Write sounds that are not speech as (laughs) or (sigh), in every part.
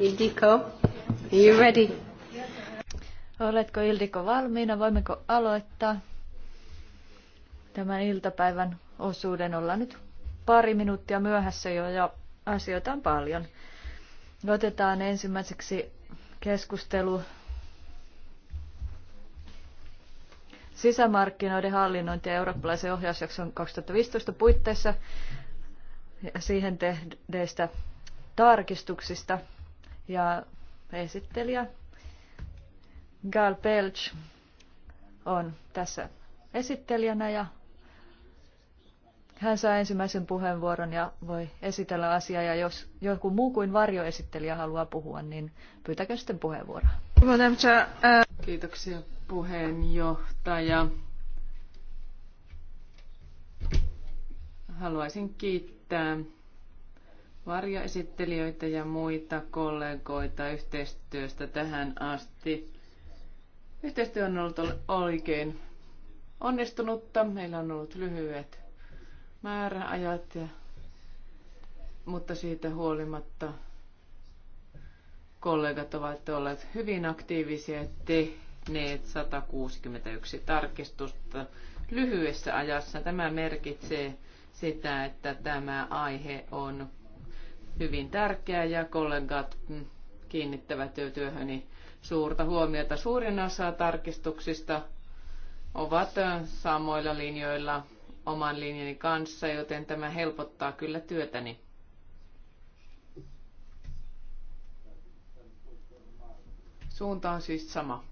Ildiko, are you ready? Oletko Ildiko valmiina? Voimmeko aloittaa tämän iltapäivän osuuden? Ollaan nyt pari minuuttia myöhässä jo ja asioita on paljon. Otetaan ensimmäiseksi keskustelu sisämarkkinoiden hallinnointi ja eurooppalaisen ohjausjakson 2015 puitteissa ja siihen tehdeistä tarkistuksista ja esittelijä Gal Pelch on tässä esittelijänä ja hän saa ensimmäisen puheenvuoron ja voi esitellä asiaa ja jos joku muu kuin varjoesittelijä haluaa puhua, niin pyytäkö sitten puheenvuoroa. Uh, Kiitoksia puheenjohtaja. Haluaisin kiittää varjoesittelijöitä ja muita kollegoita yhteistyöstä tähän asti. Yhteistyö on ollut oikein onnistunutta. Meillä on ollut lyhyet määräajat, ja, mutta siitä huolimatta kollegat ovat olleet hyvin aktiivisia ja tehneet 161 tarkistusta lyhyessä ajassa. Tämä merkitsee sitä, että tämä aihe on hyvin tärkeä ja kollegat mm, kiinnittävät jo työhöni suurta huomiota. Suurin osa tarkistuksista ovat samoilla linjoilla oman linjani kanssa, joten tämä helpottaa kyllä työtäni. Suunta on siis sama.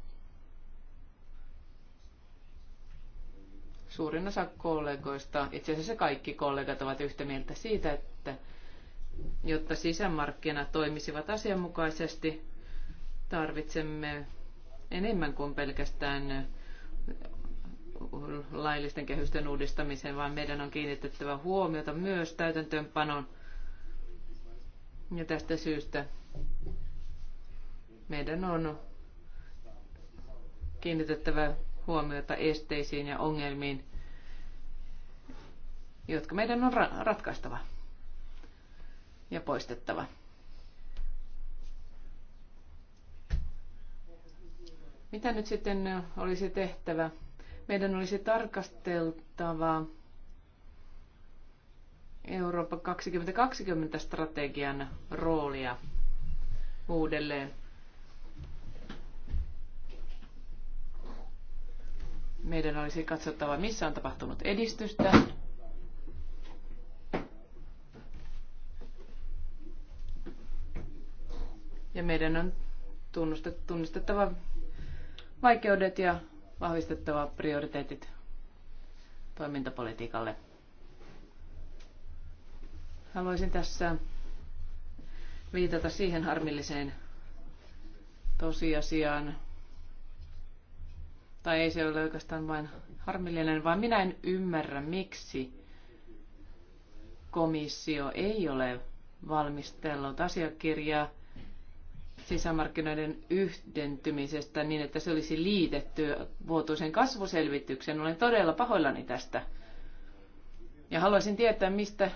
Suurin osa kollegoista, itse asiassa kaikki kollegat ovat yhtä mieltä siitä, että Jotta sisämarkkinat toimisivat asianmukaisesti, tarvitsemme enemmän kuin pelkästään laillisten kehysten uudistamiseen, vaan meidän on kiinnitettävä huomiota myös täytäntöönpanon. Ja tästä syystä meidän on kiinnitettävä huomiota esteisiin ja ongelmiin, jotka meidän on ra- ratkaistava ja poistettava. Mitä nyt sitten olisi tehtävä? Meidän olisi tarkasteltava Eurooppa 2020 strategian roolia uudelleen. Meidän olisi katsottava, missä on tapahtunut edistystä, Ja meidän on tunnistettava vaikeudet ja vahvistettava prioriteetit toimintapolitiikalle. Haluaisin tässä viitata siihen harmilliseen tosiasiaan, tai ei se ole oikeastaan vain harmillinen, vaan minä en ymmärrä, miksi komissio ei ole valmistellut asiakirjaa, sisämarkkinoiden yhdentymisestä niin, että se olisi liitetty vuotuisen kasvuselvitykseen. Olen todella pahoillani tästä. Ja haluaisin tietää, mistä,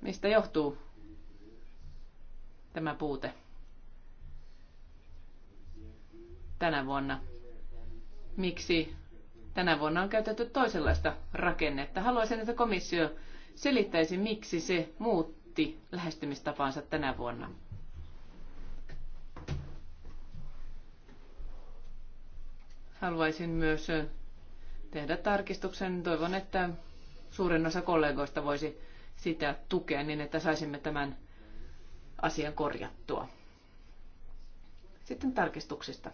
mistä johtuu tämä puute tänä vuonna. Miksi tänä vuonna on käytetty toisenlaista rakennetta? Haluaisin, että komissio selittäisi, miksi se muuttuu muutti lähestymistapaansa tänä vuonna. Haluaisin myös tehdä tarkistuksen. Toivon, että suurin osa kollegoista voisi sitä tukea niin, että saisimme tämän asian korjattua. Sitten tarkistuksista.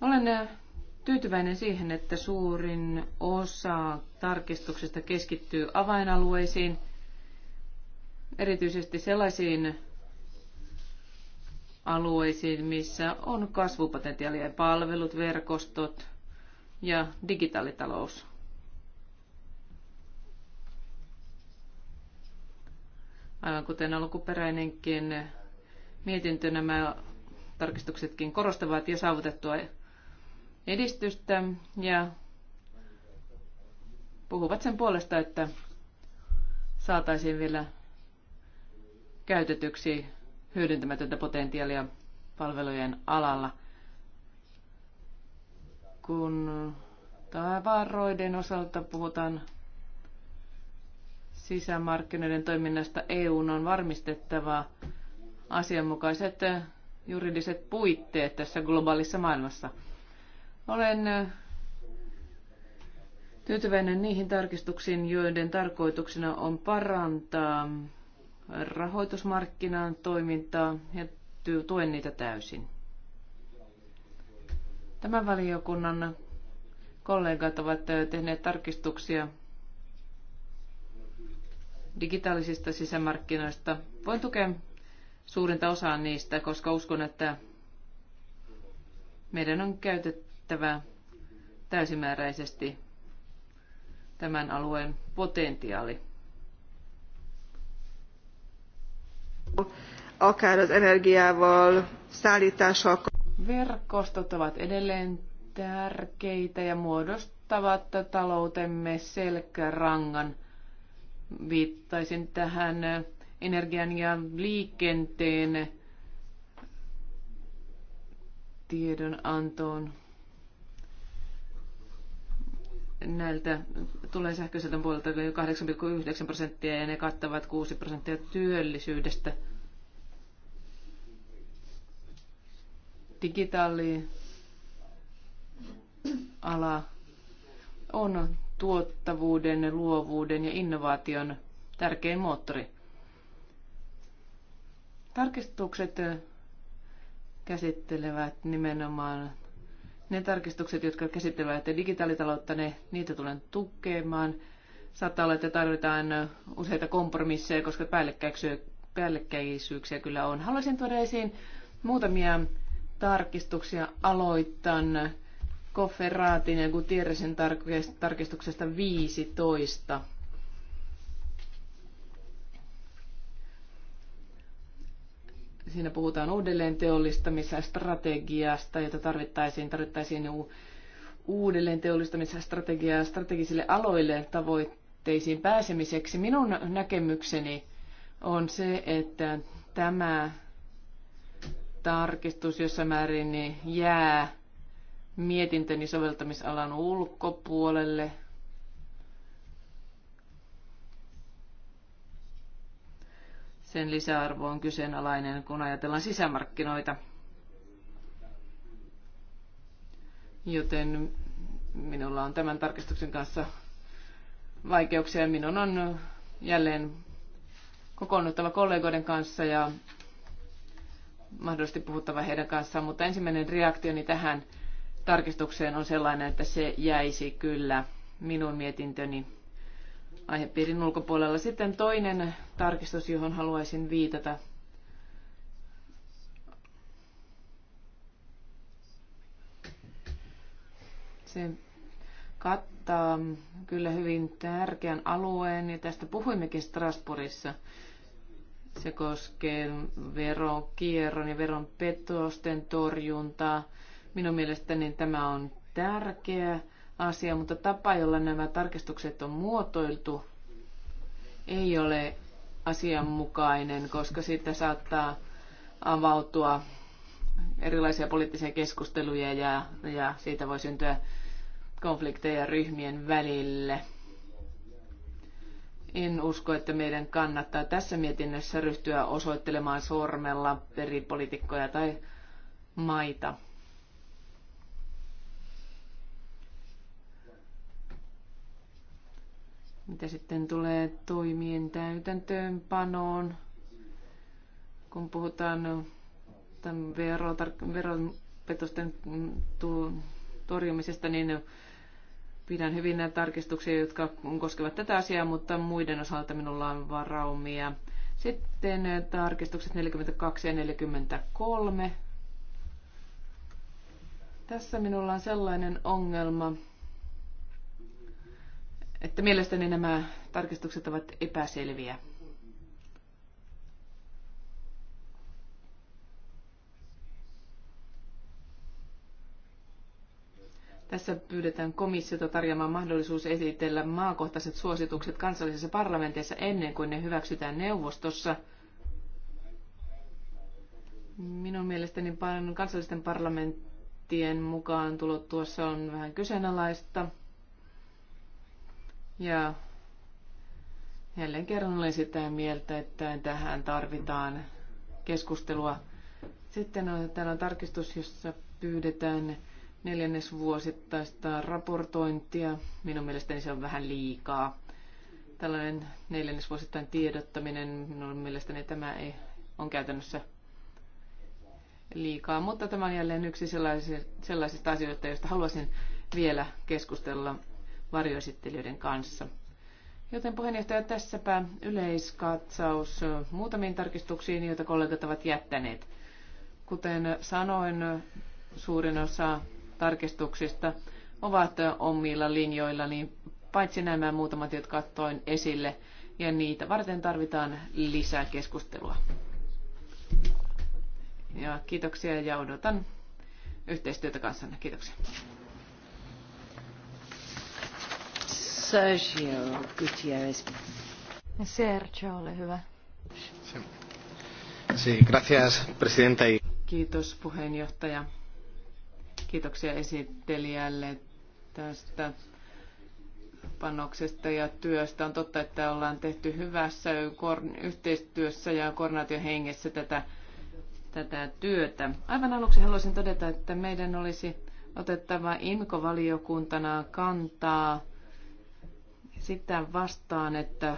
Olen tyytyväinen siihen, että suurin osa tarkistuksesta keskittyy avainalueisiin, erityisesti sellaisiin alueisiin, missä on kasvupotentiaalia palvelut, verkostot ja digitaalitalous. Aivan kuten alkuperäinenkin mietintö, nämä tarkistuksetkin korostavat ja saavutettua edistystä ja puhuvat sen puolesta, että saataisiin vielä käytetyksi hyödyntämätöntä potentiaalia palvelujen alalla. Kun tavaroiden osalta puhutaan sisämarkkinoiden toiminnasta, EUn on varmistettava asianmukaiset juridiset puitteet tässä globaalissa maailmassa – olen tyytyväinen niihin tarkistuksiin, joiden tarkoituksena on parantaa rahoitusmarkkinan toimintaa ja tuen niitä täysin. Tämän valiokunnan kollegat ovat tehneet tarkistuksia digitaalisista sisämarkkinoista. Voin tukea suurinta osaa niistä, koska uskon, että meidän on käytettävä käytettävä täysimääräisesti tämän alueen potentiaali. akár az energiával, Verkostot ovat edelleen tärkeitä ja muodostavat taloutemme selkärangan. Viittaisin tähän energian ja liikenteen tiedonantoon näiltä tulee sähköiseltä puolelta 8,9 prosenttia ja ne kattavat 6 prosenttia työllisyydestä. Digitaali ala on tuottavuuden, luovuuden ja innovaation tärkein moottori. Tarkistukset käsittelevät nimenomaan ne tarkistukset, jotka käsittelevät digitaalitaloutta, ne, niitä tulen tukemaan. Saattaa olla, että tarvitaan useita kompromisseja, koska päällekkäisyyksiä kyllä on. Haluaisin tuoda esiin muutamia tarkistuksia. Aloitan Kofferaatin ja Gutierrezin tarkistuksesta 15. Siinä puhutaan uudelleen teollistamisen strategiasta, jota tarvittaisiin, tarvittaisiin uudelleen teollistamisen strategiaa strategisille aloille tavoitteisiin pääsemiseksi. Minun näkemykseni on se, että tämä tarkistus jossain määrin jää mietintöni soveltamisalan ulkopuolelle – Sen lisäarvo on kyseenalainen, kun ajatellaan sisämarkkinoita. Joten minulla on tämän tarkistuksen kanssa vaikeuksia. Minun on jälleen kokoonnuttava kollegoiden kanssa ja mahdollisesti puhuttava heidän kanssaan, mutta ensimmäinen reaktioni tähän tarkistukseen on sellainen, että se jäisi kyllä minun mietintöni aihepiirin ulkopuolella. Sitten toinen tarkistus, johon haluaisin viitata. Se kattaa kyllä hyvin tärkeän alueen ja tästä puhuimmekin Strasbourgissa. Se koskee veronkierron ja veron torjuntaa. Minun mielestäni tämä on tärkeä asia, mutta tapa, jolla nämä tarkistukset on muotoiltu, ei ole asianmukainen, koska siitä saattaa avautua erilaisia poliittisia keskusteluja ja, ja siitä voi syntyä konflikteja ryhmien välille. En usko, että meidän kannattaa tässä mietinnössä ryhtyä osoittelemaan sormella poliitikkoja tai maita. Mitä sitten tulee toimien täytäntöönpanoon, kun puhutaan tämän veropetosten torjumisesta, niin pidän näitä tarkistuksia, jotka koskevat tätä asiaa, mutta muiden osalta minulla on varaumia. Sitten tarkistukset 42 ja 43. Tässä minulla on sellainen ongelma, että mielestäni nämä tarkistukset ovat epäselviä. Tässä pyydetään komissiota tarjoamaan mahdollisuus esitellä maakohtaiset suositukset kansallisissa parlamenteissa ennen kuin ne hyväksytään neuvostossa. Minun mielestäni kansallisten parlamenttien mukaan tulot tuossa on vähän kyseenalaista. Ja jälleen kerran olen sitä mieltä, että tähän tarvitaan keskustelua. Sitten on, täällä on tarkistus, jossa pyydetään neljännesvuosittaista raportointia. Minun mielestäni se on vähän liikaa. Tällainen neljännesvuosittain tiedottaminen, minun mielestäni tämä ei, on käytännössä liikaa, mutta tämä on jälleen yksi sellaisista asioista, joista haluaisin vielä keskustella varjoesittelijöiden kanssa. Joten puheenjohtaja, tässäpä yleiskatsaus muutamiin tarkistuksiin, joita kollegat ovat jättäneet. Kuten sanoin, suurin osa tarkistuksista ovat omilla linjoilla niin paitsi nämä muutamat, jotka toin esille, ja niitä varten tarvitaan lisää keskustelua. Ja kiitoksia ja odotan yhteistyötä kanssanne. Kiitoksia. Sergio Gutierrez. Sergio, ole hyvä. Sí, gracias, presidenta. Kiitos puheenjohtaja. Kiitoksia esittelijälle tästä panoksesta ja työstä. On totta, että ollaan tehty hyvässä yhteistyössä ja koordinaatiohengessä tätä, tätä työtä. Aivan aluksi haluaisin todeta, että meidän olisi otettava IMKO-valiokuntana kantaa sitä vastaan, että,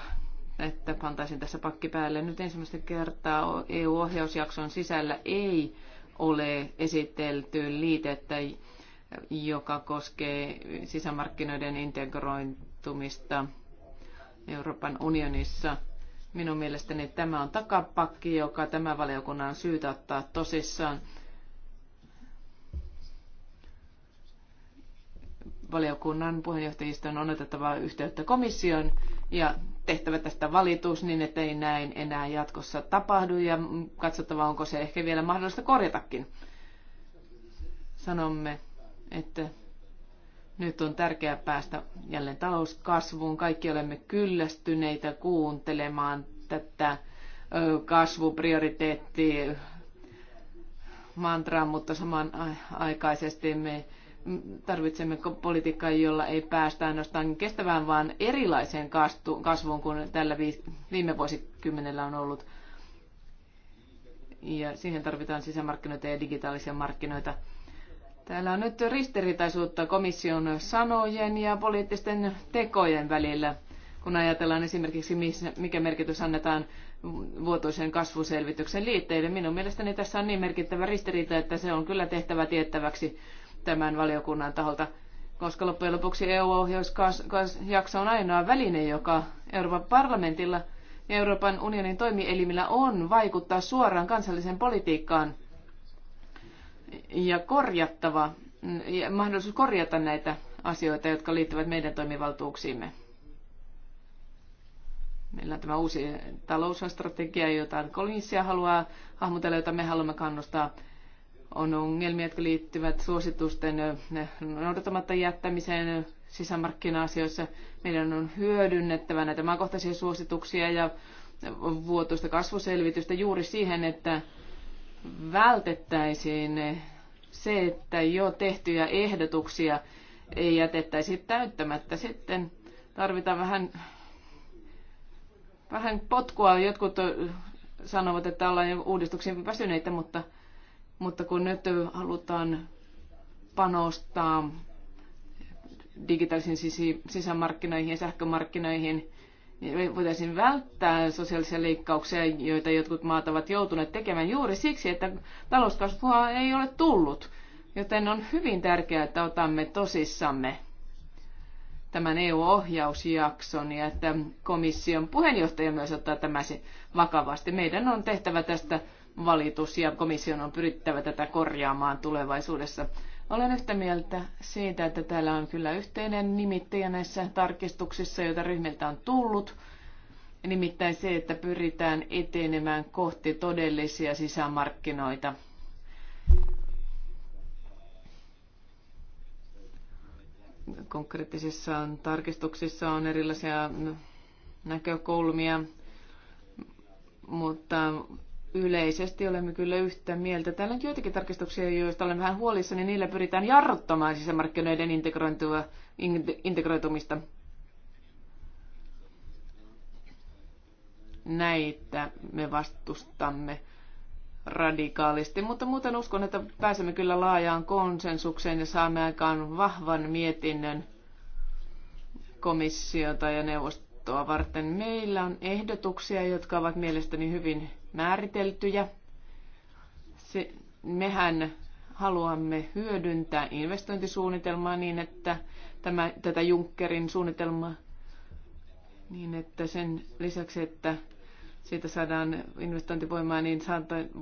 että pantaisin tässä pakki päälle. Nyt ensimmäistä kertaa EU-ohjausjakson sisällä ei ole esitelty liitettä, joka koskee sisämarkkinoiden integrointumista Euroopan unionissa. Minun mielestäni tämä on takapakki, joka tämä valiokunnan on syytä ottaa tosissaan. valiokunnan puheenjohtajiston on otettava yhteyttä komissioon ja tehtävä tästä valitus niin, että ei näin enää jatkossa tapahdu ja katsottava, onko se ehkä vielä mahdollista korjatakin. Sanomme, että nyt on tärkeää päästä jälleen talouskasvuun. Kaikki olemme kyllästyneitä kuuntelemaan tätä kasvuprioriteetti mantraa, mutta samanaikaisesti me tarvitsemme politiikkaa, jolla ei päästä ainoastaan kestävään, vaan erilaiseen kasvuun kuin tällä viime vuosikymmenellä on ollut. Ja siihen tarvitaan sisämarkkinoita ja digitaalisia markkinoita. Täällä on nyt ristiriitaisuutta komission sanojen ja poliittisten tekojen välillä, kun ajatellaan esimerkiksi, mikä merkitys annetaan vuotuisen kasvuselvityksen liitteille. Minun mielestäni tässä on niin merkittävä ristiriita, että se on kyllä tehtävä tiettäväksi tämän valiokunnan taholta, koska loppujen lopuksi EU-ohjausjakso on ainoa väline, joka Euroopan parlamentilla ja Euroopan unionin toimielimillä on vaikuttaa suoraan kansalliseen politiikkaan ja korjattava, ja mahdollisuus korjata näitä asioita, jotka liittyvät meidän toimivaltuuksiimme. Meillä on tämä uusi talousstrategia, jota komissio haluaa hahmotella, jota me haluamme kannustaa on ongelmia, jotka liittyvät suositusten noudattamatta jättämiseen sisämarkkina-asioissa. Meidän on hyödynnettävä näitä maakohtaisia suosituksia ja vuotuista kasvuselvitystä juuri siihen, että vältettäisiin se, että jo tehtyjä ehdotuksia ei jätettäisi täyttämättä. Sitten tarvitaan vähän, vähän potkua. Jotkut sanovat, että ollaan jo uudistuksiin väsyneitä, mutta – mutta kun nyt halutaan panostaa digitaalisiin sisämarkkinoihin ja sähkömarkkinoihin, niin voitaisiin välttää sosiaalisia leikkauksia, joita jotkut maat ovat joutuneet tekemään juuri siksi, että talouskasvua ei ole tullut. Joten on hyvin tärkeää, että otamme tosissamme tämän EU-ohjausjakson ja että komission puheenjohtaja myös ottaa tämän vakavasti. Meidän on tehtävä tästä valitus ja komission on pyrittävä tätä korjaamaan tulevaisuudessa. Olen yhtä mieltä siitä, että täällä on kyllä yhteinen nimittäjä näissä tarkistuksissa, joita ryhmiltä on tullut. Nimittäin se, että pyritään etenemään kohti todellisia sisämarkkinoita. Konkreettisissa tarkistuksissa on erilaisia näkökulmia, mutta yleisesti olemme kyllä yhtä mieltä. Täällä on joitakin tarkistuksia, joista olen vähän huolissani. Niin niillä pyritään jarruttamaan sisämarkkinoiden integrointua, integroitumista. Näitä me vastustamme radikaalisti, mutta muuten uskon, että pääsemme kyllä laajaan konsensukseen ja saamme aikaan vahvan mietinnön komissiota ja neuvostoa varten. Meillä on ehdotuksia, jotka ovat mielestäni hyvin määriteltyjä. Se, mehän haluamme hyödyntää investointisuunnitelmaa niin, että tämä, tätä Junckerin suunnitelmaa niin, että sen lisäksi, että siitä saadaan investointivoimaa, niin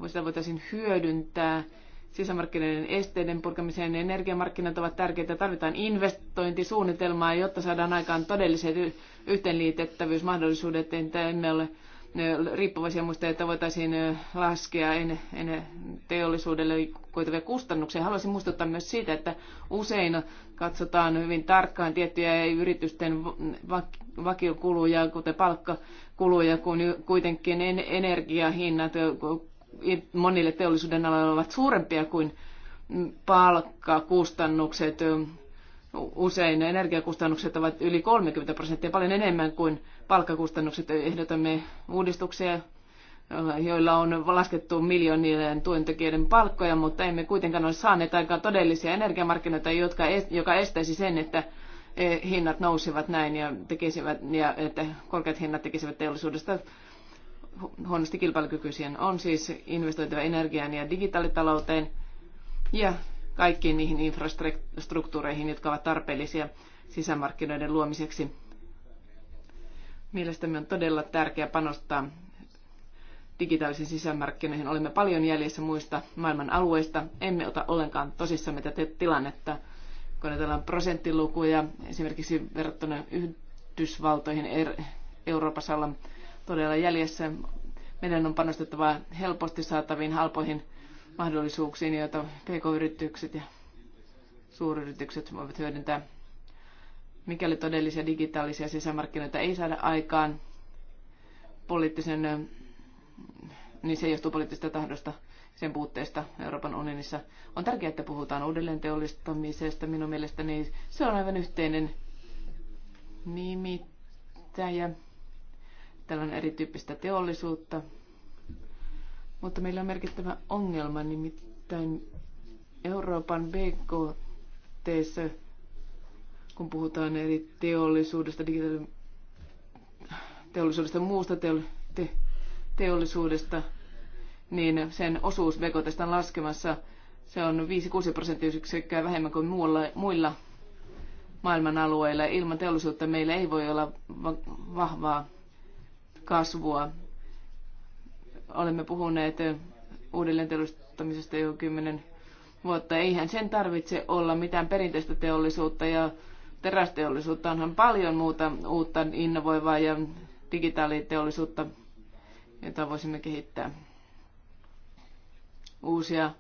sitä voitaisiin hyödyntää sisämarkkinoiden esteiden purkamiseen. Energiamarkkinat ovat tärkeitä. Tarvitaan investointisuunnitelmaa, jotta saadaan aikaan todelliset yhteenliitettävyysmahdollisuudet. Emme ole riippuvaisia muista, että voitaisiin laskea en, en teollisuudelle koituvia kustannuksia. Haluaisin muistuttaa myös siitä, että usein katsotaan hyvin tarkkaan tiettyjä yritysten vakiokuluja, kuten palkkakuluja, kun kuitenkin energiahinnat monille teollisuuden aloilla ovat suurempia kuin palkkakustannukset. Usein energiakustannukset ovat yli 30 prosenttia, paljon enemmän kuin palkkakustannukset. Ehdotamme uudistuksia, joilla on laskettu miljoonien työntekijöiden palkkoja, mutta emme kuitenkaan ole saaneet aikaan todellisia energiamarkkinoita, jotka, joka estäisi sen, että e, hinnat nousivat näin ja, tekisivät, ja että korkeat hinnat tekisivät teollisuudesta huonosti kilpailukykyisiä. On siis investoitava energiaan ja digitaalitalouteen ja kaikkiin niihin infrastruktuureihin, jotka ovat tarpeellisia sisämarkkinoiden luomiseksi. Mielestämme on todella tärkeää panostaa digitaalisiin sisämarkkinoihin. Olemme paljon jäljessä muista maailman alueista. Emme ota ollenkaan tosissamme tätä tilannetta. Kun ajatellaan prosenttilukuja, esimerkiksi verrattuna Yhdysvaltoihin er, Euroopassa ollaan todella jäljessä. Meidän on panostettava helposti saataviin halpoihin mahdollisuuksiin, joita pk-yritykset ja suuryritykset voivat hyödyntää. Mikäli todellisia digitaalisia sisämarkkinoita ei saada aikaan, poliittisen, niin se johtuu poliittisesta tahdosta sen puutteesta Euroopan unionissa. On tärkeää, että puhutaan uudelleen teollistamisesta. Minun mielestäni se on aivan yhteinen nimittäjä. Täällä on erityyppistä teollisuutta, mutta meillä on merkittävä ongelma, nimittäin Euroopan BKT, kun puhutaan eri teollisuudesta, digitaali- teollisuudesta, muusta teo, te- teollisuudesta, niin sen osuus BKT on laskemassa. Se on 5-6 prosenttiyksikköä vähemmän kuin muilla, muilla maailman alueilla. Ilman teollisuutta meillä ei voi olla vahvaa kasvua. Olemme puhuneet uudelleen teollistamisesta jo kymmenen vuotta. Eihän sen tarvitse olla mitään perinteistä teollisuutta ja terästeollisuutta. Onhan paljon muuta uutta innovoivaa ja digitaaliteollisuutta, jota voisimme kehittää. Uusia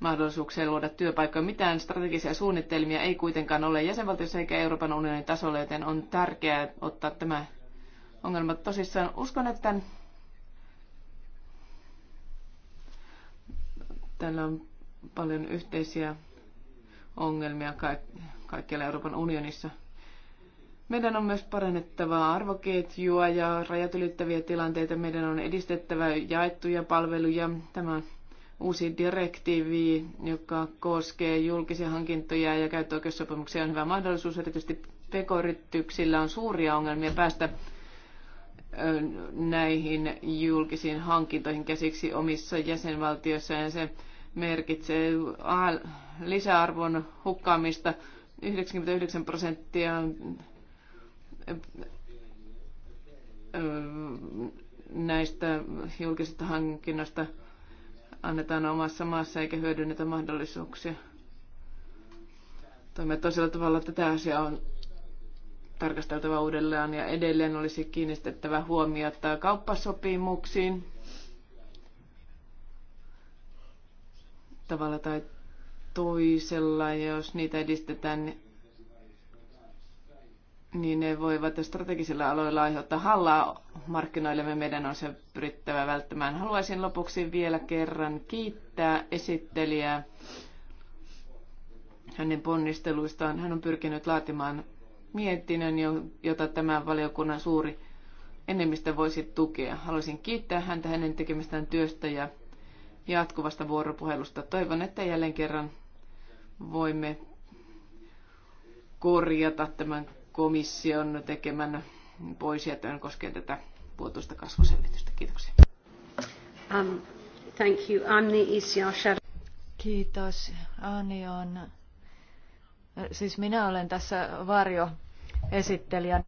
mahdollisuuksia luoda työpaikkoja. Mitään strategisia suunnitelmia ei kuitenkaan ole jäsenvaltiossa eikä Euroopan unionin tasolla, joten on tärkeää ottaa tämä ongelma tosissaan. Uskon, että Tällä on paljon yhteisiä ongelmia ka- kaikkialla Euroopan unionissa. Meidän on myös parannettava arvoketjua ja rajat ylittäviä tilanteita. Meidän on edistettävä jaettuja palveluja. Tämä uusi direktiivi, joka koskee julkisia hankintoja ja käyttöoikeussopimuksia, on hyvä mahdollisuus. Erityisesti pk on suuria ongelmia päästä näihin julkisiin hankintoihin käsiksi omissa jäsenvaltioissa ja se merkitsee lisäarvon hukkaamista 99 prosenttia näistä julkisista hankinnoista annetaan omassa maassa eikä hyödynnetä mahdollisuuksia toimia toisella tavalla. Tätä asiaa on tarkasteltava uudelleen ja edelleen olisi kiinnitettävä huomiota kauppasopimuksiin tavalla tai toisella, ja jos niitä edistetään, niin ne voivat strategisilla aloilla aiheuttaa hallaa markkinoillemme. Meidän on se pyrittävä välttämään. Haluaisin lopuksi vielä kerran kiittää esittelijää hänen ponnisteluistaan. Hän on pyrkinyt laatimaan mietinnön, jota tämä valiokunnan suuri enemmistö voisi tukea. Haluaisin kiittää häntä hänen tekemästään työstä ja jatkuvasta vuoropuhelusta. Toivon, että jälleen kerran voimme korjata tämän komission tekemän poisjätön koskien tätä vuotuista kasvuselvitystä. Kiitoksia. Um, thank you. I'm the Kiitos. Ani on Siis minä olen tässä varjo esittelijä.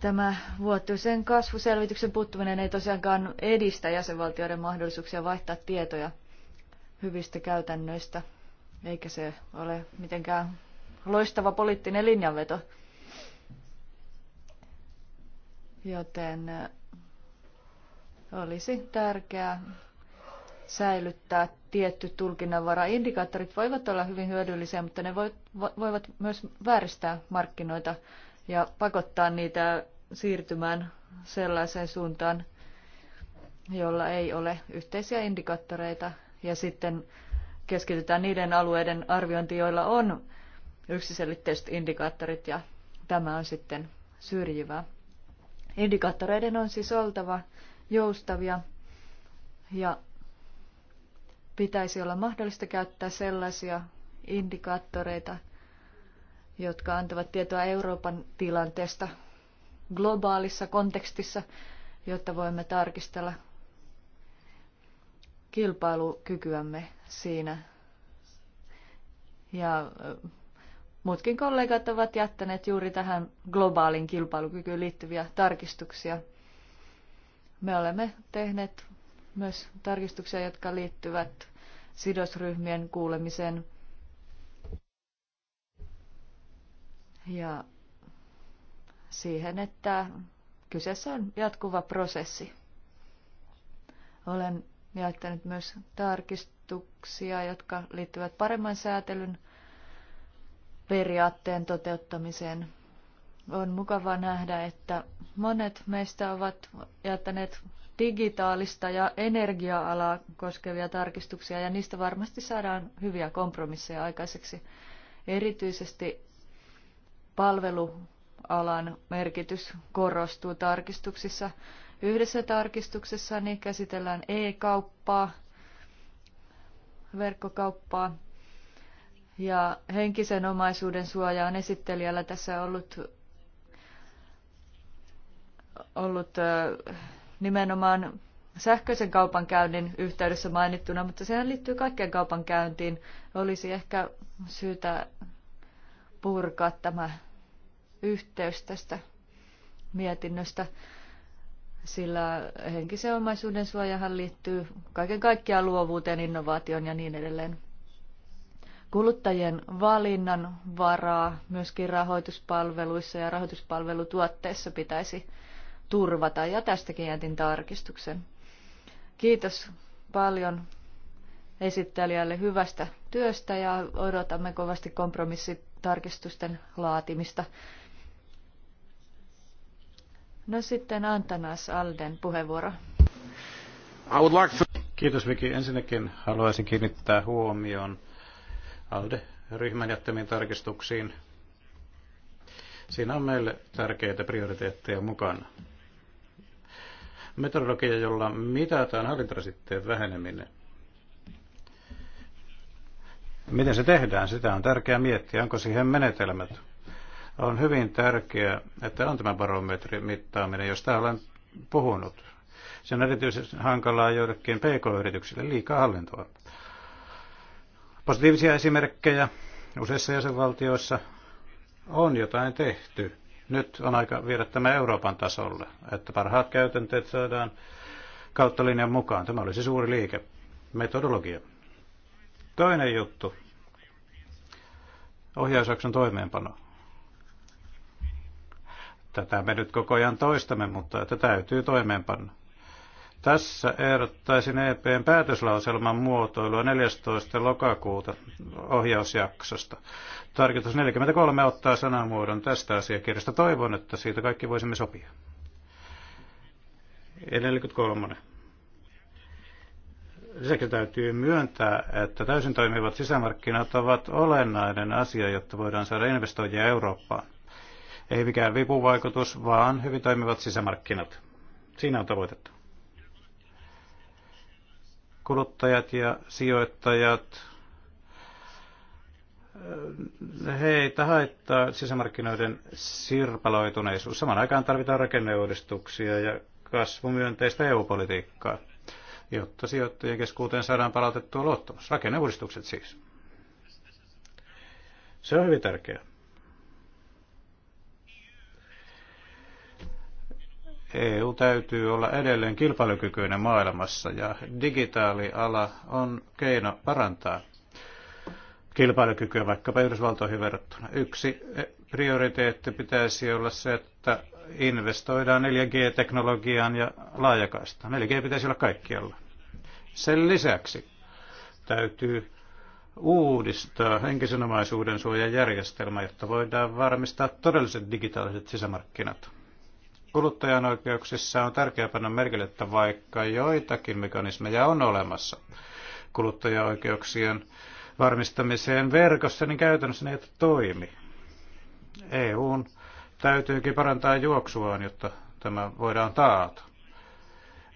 Tämä vuotuisen kasvuselvityksen puuttuminen ei tosiaankaan edistä jäsenvaltioiden mahdollisuuksia vaihtaa tietoja hyvistä käytännöistä, eikä se ole mitenkään loistava poliittinen linjanveto. Joten olisi tärkeää säilyttää tietty tulkinnanvara. Indikaattorit voivat olla hyvin hyödyllisiä, mutta ne voivat myös vääristää markkinoita ja pakottaa niitä siirtymään sellaiseen suuntaan, jolla ei ole yhteisiä indikaattoreita ja sitten keskitytään niiden alueiden arviointiin, joilla on yksiselitteiset indikaattorit ja tämä on sitten syrjivää. Indikaattoreiden on siis oltava joustavia ja pitäisi olla mahdollista käyttää sellaisia indikaattoreita, jotka antavat tietoa Euroopan tilanteesta globaalissa kontekstissa, jotta voimme tarkistella kilpailukykyämme siinä. Ja muutkin kollegat ovat jättäneet juuri tähän globaalin kilpailukykyyn liittyviä tarkistuksia me olemme tehneet myös tarkistuksia, jotka liittyvät sidosryhmien kuulemiseen. Ja siihen, että kyseessä on jatkuva prosessi. Olen jättänyt myös tarkistuksia, jotka liittyvät paremman säätelyn periaatteen toteuttamiseen on mukava nähdä, että monet meistä ovat jättäneet digitaalista ja energia-alaa koskevia tarkistuksia, ja niistä varmasti saadaan hyviä kompromisseja aikaiseksi. Erityisesti palvelualan merkitys korostuu tarkistuksissa. Yhdessä tarkistuksessa niin käsitellään e-kauppaa, verkkokauppaa, ja henkisen omaisuuden suoja on esittelijällä tässä ollut ollut nimenomaan sähköisen kaupankäynnin yhteydessä mainittuna, mutta sehän liittyy kaikkeen kaupankäyntiin. Olisi ehkä syytä purkaa tämä yhteys tästä mietinnöstä, sillä henkisen omaisuuden suojahan liittyy kaiken kaikkiaan luovuuteen, innovaatioon ja niin edelleen. Kuluttajien valinnan varaa myöskin rahoituspalveluissa ja rahoituspalvelutuotteissa pitäisi turvata. Ja tästäkin jätin tarkistuksen. Kiitos paljon esittelijälle hyvästä työstä ja odotamme kovasti kompromissitarkistusten laatimista. No sitten Antanas Alden puheenvuoro. Kiitos Viki. Ensinnäkin haluaisin kiinnittää huomioon ALDE-ryhmän jättämiin tarkistuksiin. Siinä on meille tärkeitä prioriteetteja mukana metodologia, jolla mitataan hallintarasitteen väheneminen. Miten se tehdään, sitä on tärkeää miettiä, onko siihen menetelmät. On hyvin tärkeää, että on tämä barometri mittaaminen, josta olen puhunut. Se on erityisesti hankalaa joillekin pk-yrityksille liikaa hallintoa. Positiivisia esimerkkejä useissa jäsenvaltioissa on jotain tehty nyt on aika viedä tämä Euroopan tasolle, että parhaat käytänteet saadaan kautta linjan mukaan. Tämä olisi suuri liike, metodologia. Toinen juttu, ohjausjakson toimeenpano. Tätä me nyt koko ajan toistamme, mutta että täytyy toimeenpanna. Tässä ehdottaisin EPn päätöslauselman muotoilua 14. lokakuuta ohjausjaksosta. Tarkoitus 43 ottaa sanamuodon tästä asiakirjasta. Toivon, että siitä kaikki voisimme sopia. 43. Lisäksi täytyy myöntää, että täysin toimivat sisämarkkinat ovat olennainen asia, jotta voidaan saada investoijia Eurooppaan. Ei mikään vipuvaikutus, vaan hyvin toimivat sisämarkkinat. Siinä on tavoitettu kuluttajat ja sijoittajat, äh, heitä haittaa sisämarkkinoiden sirpaloituneisuus. Saman aikaan tarvitaan rakenneuudistuksia ja kasvumyönteistä EU-politiikkaa, jotta sijoittajien keskuuteen saadaan palautettua luottamus. Rakenneuudistukset siis. Se on hyvin tärkeää. EU täytyy olla edelleen kilpailukykyinen maailmassa ja digitaaliala on keino parantaa kilpailukykyä vaikkapa Yhdysvaltoihin verrattuna. Yksi prioriteetti pitäisi olla se, että investoidaan 4G-teknologiaan ja laajakaistaan. 4G pitäisi olla kaikkialla. Sen lisäksi täytyy uudistaa henkisen omaisuuden suojajärjestelmä, jotta voidaan varmistaa todelliset digitaaliset sisämarkkinat kuluttajan oikeuksissa on tärkeää panna merkille, että vaikka joitakin mekanismeja on olemassa kuluttajaoikeuksien varmistamiseen verkossa, niin käytännössä ne eivät toimi. EUn täytyykin parantaa juoksuaan, jotta tämä voidaan taata.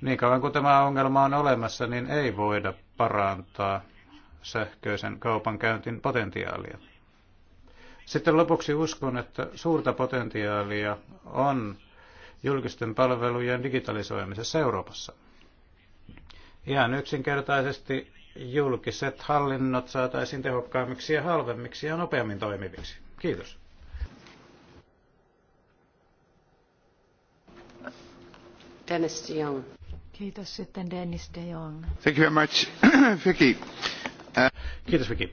Niin kauan kuin tämä ongelma on olemassa, niin ei voida parantaa sähköisen kaupankäyntin potentiaalia. Sitten lopuksi uskon, että suurta potentiaalia on julkisten palvelujen digitalisoimisessa Euroopassa. Ihan yksinkertaisesti julkiset hallinnot saataisiin tehokkaammiksi ja halvemmiksi ja nopeammin toimiviksi. Kiitos. Dennis de Jong. Kiitos sitten Dennis de Jong. Thank you very much, (coughs) Vicky. Kiitos Vicky.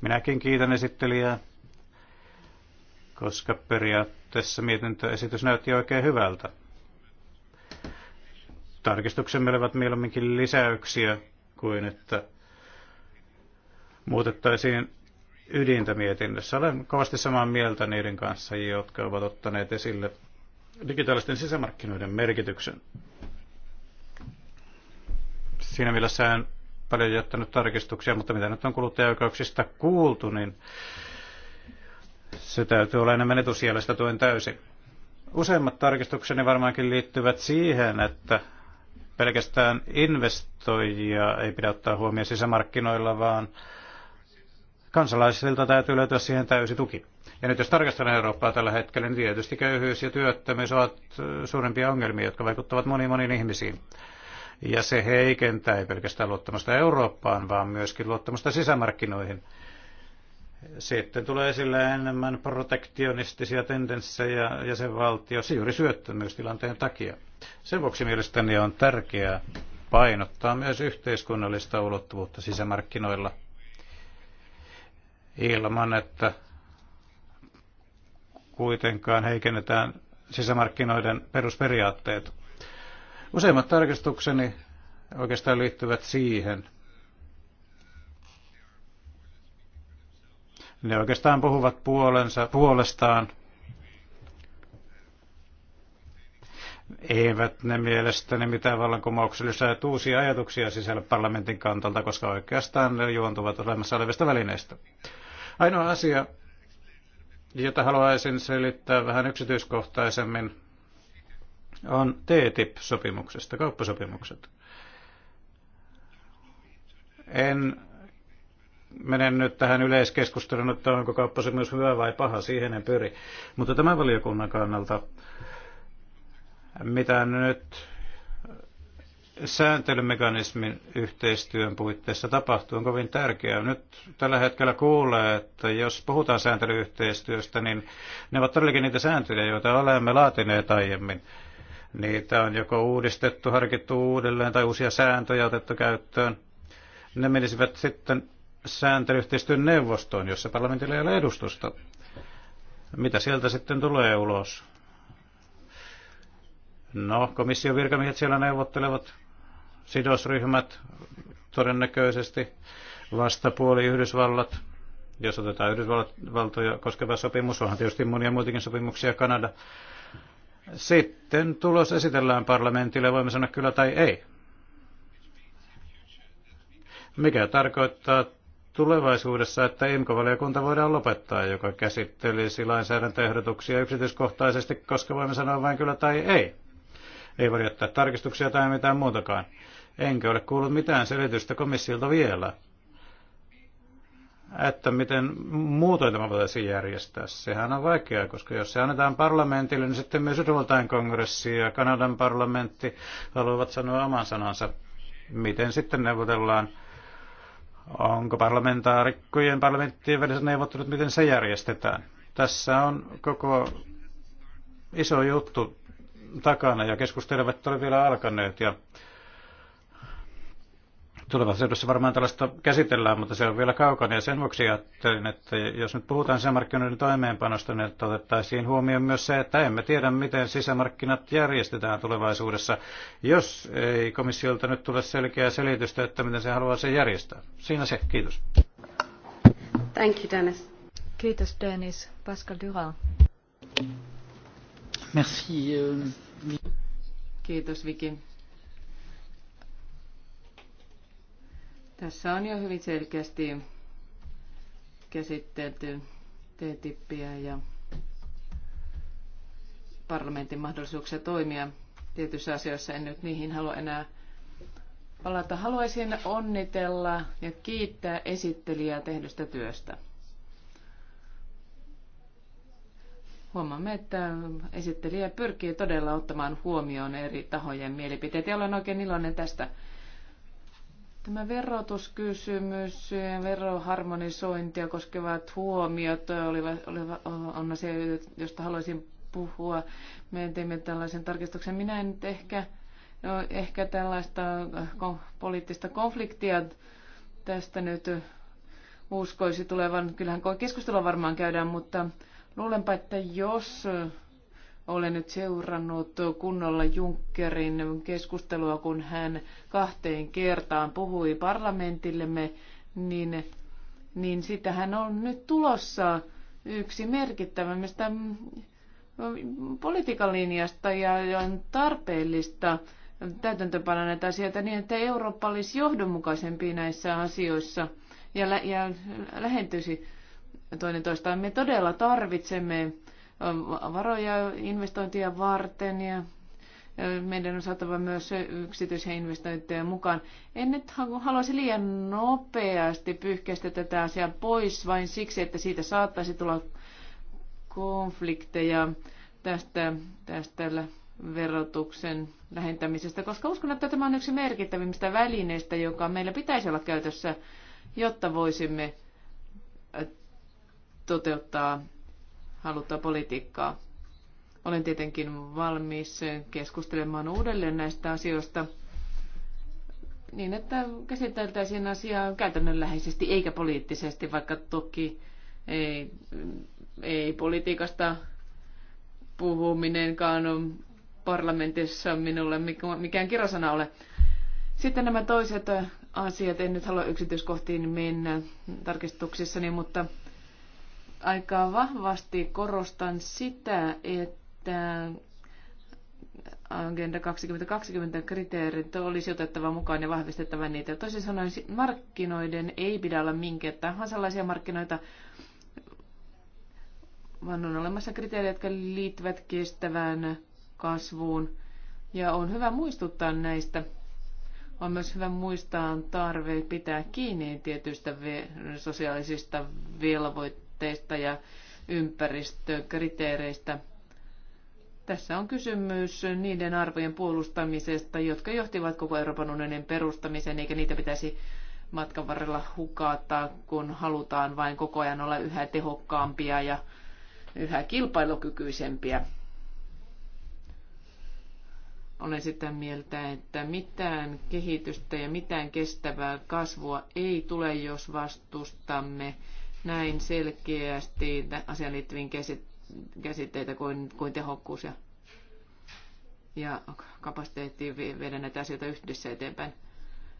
Minäkin kiitän esittelijää koska periaatteessa mietintöesitys näytti oikein hyvältä. Tarkistuksemme olivat mieluumminkin lisäyksiä kuin että muutettaisiin ydintä mietinnössä. Olen kovasti samaa mieltä niiden kanssa, jotka ovat ottaneet esille digitaalisten sisämarkkinoiden merkityksen. Siinä mielessä en paljon jättänyt tarkistuksia, mutta mitä nyt on kuluttajaoikeuksista kuultu, niin se täytyy olla enemmän etusijallista tuen täysin. Useimmat tarkistukseni varmaankin liittyvät siihen, että pelkästään investoijia ei pidä ottaa huomioon sisämarkkinoilla, vaan kansalaisilta täytyy löytää siihen täysi tuki. Ja nyt jos tarkastellaan Eurooppaa tällä hetkellä, niin tietysti köyhyys ja työttömyys ovat suurempia ongelmia, jotka vaikuttavat moniin moniin ihmisiin. Ja se heikentää ei pelkästään luottamusta Eurooppaan, vaan myöskin luottamusta sisämarkkinoihin. Sitten tulee esille enemmän protektionistisia tendenssejä jäsenvaltiossa juuri syöttömyystilanteen takia. Sen vuoksi mielestäni on tärkeää painottaa myös yhteiskunnallista ulottuvuutta sisämarkkinoilla ilman, että kuitenkaan heikennetään sisämarkkinoiden perusperiaatteet. Useimmat tarkistukseni oikeastaan liittyvät siihen, Ne oikeastaan puhuvat puolensa, puolestaan. Eivät ne mielestäni mitään vallankumouksellisia lisää uusia ajatuksia sisällä parlamentin kantalta, koska oikeastaan ne juontuvat olemassa olevista välineistä. Ainoa asia, jota haluaisin selittää vähän yksityiskohtaisemmin, on TTIP-sopimuksesta, kauppasopimukset. En menen nyt tähän yleiskeskusteluun, että onko kauppasopimus hyvä vai paha, siihen en pyri. Mutta tämän valiokunnan kannalta, mitä nyt sääntelymekanismin yhteistyön puitteissa tapahtuu, on kovin tärkeää. Nyt tällä hetkellä kuulee, että jos puhutaan sääntelyyhteistyöstä, niin ne ovat todellakin niitä sääntöjä, joita olemme laatineet aiemmin. Niitä on joko uudistettu, harkittu uudelleen tai uusia sääntöjä otettu käyttöön. Ne menisivät sitten sääntelyyhteistyön neuvostoon, jossa parlamentilla ei ole edustusta. Mitä sieltä sitten tulee ulos? No, komission virkamiehet siellä neuvottelevat, sidosryhmät todennäköisesti, vastapuoli Yhdysvallat, jos otetaan Yhdysvaltoja koskeva sopimus, onhan tietysti monia muitakin sopimuksia Kanada. Sitten tulos esitellään parlamentille, voimme sanoa kyllä tai ei. Mikä tarkoittaa tulevaisuudessa, että IMCO-valiokunta voidaan lopettaa, joka käsittelisi lainsäädäntöehdotuksia yksityiskohtaisesti, koska voimme sanoa vain kyllä tai ei. Ei voi jättää tarkistuksia tai mitään muutakaan. Enkä ole kuullut mitään selitystä komissiolta vielä, että miten muutoin tämä voitaisiin järjestää. Sehän on vaikeaa, koska jos se annetaan parlamentille, niin sitten myös Yhdysvaltain kongressi ja Kanadan parlamentti haluavat sanoa oman sanansa. Miten sitten neuvotellaan Onko parlamentaarikkojen parlamenttien väliset neuvottelut, miten se järjestetään? Tässä on koko iso juttu takana ja keskustelevat ovat vielä alkaneet ja Tulevaisuudessa varmaan tällaista käsitellään, mutta se on vielä kaukana ja sen vuoksi ajattelin, että jos nyt puhutaan sisämarkkinoiden toimeenpanosta, niin että otettaisiin huomioon myös se, että emme tiedä, miten sisämarkkinat järjestetään tulevaisuudessa, jos ei komissiolta nyt tule selkeää selitystä, että miten se haluaa sen järjestää. Siinä se, kiitos. Thank you, Dennis. Kiitos, Dennis. Pascal Dural. Merci. Euh, kiitos, Vicky Tässä on jo hyvin selkeästi käsitelty TTIPiä ja parlamentin mahdollisuuksia toimia tietyissä asioissa. En nyt niihin halua enää palata. Haluaisin onnitella ja kiittää esittelijää tehdystä työstä. Huomaamme, että esittelijä pyrkii todella ottamaan huomioon eri tahojen mielipiteet ja olen oikein iloinen tästä. Tämä verotuskysymys ja veroharmonisointia koskevat huomiot olivat, olivat, on asia, josta haluaisin puhua. Me teimme tällaisen tarkistuksen. Minä en nyt ehkä, no, ehkä tällaista poliittista konfliktia tästä nyt uskoisi tulevan. Kyllähän keskustelua varmaan käydään, mutta luulenpa, että jos olen nyt seurannut kunnolla Junckerin keskustelua, kun hän kahteen kertaan puhui parlamentillemme, niin, niin sitähän on nyt tulossa yksi merkittävämmistä politiikan linjasta ja on tarpeellista täytäntöpana näitä asioita niin, että Eurooppa olisi johdonmukaisempi näissä asioissa ja, lä- ja lähentyisi toinen toistaan. Me todella tarvitsemme varoja investointia varten ja meidän on saatava myös yksityisiä investointeja mukaan. En nyt haluaisi liian nopeasti pyyhkäistä tätä asiaa pois vain siksi, että siitä saattaisi tulla konflikteja tästä, tästä verotuksen lähentämisestä, koska uskon, että tämä on yksi merkittävimmistä välineistä, joka meillä pitäisi olla käytössä, jotta voisimme äh, toteuttaa haluttua politiikkaa. Olen tietenkin valmis keskustelemaan uudelleen näistä asioista niin, että käsiteltäisiin asiaa käytännönläheisesti eikä poliittisesti, vaikka toki ei, ei politiikasta puhuminenkaan on parlamentissa minulle mikään kirosana ole. Sitten nämä toiset asiat, en nyt halua yksityiskohtiin mennä tarkistuksissani, mutta aika vahvasti korostan sitä, että Agenda 2020 kriteerit olisi otettava mukaan ja vahvistettava niitä. Toisin sanoen markkinoiden ei pidä olla minkä tahansa sellaisia markkinoita, vaan on olemassa kriteerejä, jotka liittyvät kestävään kasvuun. Ja on hyvä muistuttaa näistä. On myös hyvä muistaa tarve pitää kiinni tietyistä sosiaalisista velvoitteista tavoitteista ja ympäristökriteereistä. Tässä on kysymys niiden arvojen puolustamisesta, jotka johtivat koko Euroopan unionin perustamiseen, eikä niitä pitäisi matkan varrella hukata, kun halutaan vain koko ajan olla yhä tehokkaampia ja yhä kilpailukykyisempiä. Olen sitä mieltä, että mitään kehitystä ja mitään kestävää kasvua ei tule, jos vastustamme näin selkeästi asiaan liittyviin käsitteitä kuin, kuin tehokkuus ja, ja kapasiteetti viedä näitä asioita yhdessä eteenpäin.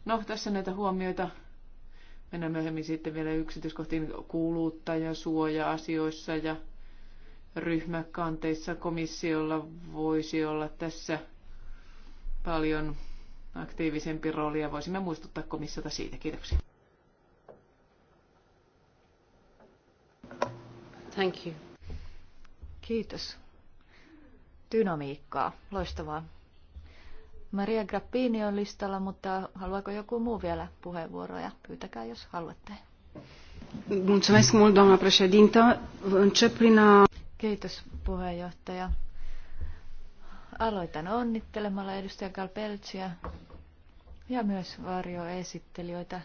No, tässä näitä huomioita. Mennään myöhemmin sitten vielä yksityiskohtiin kuluttajasuoja-asioissa ja ryhmäkanteissa komissiolla voisi olla tässä paljon aktiivisempi rooli ja voisimme muistuttaa komissiota siitä. Kiitoksia. Thank you. Kiitos. Dynamiikkaa. Loistavaa. Maria Grappini on listalla, mutta haluaako joku muu vielä puheenvuoroja? Pyytäkää, jos haluatte. Mulțumesc mult, doamna președintă. Încep prin a... Kiitos, puheenjohtaja. Aloitan onnittelemalla edustaja Galpeltsiä ja myös varjoesittelijöitä.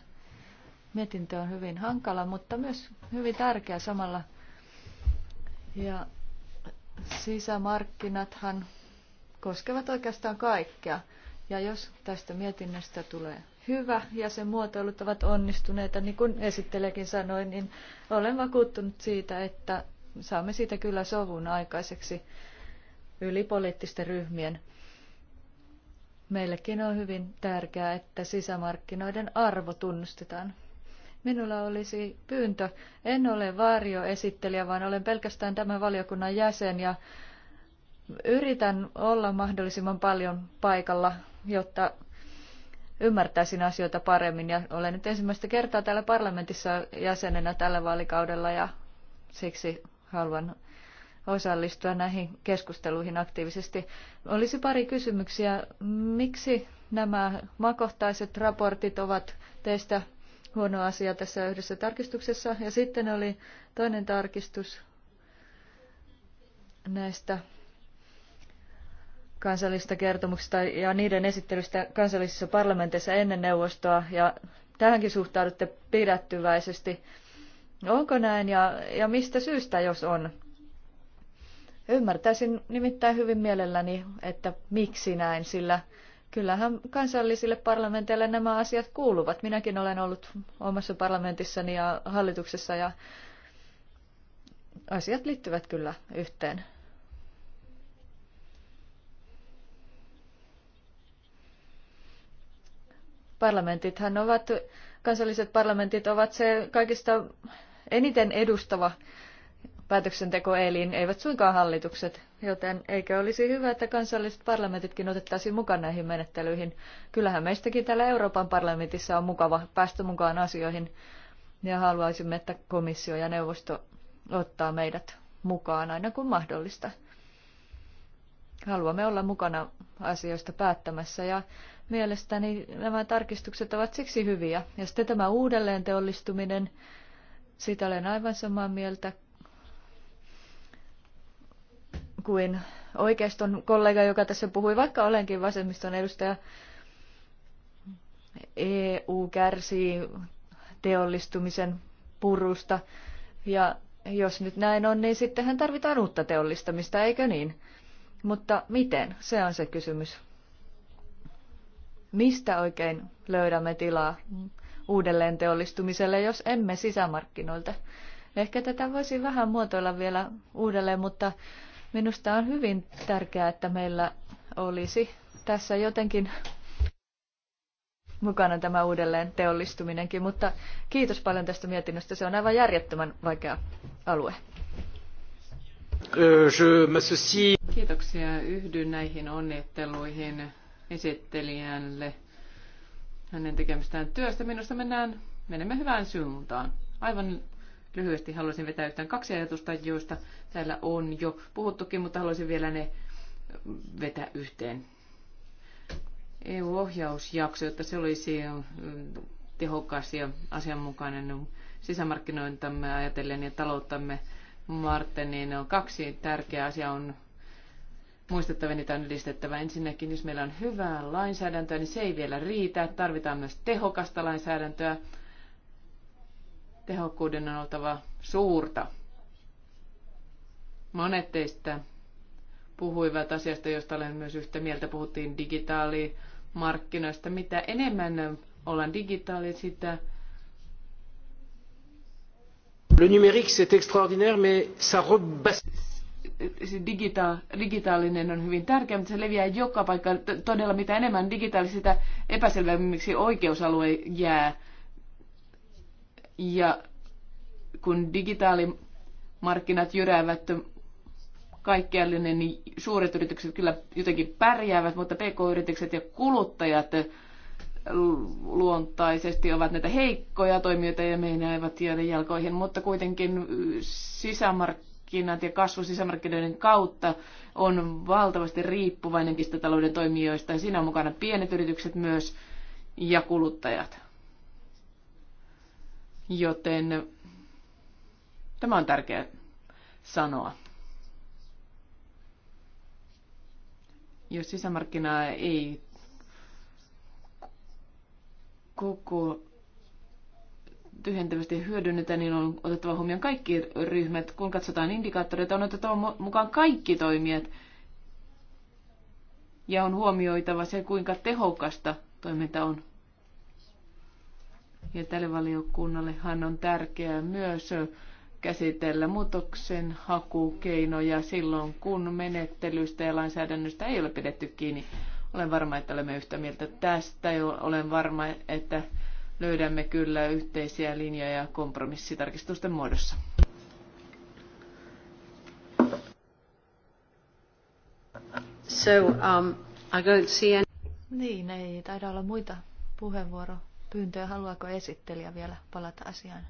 Mietintö on hyvin hankala, mutta myös hyvin tärkeä samalla – ja sisämarkkinathan koskevat oikeastaan kaikkea. Ja jos tästä mietinnöstä tulee hyvä ja sen muotoilut ovat onnistuneita, niin kuin esittelekin sanoi, niin olen vakuuttunut siitä, että saamme siitä kyllä sovun aikaiseksi yli poliittisten ryhmien. Meillekin on hyvin tärkeää, että sisämarkkinoiden arvo tunnustetaan. Minulla olisi pyyntö. En ole varjoesittelijä, vaan olen pelkästään tämän valiokunnan jäsen ja yritän olla mahdollisimman paljon paikalla, jotta ymmärtäisin asioita paremmin. Ja olen nyt ensimmäistä kertaa täällä parlamentissa jäsenenä tällä vaalikaudella ja siksi haluan osallistua näihin keskusteluihin aktiivisesti. Olisi pari kysymyksiä. Miksi nämä makohtaiset raportit ovat teistä huono asia tässä yhdessä tarkistuksessa. Ja sitten oli toinen tarkistus näistä kansallisista kertomuksista ja niiden esittelystä kansallisissa parlamenteissa ennen neuvostoa. Ja tähänkin suhtaudutte pidättyväisesti. Onko näin ja, ja mistä syystä, jos on? Ymmärtäisin nimittäin hyvin mielelläni, että miksi näin, sillä Kyllähän kansallisille parlamenteille nämä asiat kuuluvat. Minäkin olen ollut omassa parlamentissani ja hallituksessa ja asiat liittyvät kyllä yhteen. Parlamentithan ovat, kansalliset parlamentit ovat se kaikista eniten edustava päätöksentekoelin, eivät suinkaan hallitukset, joten eikö olisi hyvä, että kansalliset parlamentitkin otettaisiin mukaan näihin menettelyihin. Kyllähän meistäkin täällä Euroopan parlamentissa on mukava päästä mukaan asioihin ja haluaisimme, että komissio ja neuvosto ottaa meidät mukaan aina kun mahdollista. Haluamme olla mukana asioista päättämässä ja mielestäni nämä tarkistukset ovat siksi hyviä. Ja sitten tämä uudelleen teollistuminen, siitä olen aivan samaa mieltä kuin oikeiston kollega, joka tässä puhui, vaikka olenkin vasemmiston edustaja. EU kärsii teollistumisen purusta ja jos nyt näin on, niin sittenhän tarvitaan uutta teollistamista, eikö niin? Mutta miten? Se on se kysymys. Mistä oikein löydämme tilaa uudelleen teollistumiselle, jos emme sisämarkkinoilta? Ehkä tätä voisi vähän muotoilla vielä uudelleen, mutta Minusta on hyvin tärkeää, että meillä olisi tässä jotenkin mukana tämä uudelleen teollistuminenkin, mutta kiitos paljon tästä mietinnöstä. Se on aivan järjettömän vaikea alue. Euh, Kiitoksia. Yhdyn näihin onnitteluihin esittelijälle hänen tekemistään työstä. Minusta mennään, menemme hyvään suuntaan. Aivan Lyhyesti haluaisin vetää yhtään kaksi ajatusta, joista täällä on jo puhuttukin, mutta haluaisin vielä ne vetää yhteen. EU-ohjausjakso, jotta se olisi tehokas ja asianmukainen no, sisämarkkinointamme ajatellen ja talouttamme Marten, niin on kaksi tärkeää asiaa on muistettava niitä on edistettävä. Ensinnäkin, jos meillä on hyvää lainsäädäntöä, niin se ei vielä riitä. Tarvitaan myös tehokasta lainsäädäntöä. Tehokkuuden on oltava suurta. Monet teistä puhuivat asiasta, josta olen myös yhtä mieltä. Puhuttiin digitaalimarkkinoista. Mitä enemmän ollaan digitaali, sitä Le numérique, c'est extraordinaire, mais ça Digita- digitaalinen on hyvin tärkeä, mutta se leviää joka paikka. T- Todella mitä enemmän digitaalista, sitä epäselvemmiksi oikeusalue jää. Ja kun digitaalimarkkinat jyräävät kaikkialle, niin suuret yritykset kyllä jotenkin pärjäävät, mutta pk-yritykset ja kuluttajat luontaisesti ovat näitä heikkoja toimijoita ja meidän eivät jäädä jalkoihin, mutta kuitenkin sisämarkkinat ja kasvu sisämarkkinoiden kautta on valtavasti riippuvainenkin talouden toimijoista ja siinä on mukana pienet yritykset myös ja kuluttajat. Joten tämä on tärkeää sanoa. Jos sisämarkkinaa ei koko tyhjentävästi hyödynnetä, niin on otettava huomioon kaikki ryhmät. Kun katsotaan indikaattoreita, on otettava mukaan kaikki toimijat. Ja on huomioitava se, kuinka tehokasta toiminta on. Ja tälle valiokunnallehan on tärkeää myös käsitellä muutoksen hakukeinoja silloin, kun menettelystä ja lainsäädännöstä ei ole pidetty kiinni. Olen varma, että olemme yhtä mieltä tästä ja olen varma, että löydämme kyllä yhteisiä linjoja kompromissitarkistusten muodossa. So, um, I don't see any... Niin, ei taida olla muita puheenvuoroja pyyntöä. Haluaako esittelijä vielä palata asiaan?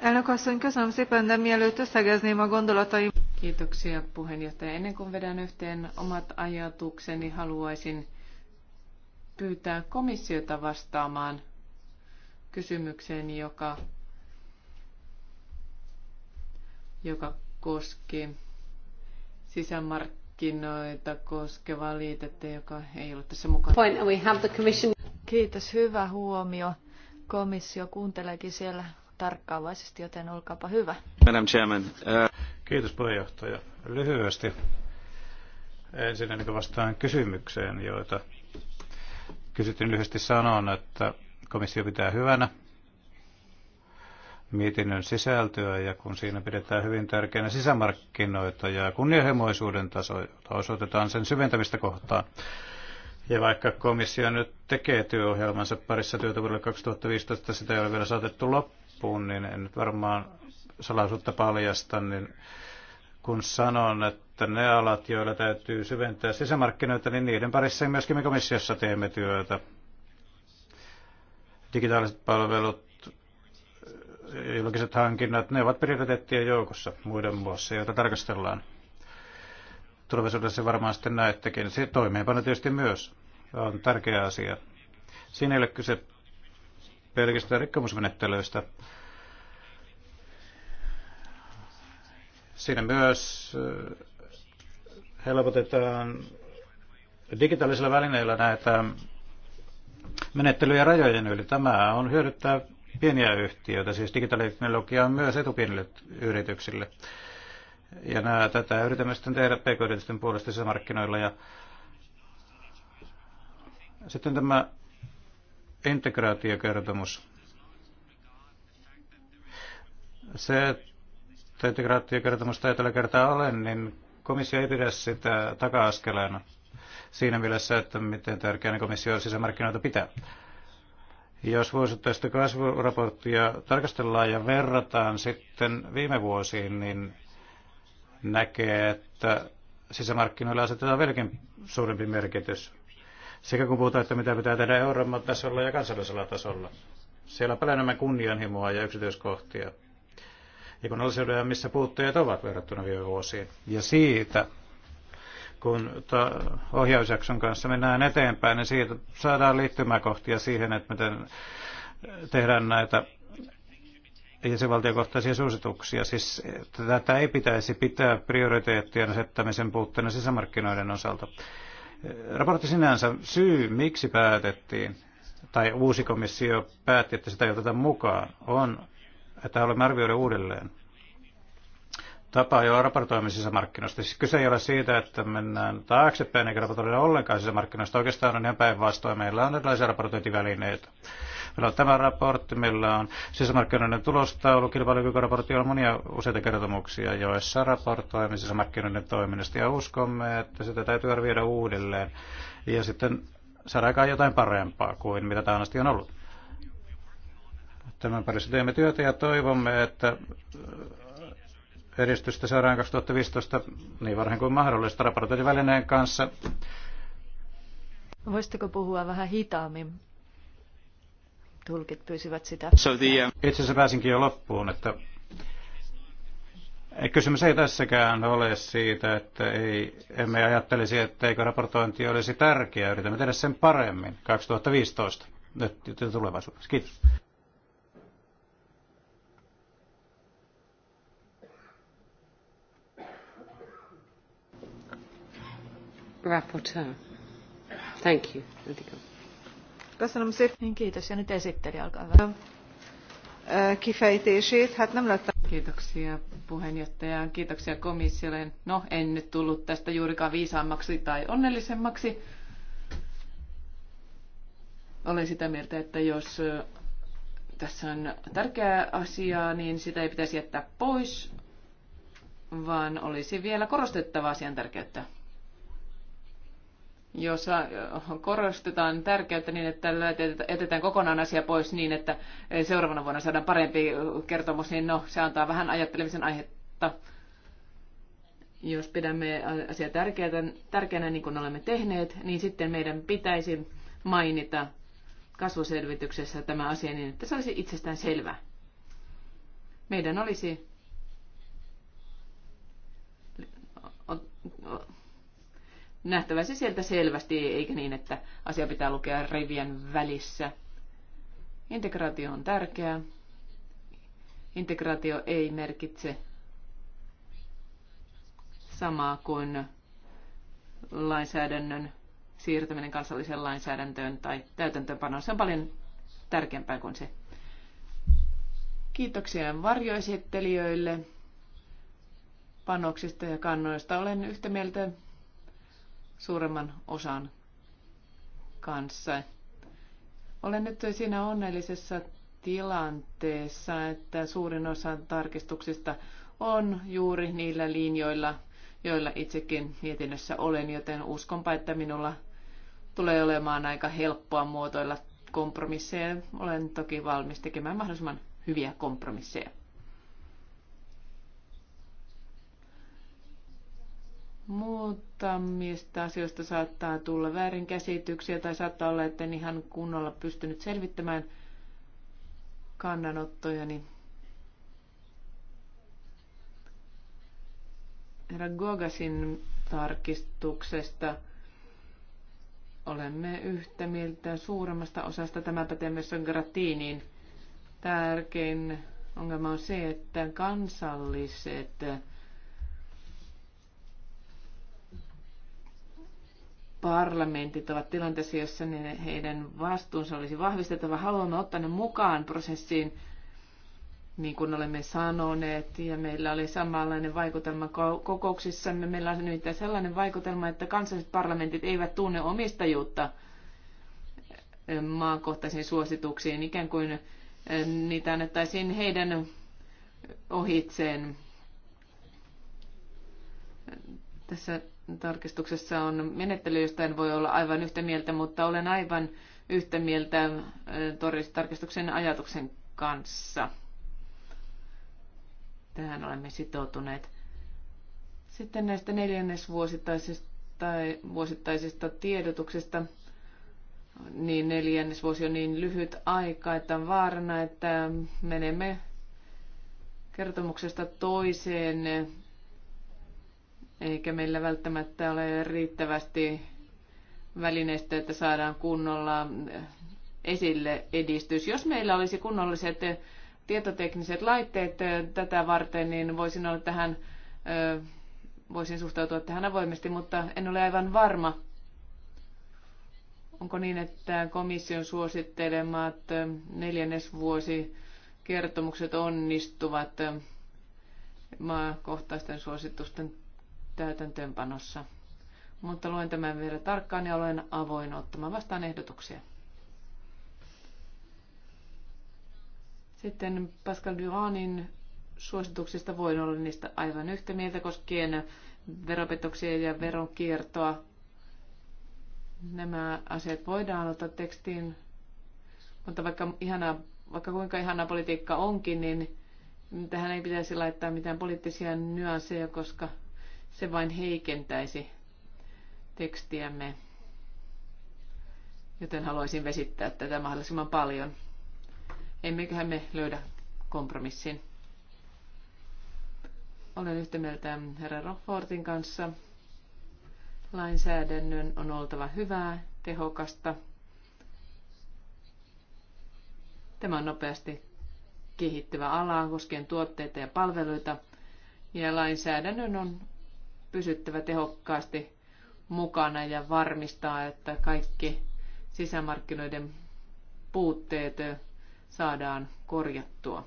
Elnök köszönöm szépen, de mielőtt összegezném a gondolataim. Kiitoksia puheenjohtaja. Ennen kuin vedän yhteen omat ajatukseni, haluaisin pyytää komissiota vastaamaan kysymykseen, joka, joka koski sisämarkkinoita koskevaa liitettä, joka ei ole tässä mukana. Point, and we have the commission. Kiitos, hyvä huomio. Komissio kuunteleekin siellä tarkkaavaisesti, joten olkaapa hyvä. Madam Chairman. Uh, Kiitos puheenjohtaja. Lyhyesti ensin ennen kuin vastaan kysymykseen, joita kysyttiin lyhyesti sanon, että komissio pitää hyvänä mietinnön sisältöä ja kun siinä pidetään hyvin tärkeänä sisämarkkinoita ja kunnianhimoisuuden tasoa osoitetaan sen syventämistä kohtaan. Ja vaikka komissio nyt tekee työohjelmansa parissa työtä vuodelle 2015, sitä ei ole vielä saatettu loppuun, niin en nyt varmaan salaisuutta paljasta, niin kun sanon, että ne alat, joilla täytyy syventää sisämarkkinoita, niin niiden parissa myöskin me komissiossa teemme työtä. Digitaaliset palvelut, julkiset hankinnat, ne ovat prioriteettien joukossa muiden muassa, joita tarkastellaan. Tulevaisuudessa varmaan sitten näettekin. Se toimeenpano tietysti myös on tärkeä asia. Siinä ei ole kyse pelkästään rikkomusmenettelyistä. Siinä myös eh, helpotetaan digitaalisilla välineillä näitä menettelyjä rajojen yli. Tämä on hyödyttää pieniä yhtiöitä, siis digitaaliteknologia on myös etupienille yrityksille. Ja nää, tätä yritämme sitten tehdä pk-yritysten puolesta sisämarkkinoilla. Ja sitten tämä integraatiokertomus. Se, että integraatiokertomusta ei tällä kertaa ole, niin komissio ei pidä sitä taka-askeleena siinä mielessä, että miten tärkeänä komissio sisämarkkinoita pitää. Jos vuosittaista kasvuraporttia tarkastellaan ja verrataan sitten viime vuosiin, niin näkee, että sisämarkkinoilla asetetaan vieläkin suurempi merkitys. Sekä kun puhutaan, että mitä pitää tehdä Euroopan tasolla ja kansallisella tasolla. Siellä on paljon enemmän kunnianhimoa ja yksityiskohtia. Ja kun asioidaan, missä puutteet ovat verrattuna viime vuosiin. Ja siitä, kun ohjausjakson kanssa mennään eteenpäin, niin siitä saadaan liittymäkohtia siihen, että miten tehdään näitä jäsenvaltiokohtaisia suosituksia. Siis tätä ei pitäisi pitää prioriteettien asettamisen puutteena sisämarkkinoiden osalta. Raportti sinänsä syy, miksi päätettiin, tai uusi komissio päätti, että sitä ei oteta mukaan, on, että haluamme arvioida uudelleen tapa, jo raportoimme sisämarkkinoista. Siis kyse ei ole siitä, että mennään taaksepäin eikä raportoida ollenkaan sisämarkkinoista. Oikeastaan on ihan päinvastoin. Meillä on erilaisia raportointivälineitä Meillä on tämä raportti, meillä on sisämarkkinoiden tulostaulu, kilpailukykyraportti, on monia useita kertomuksia, joissa raportoimme sisämarkkinoiden toiminnasta ja uskomme, että sitä täytyy arvioida uudelleen ja sitten saada aikaan jotain parempaa kuin mitä tähän asti on ollut. Tämän parissa teemme työtä ja toivomme, että edistystä saadaan 2015 niin varhain kuin mahdollista raportointivälineen kanssa. Voisitteko puhua vähän hitaammin? tulkit pyysivät sitä. So the, um... Itse asiassa pääsinkin jo loppuun, että Kysymys ei tässäkään ole siitä, että ei, emme ajattelisi, etteikö raportointi olisi tärkeää. Yritämme tehdä sen paremmin 2015 nyt tulevaisuudessa. Kiitos. Rapporteur. Thank you. Niin, kiitos ja nyt esitteli, alkaa hyvä. Kifejtését, hát nem Kiitoksia puheenjohtajaan, kiitoksia komissiolle. No, en nyt tullut tästä juurikaan viisaammaksi tai onnellisemmaksi. Olen sitä mieltä, että jos tässä on tärkeää asiaa, niin sitä ei pitäisi jättää pois, vaan olisi vielä korostettava asian tärkeyttä jossa korostetaan tärkeyttä niin, että jätetään kokonaan asia pois niin, että seuraavana vuonna saadaan parempi kertomus, niin no, se antaa vähän ajattelemisen aihetta. Jos pidämme asiaa tärkeänä, tärkeänä niin kuin olemme tehneet, niin sitten meidän pitäisi mainita kasvuselvityksessä tämä asia niin, että se olisi itsestään selvä. Meidän olisi nähtävä se sieltä selvästi, eikä niin, että asia pitää lukea rivien välissä. Integraatio on tärkeää. Integraatio ei merkitse samaa kuin lainsäädännön siirtäminen kansalliseen lainsäädäntöön tai täytäntöönpanoon. Se on paljon tärkeämpää kuin se. Kiitoksia varjoesittelijöille panoksista ja kannoista. Olen yhtä mieltä suuremman osan kanssa. Olen nyt siinä onnellisessa tilanteessa, että suurin osa tarkistuksista on juuri niillä linjoilla, joilla itsekin mietinnössä olen, joten uskonpa, että minulla tulee olemaan aika helppoa muotoilla kompromisseja. Olen toki valmis tekemään mahdollisimman hyviä kompromisseja. Muutamista asioista saattaa tulla väärinkäsityksiä tai saattaa olla, että en ihan kunnolla pystynyt selvittämään kannanottojani. Herra Gogasin tarkistuksesta olemme yhtä mieltä suuremmasta osasta. Tämä pätee myös gratiiniin Tärkein ongelma on se, että kansalliset parlamentit ovat tilanteessa, jossa heidän vastuunsa olisi vahvistettava. Haluamme ottaa ne mukaan prosessiin, niin kuin olemme sanoneet, ja meillä oli samanlainen vaikutelma kokouksissamme. Meillä on nyt sellainen vaikutelma, että kansalliset parlamentit eivät tunne omistajuutta eh, maankohtaisiin suosituksiin, ikään kuin eh, niitä annettaisiin heidän ohitseen. Tässä tarkistuksessa on menettely, josta en voi olla aivan yhtä mieltä, mutta olen aivan yhtä mieltä tarkistuksen ajatuksen kanssa. Tähän olemme sitoutuneet. Sitten näistä neljännesvuosittaisista vuosittaisista tiedotuksista. niin neljännesvuosi on niin lyhyt aika, että on vaarana, että menemme kertomuksesta toiseen eikä meillä välttämättä ole riittävästi välineistä, että saadaan kunnolla esille edistys. Jos meillä olisi kunnolliset tietotekniset laitteet tätä varten, niin voisin olla tähän, voisin suhtautua tähän avoimesti, mutta en ole aivan varma. Onko niin, että komission suosittelemat neljännesvuosi kertomukset onnistuvat maakohtaisten suositusten täytäntöönpanossa. Mutta luen tämän vielä tarkkaan ja olen avoin ottamaan vastaan ehdotuksia. Sitten Pascal Duranin suosituksista voin olla niistä aivan yhtä mieltä koskien veropetoksia ja veronkiertoa. Nämä asiat voidaan ottaa tekstiin, mutta vaikka, ihana, vaikka kuinka ihana politiikka onkin, niin tähän ei pitäisi laittaa mitään poliittisia nyansseja, koska se vain heikentäisi tekstiämme, joten haluaisin vesittää tätä mahdollisimman paljon. Emmeköhän me löydä kompromissin. Olen yhtä mieltä herra Roffortin kanssa. Lainsäädännön on oltava hyvää, tehokasta. Tämä on nopeasti kehittyvä ala koskien tuotteita ja palveluita, ja lainsäädännön on pysyttävä tehokkaasti mukana ja varmistaa, että kaikki sisämarkkinoiden puutteet saadaan korjattua.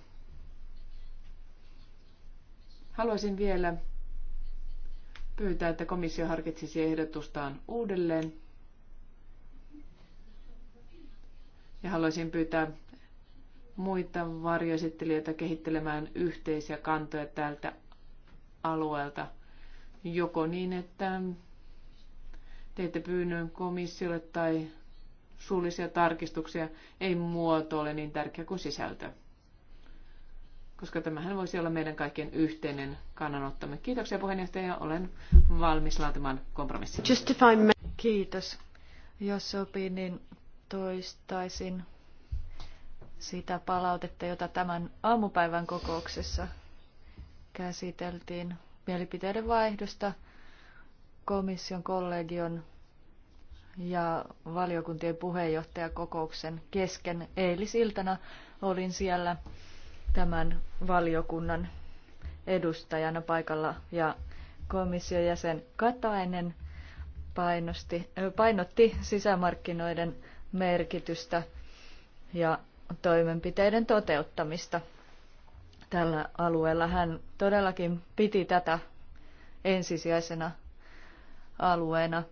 Haluaisin vielä pyytää, että komissio harkitsisi ehdotustaan uudelleen. Ja haluaisin pyytää muita varjoesittelijöitä kehittelemään yhteisiä kantoja tältä alueelta – joko niin, että teette pyynnön komissiolle tai suullisia tarkistuksia, ei muoto ole niin tärkeä kuin sisältö. Koska tämähän voisi olla meidän kaikkien yhteinen kannanottamme. Kiitoksia puheenjohtaja ja olen valmis laatimaan kompromissin. Justify Kiitos. Jos sopii, niin toistaisin sitä palautetta, jota tämän aamupäivän kokouksessa käsiteltiin mielipiteiden vaihdosta komission kollegion ja valiokuntien puheenjohtajakokouksen kesken. Eilisiltana olin siellä tämän valiokunnan edustajana paikalla ja komission jäsen Katainen painosti, painotti sisämarkkinoiden merkitystä ja toimenpiteiden toteuttamista tällä alueella. Hän todellakin piti tätä ensisijaisena alueena.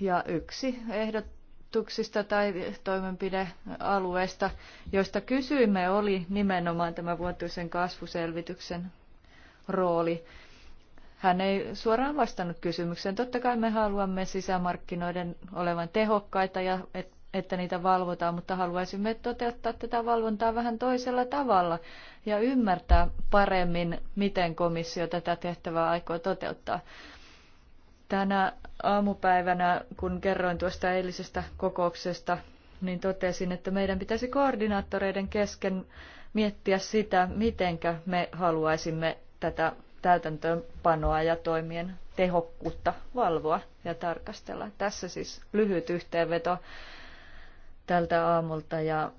Ja yksi ehdotuksista tai toimenpidealueesta, joista kysyimme, oli nimenomaan tämä vuotuisen kasvuselvityksen rooli. Hän ei suoraan vastannut kysymykseen. Totta kai me haluamme sisämarkkinoiden olevan tehokkaita ja että että niitä valvotaan, mutta haluaisimme toteuttaa tätä valvontaa vähän toisella tavalla ja ymmärtää paremmin, miten komissio tätä tehtävää aikoo toteuttaa. Tänä aamupäivänä, kun kerroin tuosta eilisestä kokouksesta, niin totesin, että meidän pitäisi koordinaattoreiden kesken miettiä sitä, mitenkä me haluaisimme tätä täytäntöönpanoa ja toimien tehokkuutta valvoa ja tarkastella. Tässä siis lyhyt yhteenveto tältä aamulta ja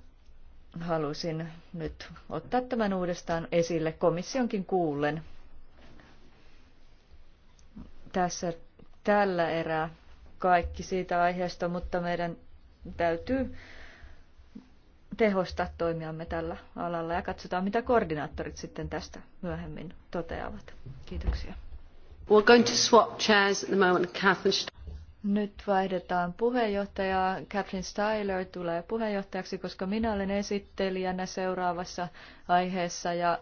halusin nyt ottaa tämän uudestaan esille komissionkin kuullen. Tässä tällä erää kaikki siitä aiheesta, mutta meidän täytyy tehostaa toimiamme tällä alalla ja katsotaan, mitä koordinaattorit sitten tästä myöhemmin toteavat. Kiitoksia. We're going to swap chairs at the moment. Catherine nyt vaihdetaan puheenjohtajaa. Catherine Styler tulee puheenjohtajaksi, koska minä olen esittelijänä seuraavassa aiheessa. Ja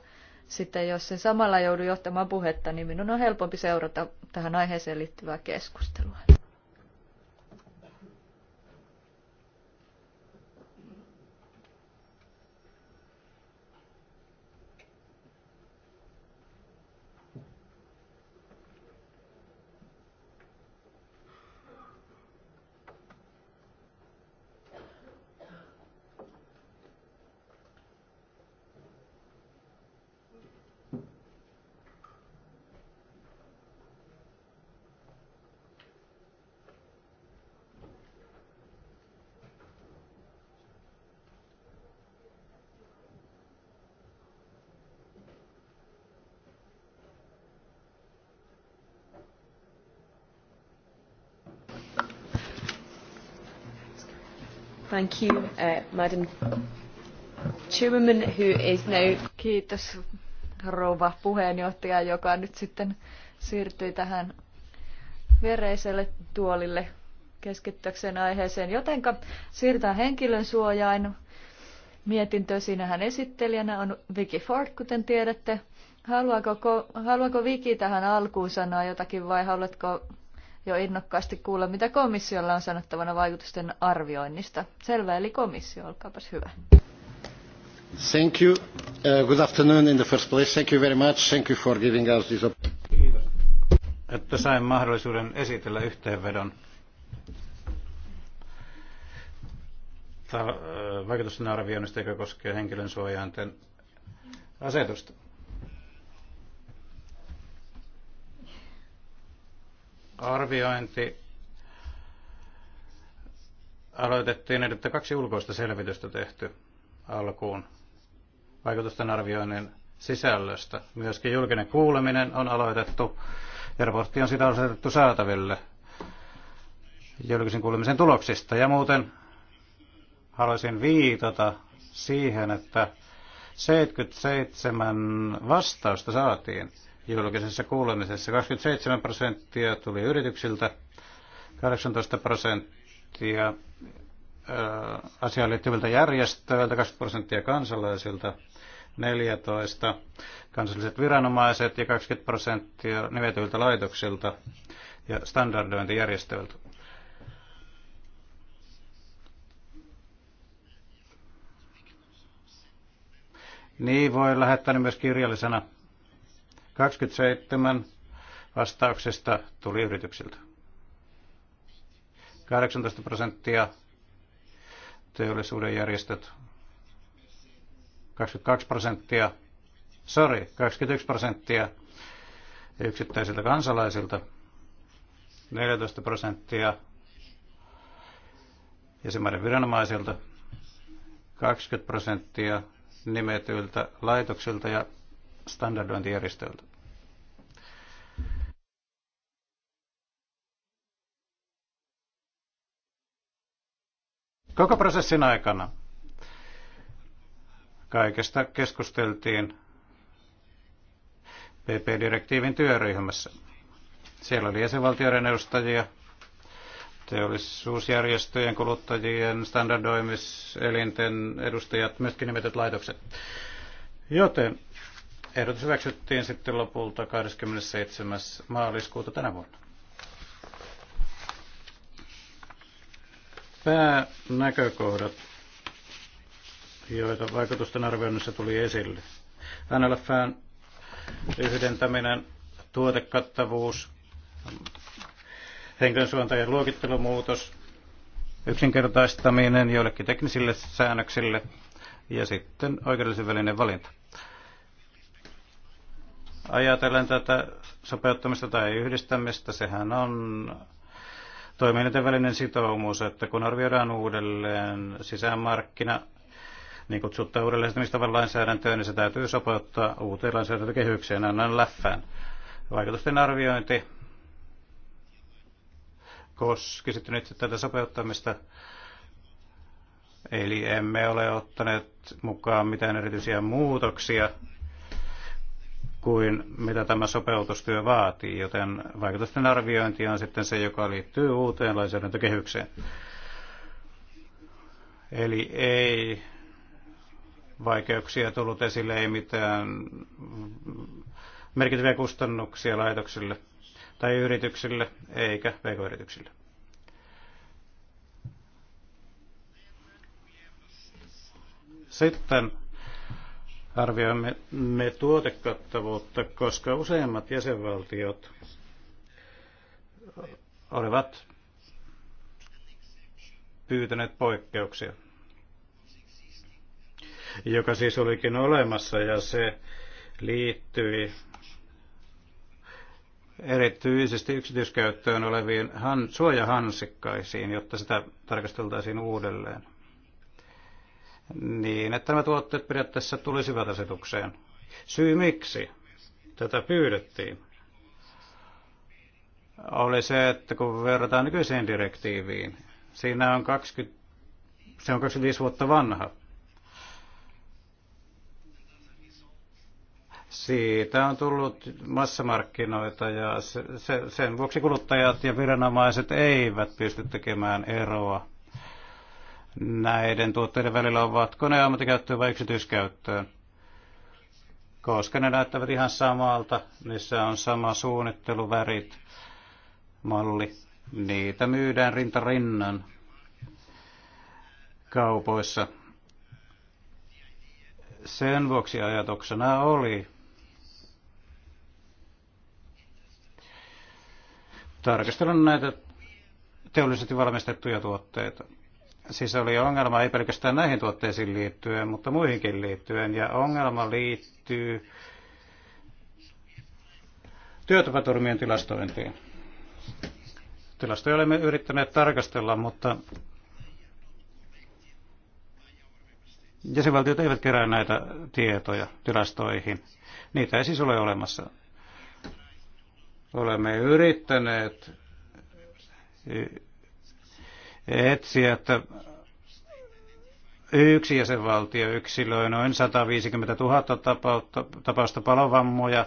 sitten jos se samalla joudu johtamaan puhetta, niin minun on helpompi seurata tähän aiheeseen liittyvää keskustelua. Thank you, uh, Madam Chairwoman, who is now... Kiitos rouva puheenjohtaja, joka nyt sitten siirtyi tähän vereiselle tuolille keskittyäkseen aiheeseen. Jotenka siirrytään henkilön suojain mietintö. Siinähän esittelijänä on Vicky Ford, kuten tiedätte. Haluaako, haluaako Viki tähän alkuun sanoa jotakin vai haluatko jo innokkaasti kuulla, mitä komissiolla on sanottavana vaikutusten arvioinnista. Selvä, eli komissio, olkaapas hyvä. Thank you. Uh, good afternoon in the first place. Thank you very much. Thank you for giving us this Kiitos, että sain mahdollisuuden esitellä yhteenvedon äh, vaikutusten arvioinnista, joka koskee henkilön suojainten asetusta. arviointi aloitettiin, että kaksi ulkoista selvitystä tehty alkuun vaikutusten arvioinnin sisällöstä. Myöskin julkinen kuuleminen on aloitettu ja raportti on sitä asetettu saataville julkisen kuulemisen tuloksista. Ja muuten haluaisin viitata siihen, että 77 vastausta saatiin julkisessa kuulemisessa. 27 prosenttia tuli yrityksiltä, 18 prosenttia äh, asiaan liittyviltä järjestöiltä, 20 prosenttia kansalaisilta, 14 kansalliset viranomaiset ja 20 prosenttia nimetyiltä laitoksilta ja standardointijärjestöiltä. Niin, voi lähettää myös kirjallisena 27 vastauksesta tuli yrityksiltä. 18 prosenttia teollisuuden järjestöt, 22 prosenttia, sorry, 21 prosenttia yksittäisiltä kansalaisilta, 14 prosenttia jäsenmaiden viranomaisilta, 20 prosenttia nimetyiltä laitoksilta ja standardointijärjestöiltä. Koko prosessin aikana kaikesta keskusteltiin PP-direktiivin työryhmässä. Siellä oli jäsenvaltioiden edustajia, teollisuusjärjestöjen, kuluttajien, standardoimiselinten edustajat, myöskin nimetyt laitokset. Joten ehdotus hyväksyttiin sitten lopulta 27. maaliskuuta tänä vuonna. Päänäkökohdat, joita vaikutusten arvioinnissa tuli esille. NLFn yhdentäminen, tuotekattavuus, henkilönsuuntajien luokittelumuutos, yksinkertaistaminen joillekin teknisille säännöksille ja sitten oikeudellisen välinen valinta. Ajatellen tätä sopeuttamista tai yhdistämistä, sehän on toimijoiden välinen sitoumus, että kun arvioidaan uudelleen sisämarkkina, niin kutsuttaa uudelleen tavalla lainsäädäntöön, niin se täytyy sopeuttaa uuteen lainsäädäntökehykseen, annan läffään. Vaikutusten arviointi koski sitten nyt tätä sopeuttamista. Eli emme ole ottaneet mukaan mitään erityisiä muutoksia kuin mitä tämä sopeutustyö vaatii, joten vaikutusten arviointi on sitten se, joka liittyy uuteen lainsäädäntökehykseen. Eli ei vaikeuksia tullut esille, ei mitään merkittäviä kustannuksia laitoksille tai yrityksille eikä pk-yrityksille. Sitten arvioimme me tuotekattavuutta, koska useimmat jäsenvaltiot olivat pyytäneet poikkeuksia, joka siis olikin olemassa ja se liittyi erityisesti yksityiskäyttöön oleviin suojahansikkaisiin, jotta sitä tarkasteltaisiin uudelleen niin, että nämä tuotteet periaatteessa tulisivat asetukseen. Syy miksi tätä pyydettiin oli se, että kun verrataan nykyiseen direktiiviin, siinä on 20, se on 25 vuotta vanha. Siitä on tullut massamarkkinoita ja se, se, sen vuoksi kuluttajat ja viranomaiset eivät pysty tekemään eroa näiden tuotteiden välillä, on ne ammattikäyttöön vai yksityiskäyttöön. Koska ne näyttävät ihan samalta, niissä on sama värit, malli. Niitä myydään rinta rinnan kaupoissa. Sen vuoksi ajatuksena oli tarkastella näitä teollisesti valmistettuja tuotteita. Siis oli ongelma ei pelkästään näihin tuotteisiin liittyen, mutta muihinkin liittyen. Ja ongelma liittyy työtapaturmien tilastointiin. Tilastoja olemme yrittäneet tarkastella, mutta jäsenvaltiot eivät kerää näitä tietoja tilastoihin. Niitä ei siis ole olemassa. Olemme yrittäneet etsiä, että yksi jäsenvaltio yksilöi noin 150 000 tapausta, tapausta palovammoja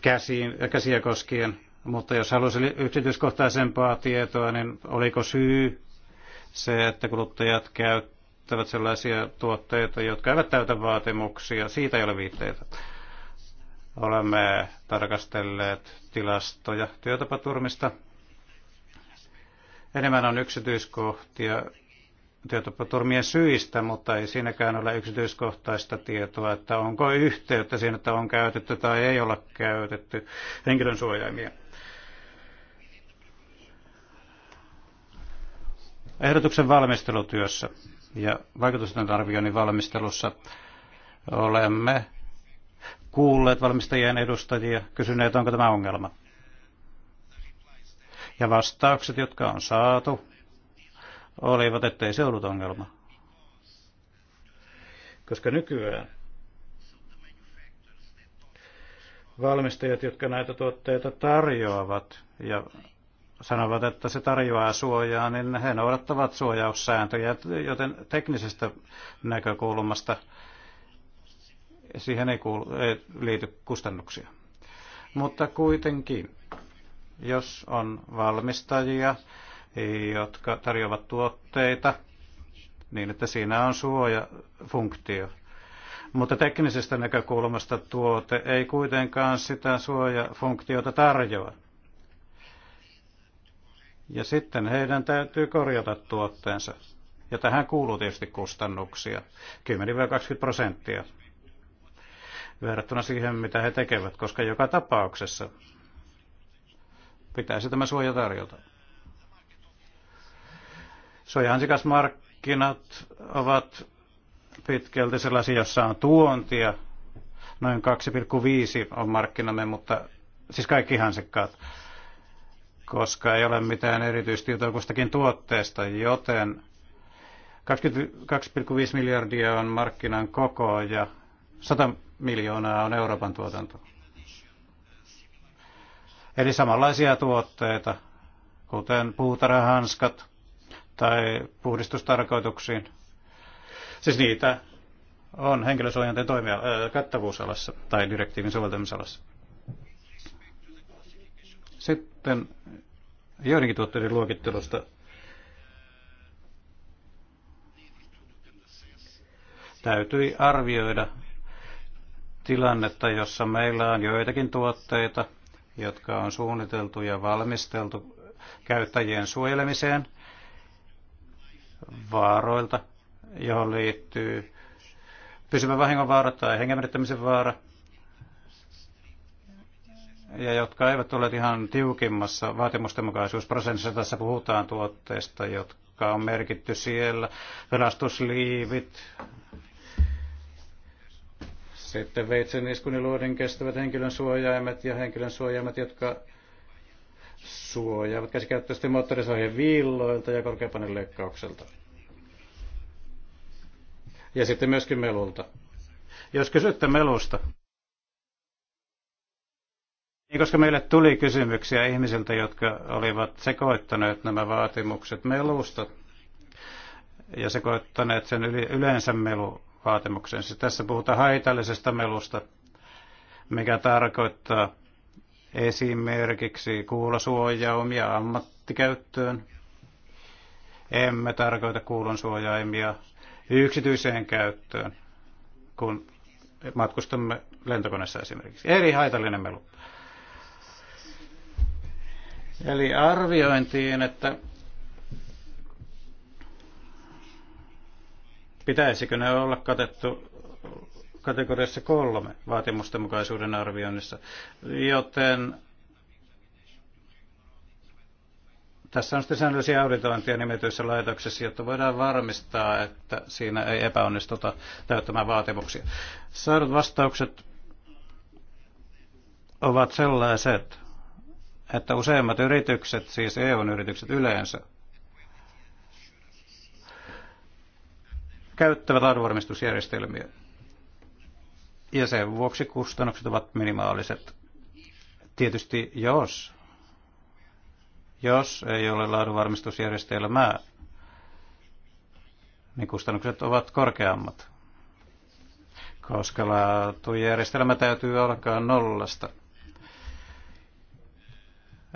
käsiin, käsiä koskien. Mutta jos halusi yksityiskohtaisempaa tietoa, niin oliko syy se, että kuluttajat käyttävät sellaisia tuotteita, jotka eivät täytä vaatimuksia? Siitä ei ole viitteitä. Olemme tarkastelleet tilastoja työtapaturmista Enemmän on yksityiskohtia tietoturmien syistä, mutta ei siinäkään ole yksityiskohtaista tietoa, että onko yhteyttä siinä, että on käytetty tai ei ole käytetty henkilön suojaimia. Ehdotuksen valmistelutyössä ja vaikutusten arvioinnin valmistelussa olemme kuulleet valmistajien edustajia, kysyneet, onko tämä ongelma. Ja vastaukset, jotka on saatu, olivat, ettei se ollut ongelma. Koska nykyään valmistajat, jotka näitä tuotteita tarjoavat ja sanovat, että se tarjoaa suojaa, niin he noudattavat suojaussääntöjä, joten teknisestä näkökulmasta siihen ei, kuulu, ei liity kustannuksia. Mutta kuitenkin jos on valmistajia, jotka tarjoavat tuotteita, niin että siinä on suojafunktio. Mutta teknisestä näkökulmasta tuote ei kuitenkaan sitä suojafunktiota tarjoa. Ja sitten heidän täytyy korjata tuotteensa. Ja tähän kuuluu tietysti kustannuksia, 10-20 prosenttia verrattuna siihen, mitä he tekevät, koska joka tapauksessa pitää se tämä suoja tarjota. Sojansikasmarkkinat ovat pitkälti sellaisia, jossa on tuontia. Noin 2,5 on markkinamme, mutta siis kaikki hansikkaat, koska ei ole mitään erityisesti jotakustakin tuotteesta, joten 2,5 miljardia on markkinan koko ja 100 miljoonaa on Euroopan tuotanto. Eli samanlaisia tuotteita, kuten puutarhahanskat tai puhdistustarkoituksiin. Siis niitä on henkilösuojanteen toimia kattavuusalassa tai direktiivin soveltamisalassa. Sitten joidenkin tuotteiden luokittelusta. Täytyi arvioida tilannetta, jossa meillä on joitakin tuotteita, jotka on suunniteltu ja valmisteltu käyttäjien suojelemiseen vaaroilta, johon liittyy pysyvä vahingon vaara tai hengenmenettämisen vaara, ja jotka eivät ole ihan tiukimmassa vaatimustenmukaisuusprosessissa. Tässä puhutaan tuotteista, jotka on merkitty siellä, pelastusliivit, sitten veitsen iskuniluodin kestävät henkilön suojaimet ja henkilön suojaimet, jotka suojaavat käsikäyttöisten moottorisohjeen viilloilta ja leikkaukselta. Ja sitten myöskin melulta. Jos kysytte melusta, niin koska meille tuli kysymyksiä ihmisiltä, jotka olivat sekoittaneet nämä vaatimukset melusta ja sekoittaneet sen yleensä melu vaatimuksensa. Siis tässä puhutaan haitallisesta melusta, mikä tarkoittaa esimerkiksi kuulosuojaumia ammattikäyttöön. Emme tarkoita kuulonsuojaimia yksityiseen käyttöön, kun matkustamme lentokoneessa esimerkiksi. Eli haitallinen melu. Eli arviointiin, että Pitäisikö ne olla katettu kategoriassa kolme vaatimusten mukaisuuden arvioinnissa, joten tässä on sitten säännöllisiä auditointia nimetyissä laitoksissa, jotta voidaan varmistaa, että siinä ei epäonnistuta täyttämään vaatimuksia. Saadut vastaukset ovat sellaiset, että useimmat yritykset, siis EUn yritykset yleensä, käyttävät laadunvarmistusjärjestelmiä. Ja sen vuoksi kustannukset ovat minimaaliset. Tietysti jos, jos ei ole laadunvarmistusjärjestelmää, niin kustannukset ovat korkeammat, koska laatujärjestelmä täytyy alkaa nollasta.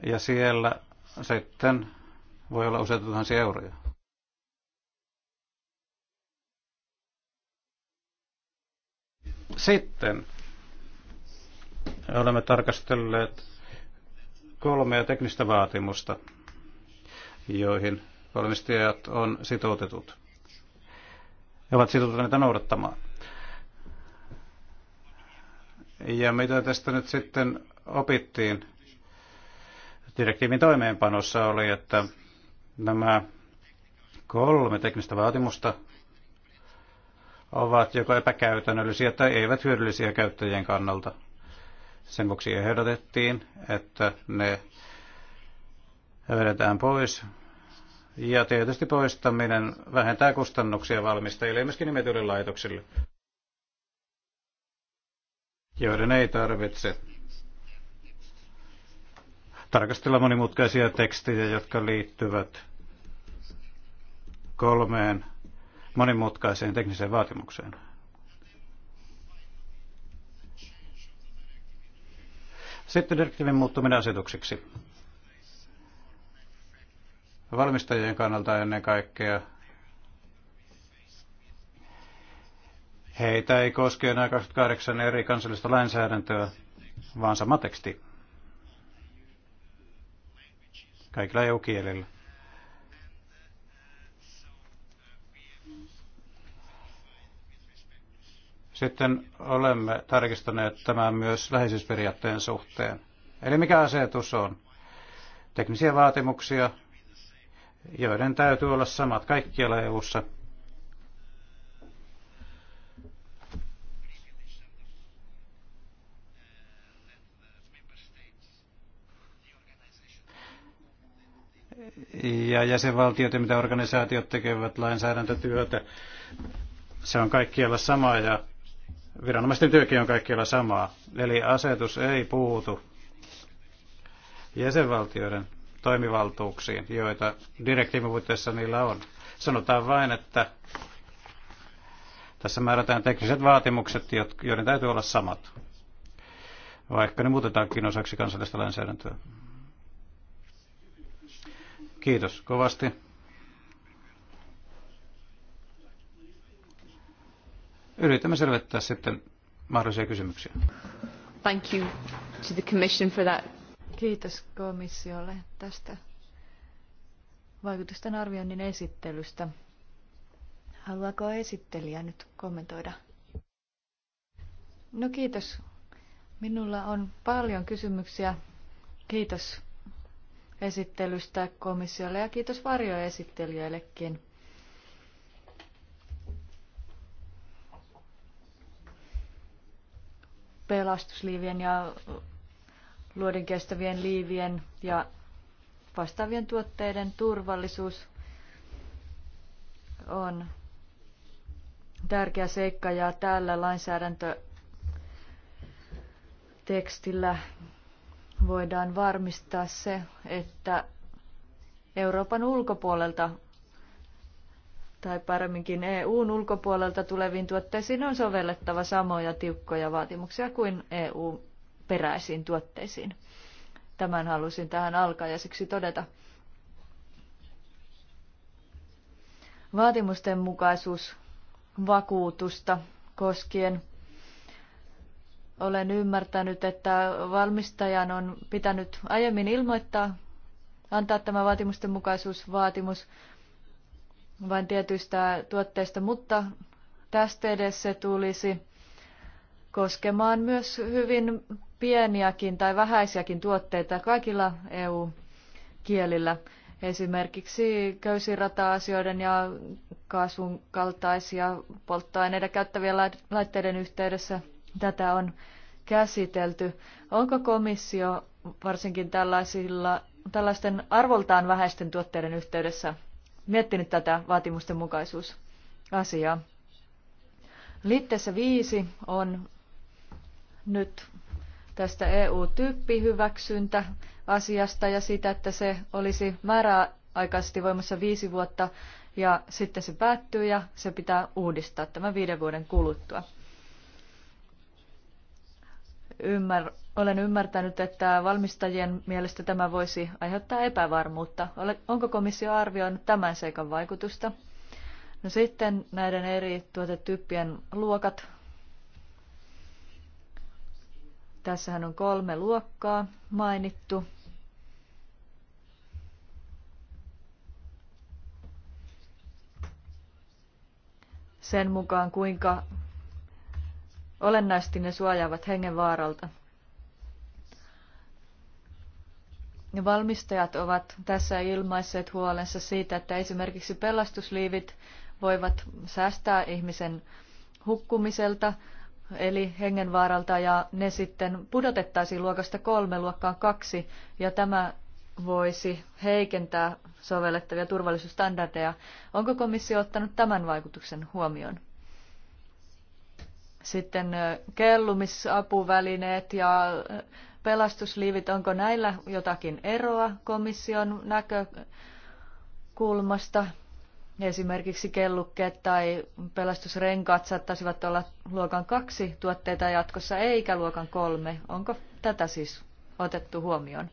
Ja siellä sitten voi olla useita tuhansia euroja. Sitten olemme tarkastelleet kolmea teknistä vaatimusta, joihin valmistajat on sitoutetut. He ovat sitoutuneita noudattamaan. Ja mitä tästä nyt sitten opittiin direktiivin toimeenpanossa oli, että nämä kolme teknistä vaatimusta ovat joko epäkäytännöllisiä tai eivät hyödyllisiä käyttäjien kannalta. Sen vuoksi ehdotettiin, että ne vedetään pois. Ja tietysti poistaminen vähentää kustannuksia valmistajille ja myöskin nimetyille laitoksille, joiden ei tarvitse tarkastella monimutkaisia tekstejä, jotka liittyvät kolmeen monimutkaiseen tekniseen vaatimukseen. Sitten direktiivin muuttuminen asetuksiksi. Valmistajien kannalta ennen kaikkea heitä ei koske enää 28 eri kansallista lainsäädäntöä, vaan sama teksti kaikilla EU-kielillä. Sitten olemme tarkistaneet tämän myös läheisyysperiaatteen suhteen. Eli mikä asetus on? Teknisiä vaatimuksia, joiden täytyy olla samat kaikkialla EU-ssa. ja jäsenvaltiot ja mitä organisaatiot tekevät lainsäädäntötyötä. Se on kaikkialla sama ja Viranomaisten työkin on kaikkialla samaa. Eli asetus ei puutu jäsenvaltioiden toimivaltuuksiin, joita direktiivin puitteissa niillä on. Sanotaan vain, että tässä määrätään tekniset vaatimukset, joiden täytyy olla samat, vaikka ne muutetaankin osaksi kansallista lainsäädäntöä. Kiitos kovasti. yritämme selvittää sitten mahdollisia kysymyksiä. Thank you to the commission for that. Kiitos komissiolle tästä vaikutusten arvioinnin esittelystä. Haluaako esittelijä nyt kommentoida? No kiitos. Minulla on paljon kysymyksiä. Kiitos esittelystä komissiolle ja kiitos varjoesittelijöillekin. pelastusliivien ja luodin kestävien liivien ja vastaavien tuotteiden turvallisuus on tärkeä seikka ja tällä lainsäädäntötekstillä voidaan varmistaa se, että Euroopan ulkopuolelta tai paremminkin EUn ulkopuolelta tuleviin tuotteisiin on sovellettava samoja tiukkoja vaatimuksia kuin EU-peräisiin tuotteisiin. Tämän halusin tähän alkaa ja siksi todeta. Vaatimusten mukaisuus vakuutusta koskien olen ymmärtänyt, että valmistajan on pitänyt aiemmin ilmoittaa, antaa tämä vaatimusten mukaisuusvaatimus, vain tietyistä tuotteista, mutta tästä edes se tulisi koskemaan myös hyvin pieniäkin tai vähäisiäkin tuotteita kaikilla EU-kielillä. Esimerkiksi köysirata-asioiden ja kaasun kaltaisia polttoaineiden käyttävien laitteiden yhteydessä tätä on käsitelty. Onko komissio varsinkin tällaisilla, tällaisten arvoltaan vähäisten tuotteiden yhteydessä miettinyt tätä vaatimusten mukaisuusasiaa. Liitteessä viisi on nyt tästä EU-tyyppihyväksyntä asiasta ja sitä, että se olisi määräaikaisesti voimassa viisi vuotta ja sitten se päättyy ja se pitää uudistaa tämän viiden vuoden kuluttua. Ymmär, olen ymmärtänyt, että valmistajien mielestä tämä voisi aiheuttaa epävarmuutta. Onko komissio arvioinut tämän seikan vaikutusta? No sitten näiden eri tuotetyyppien luokat. Tässähän on kolme luokkaa mainittu. Sen mukaan kuinka Olennaisesti ne suojaavat hengenvaaralta. Valmistajat ovat tässä ilmaisseet huolensa siitä, että esimerkiksi pelastusliivit voivat säästää ihmisen hukkumiselta, eli hengenvaaralta, ja ne sitten pudotettaisiin luokasta kolme luokkaan kaksi, ja tämä voisi heikentää sovellettavia turvallisuusstandardeja. Onko komissio ottanut tämän vaikutuksen huomioon? Sitten kellumisapuvälineet ja pelastusliivit, onko näillä jotakin eroa komission näkökulmasta? Esimerkiksi kellukkeet tai pelastusrenkaat saattaisivat olla luokan kaksi tuotteita jatkossa eikä luokan kolme. Onko tätä siis otettu huomioon?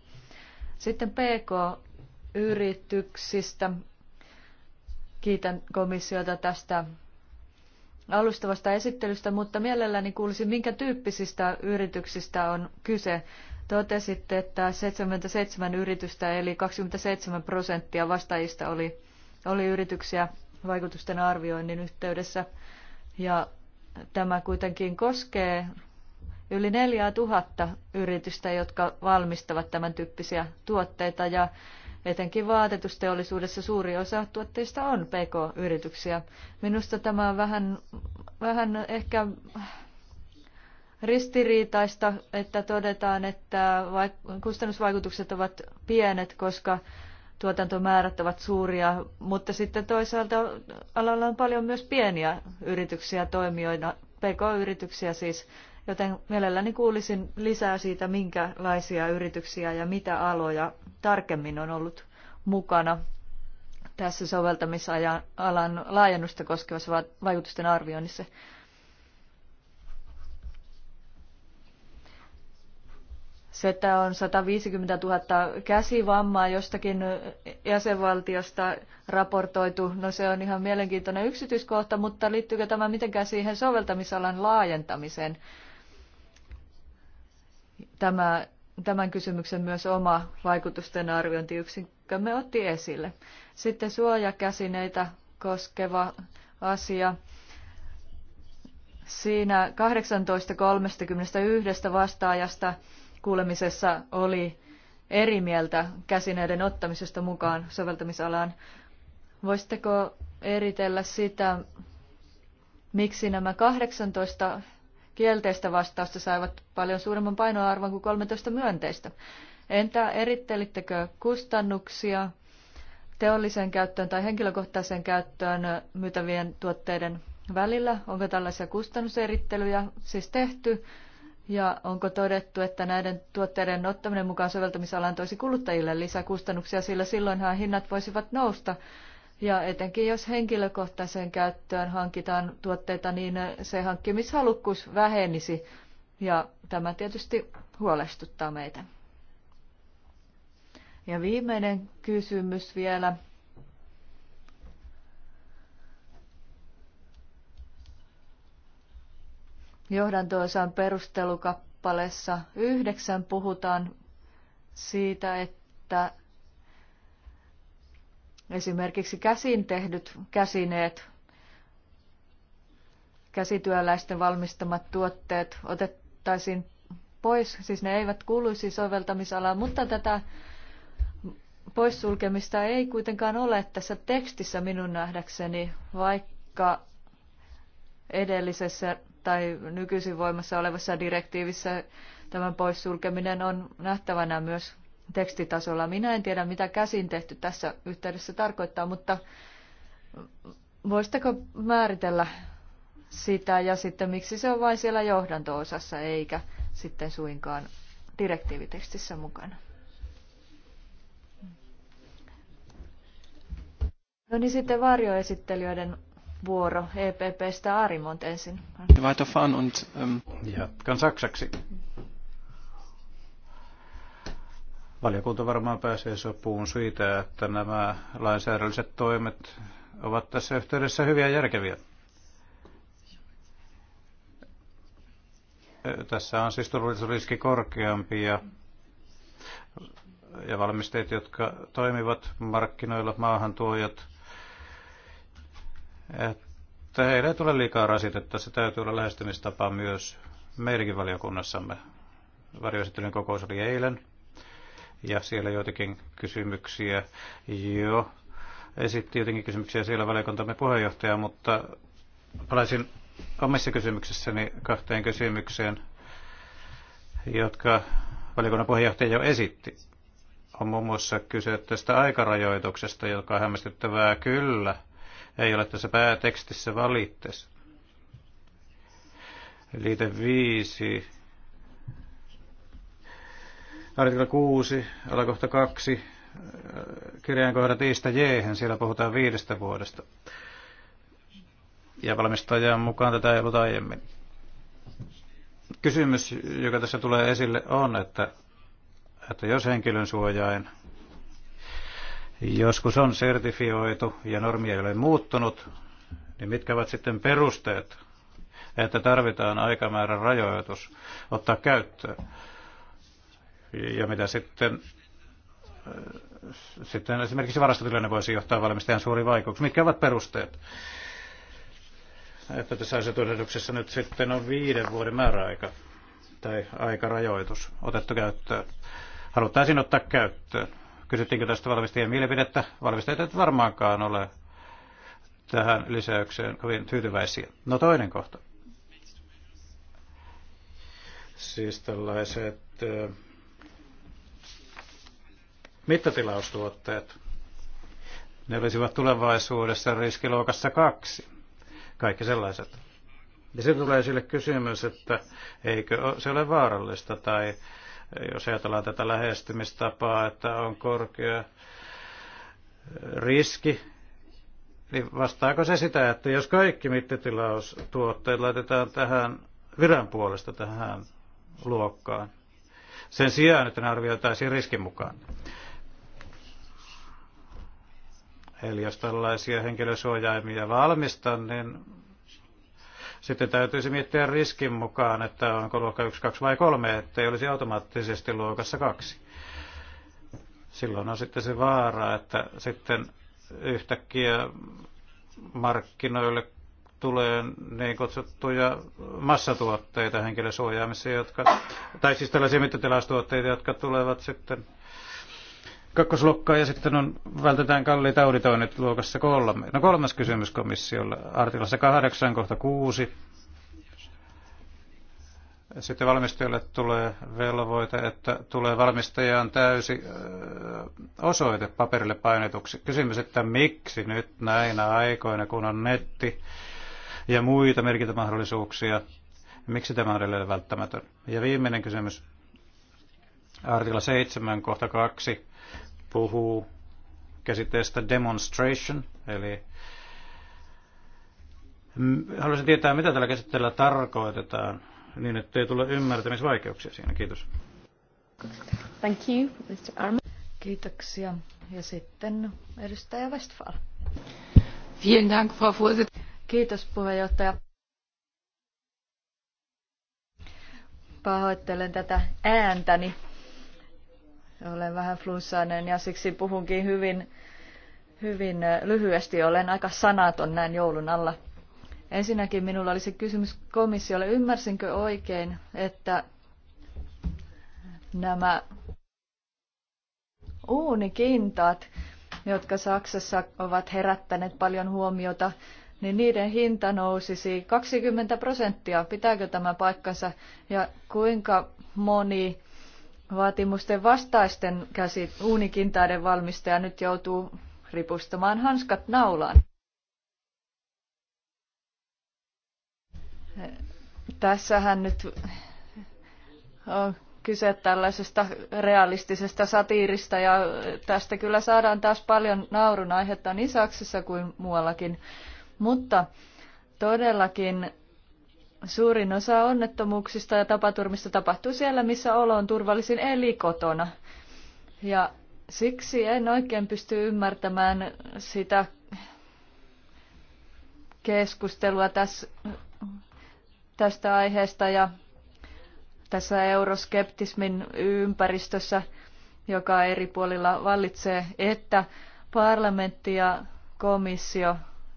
Sitten PK-yrityksistä. Kiitän komissiota tästä alustavasta esittelystä, mutta mielelläni kuulisin, minkä tyyppisistä yrityksistä on kyse. Totesitte, että 77 yritystä eli 27 prosenttia vastaajista oli, oli yrityksiä vaikutusten arvioinnin yhteydessä. Ja tämä kuitenkin koskee yli 4000 yritystä, jotka valmistavat tämän tyyppisiä tuotteita. Ja Etenkin vaatetusteollisuudessa suuri osa tuotteista on PK-yrityksiä. Minusta tämä on vähän, vähän ehkä ristiriitaista, että todetaan, että kustannusvaikutukset ovat pienet, koska tuotantomäärät ovat suuria, mutta sitten toisaalta alalla on paljon myös pieniä yrityksiä toimijoina, pk-yrityksiä siis, joten mielelläni kuulisin lisää siitä, minkälaisia yrityksiä ja mitä aloja tarkemmin on ollut mukana tässä soveltamisalan laajennusta koskevassa vaikutusten arvioinnissa. se, että on 150 000 käsivammaa jostakin jäsenvaltiosta raportoitu, no se on ihan mielenkiintoinen yksityiskohta, mutta liittyykö tämä mitenkään siihen soveltamisalan laajentamiseen? Tämä, tämän kysymyksen myös oma vaikutusten arviointiyksikkömme otti esille. Sitten suojakäsineitä koskeva asia. Siinä 18.31 vastaajasta kuulemisessa oli eri mieltä käsineiden ottamisesta mukaan soveltamisalaan. Voisitteko eritellä sitä, miksi nämä 18 kielteistä vastausta saivat paljon suuremman painoarvon kuin 13 myönteistä. Entä erittelittekö kustannuksia teolliseen käyttöön tai henkilökohtaiseen käyttöön myytävien tuotteiden välillä? Onko tällaisia kustannuserittelyjä siis tehty? Ja onko todettu, että näiden tuotteiden ottaminen mukaan soveltamisalaan toisi kuluttajille lisää kustannuksia, sillä silloinhan hinnat voisivat nousta ja etenkin jos henkilökohtaiseen käyttöön hankitaan tuotteita, niin se hankkimishalukkuus vähenisi. Ja tämä tietysti huolestuttaa meitä. Ja viimeinen kysymys vielä. Johdantoosan perustelukappaleessa yhdeksän puhutaan siitä, että Esimerkiksi käsin tehdyt käsineet, käsityöläisten valmistamat tuotteet otettaisiin pois, siis ne eivät kuuluisi soveltamisalaan, mutta tätä poissulkemista ei kuitenkaan ole tässä tekstissä minun nähdäkseni, vaikka edellisessä tai nykyisin voimassa olevassa direktiivissä tämän poissulkeminen on nähtävänä myös tekstitasolla. Minä en tiedä, mitä käsin tehty tässä yhteydessä tarkoittaa, mutta voisitteko määritellä sitä ja sitten miksi se on vain siellä johdanto-osassa eikä sitten suinkaan direktiivitekstissä mukana? No niin sitten varjoesittelijöiden vuoro EPPstä Arimont ensin. Ähm, kan saksaksi. Valiokunta varmaan pääsee sopuun siitä, että nämä lainsäädännölliset toimet ovat tässä yhteydessä hyviä ja järkeviä. Tässä on siis turvallisuusriski korkeampi ja, ja valmisteet, jotka toimivat markkinoilla, maahantuojat, että heille ei tule liikaa rasitetta. Se täytyy olla lähestymistapa myös meidänkin valiokunnassamme. Varjoesittelyn kokous oli eilen ja siellä joitakin kysymyksiä jo esitti jotenkin kysymyksiä siellä valiokuntamme puheenjohtaja, mutta palaisin omissa kysymyksissäni kahteen kysymykseen, jotka valiokunnan puheenjohtaja jo esitti. On muun muassa kyse tästä aikarajoituksesta, joka hämmästyttävää kyllä ei ole tässä päätekstissä valitteessa. Liite 5 Artikla 6, alakohta 2, kirjan kohdat Iistä Jehen, siellä puhutaan viidestä vuodesta. Ja valmistajan mukaan tätä ei ollut aiemmin. Kysymys, joka tässä tulee esille, on, että, että jos henkilön suojain joskus on sertifioitu ja normi ei ole muuttunut, niin mitkä ovat sitten perusteet, että tarvitaan aikamäärän rajoitus ottaa käyttöön? Ja mitä sitten, äh, sitten esimerkiksi varastotilanne voisi johtaa valmistajan suuriin vaikeuksiin. Mitkä ovat perusteet? Että tässä asetusehdotuksessa nyt sitten on viiden vuoden määräaika tai aikarajoitus otettu käyttöön. Haluttaisiin ottaa käyttöön. Kysyttiinkö tästä valmistajien mielipidettä? Valmistajat eivät varmaankaan ole tähän lisäykseen kovin tyytyväisiä. No toinen kohta. Siis tällaiset äh, Mittatilaustuotteet. Ne olisivat tulevaisuudessa riskiluokassa kaksi. Kaikki sellaiset. Ja se tulee sille kysymys, että eikö se ole vaarallista tai jos ajatellaan tätä lähestymistapaa, että on korkea riski, niin vastaako se sitä, että jos kaikki mittatilaustuotteet laitetaan tähän viran puolesta tähän luokkaan, sen sijaan, että ne arvioitaisiin riskin mukaan? Eli jos tällaisia henkilösuojaimia valmistan, niin sitten täytyisi miettiä riskin mukaan, että onko luokka 1, 2 vai 3, ettei olisi automaattisesti luokassa 2. Silloin on sitten se vaara, että sitten yhtäkkiä markkinoille tulee niin kutsuttuja massatuotteita henkilösuojaamisia, jotka, tai siis tällaisia mittatilastuotteita, jotka tulevat sitten kakkosluokkaa ja sitten on, vältetään kalliita auditoinnit luokassa kolme. No kolmas kysymys komissiolle, artiklassa 8 kohta 6. Sitten valmistajalle tulee velvoite, että tulee valmistajaan täysi osoite paperille painetuksi. Kysymys, että miksi nyt näinä aikoina, kun on netti ja muita merkintämahdollisuuksia, miksi tämä on edelleen välttämätön? Ja viimeinen kysymys, artikla 7, kohta 2 puhuu käsitteestä demonstration, eli haluaisin tietää, mitä tällä käsitteellä tarkoitetaan, niin ettei tule ymmärtämisvaikeuksia siinä. Kiitos. Thank you, Mr. Arman. Kiitoksia. Ja sitten edustaja Westphal. Vielen Dank, Frau Kiitos puheenjohtaja. Pahoittelen tätä ääntäni. Olen vähän flunssainen ja siksi puhunkin hyvin, hyvin lyhyesti. Olen aika sanaton näin joulun alla. Ensinnäkin minulla olisi kysymys komissiolle. Ymmärsinkö oikein, että nämä uunikintaat, jotka Saksassa ovat herättäneet paljon huomiota, niin niiden hinta nousisi 20 prosenttia. Pitääkö tämä paikkansa ja kuinka moni vaatimusten vastaisten käsi uunikintaiden valmistaja nyt joutuu ripustamaan hanskat naulaan. Tässähän nyt on kyse tällaisesta realistisesta satiirista ja tästä kyllä saadaan taas paljon naurun aihetta niin Saksassa kuin muuallakin. Mutta todellakin Suurin osa onnettomuuksista ja tapaturmista tapahtuu siellä, missä olo on turvallisin, eli kotona. Ja siksi en oikein pysty ymmärtämään sitä keskustelua tässä, tästä aiheesta ja tässä euroskeptismin ympäristössä, joka eri puolilla vallitsee, että parlamentti ja komissio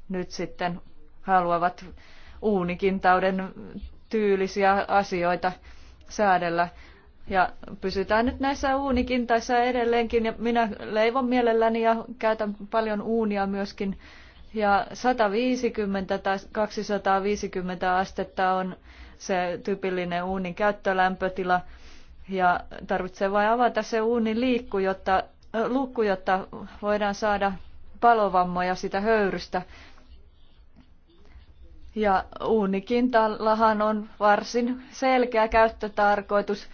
nyt sitten haluavat uunikintauden tyylisiä asioita säädellä. Ja pysytään nyt näissä uunikintaissa edelleenkin ja minä leivon mielelläni ja käytän paljon uunia myöskin. Ja 150 tai 250 astetta on se tyypillinen uunin käyttölämpötila ja tarvitsee vain avata se uunin liikku, jotta, lukku, jotta voidaan saada palovammoja sitä höyrystä. Ja uunikintallahan on varsin selkeä käyttötarkoitus.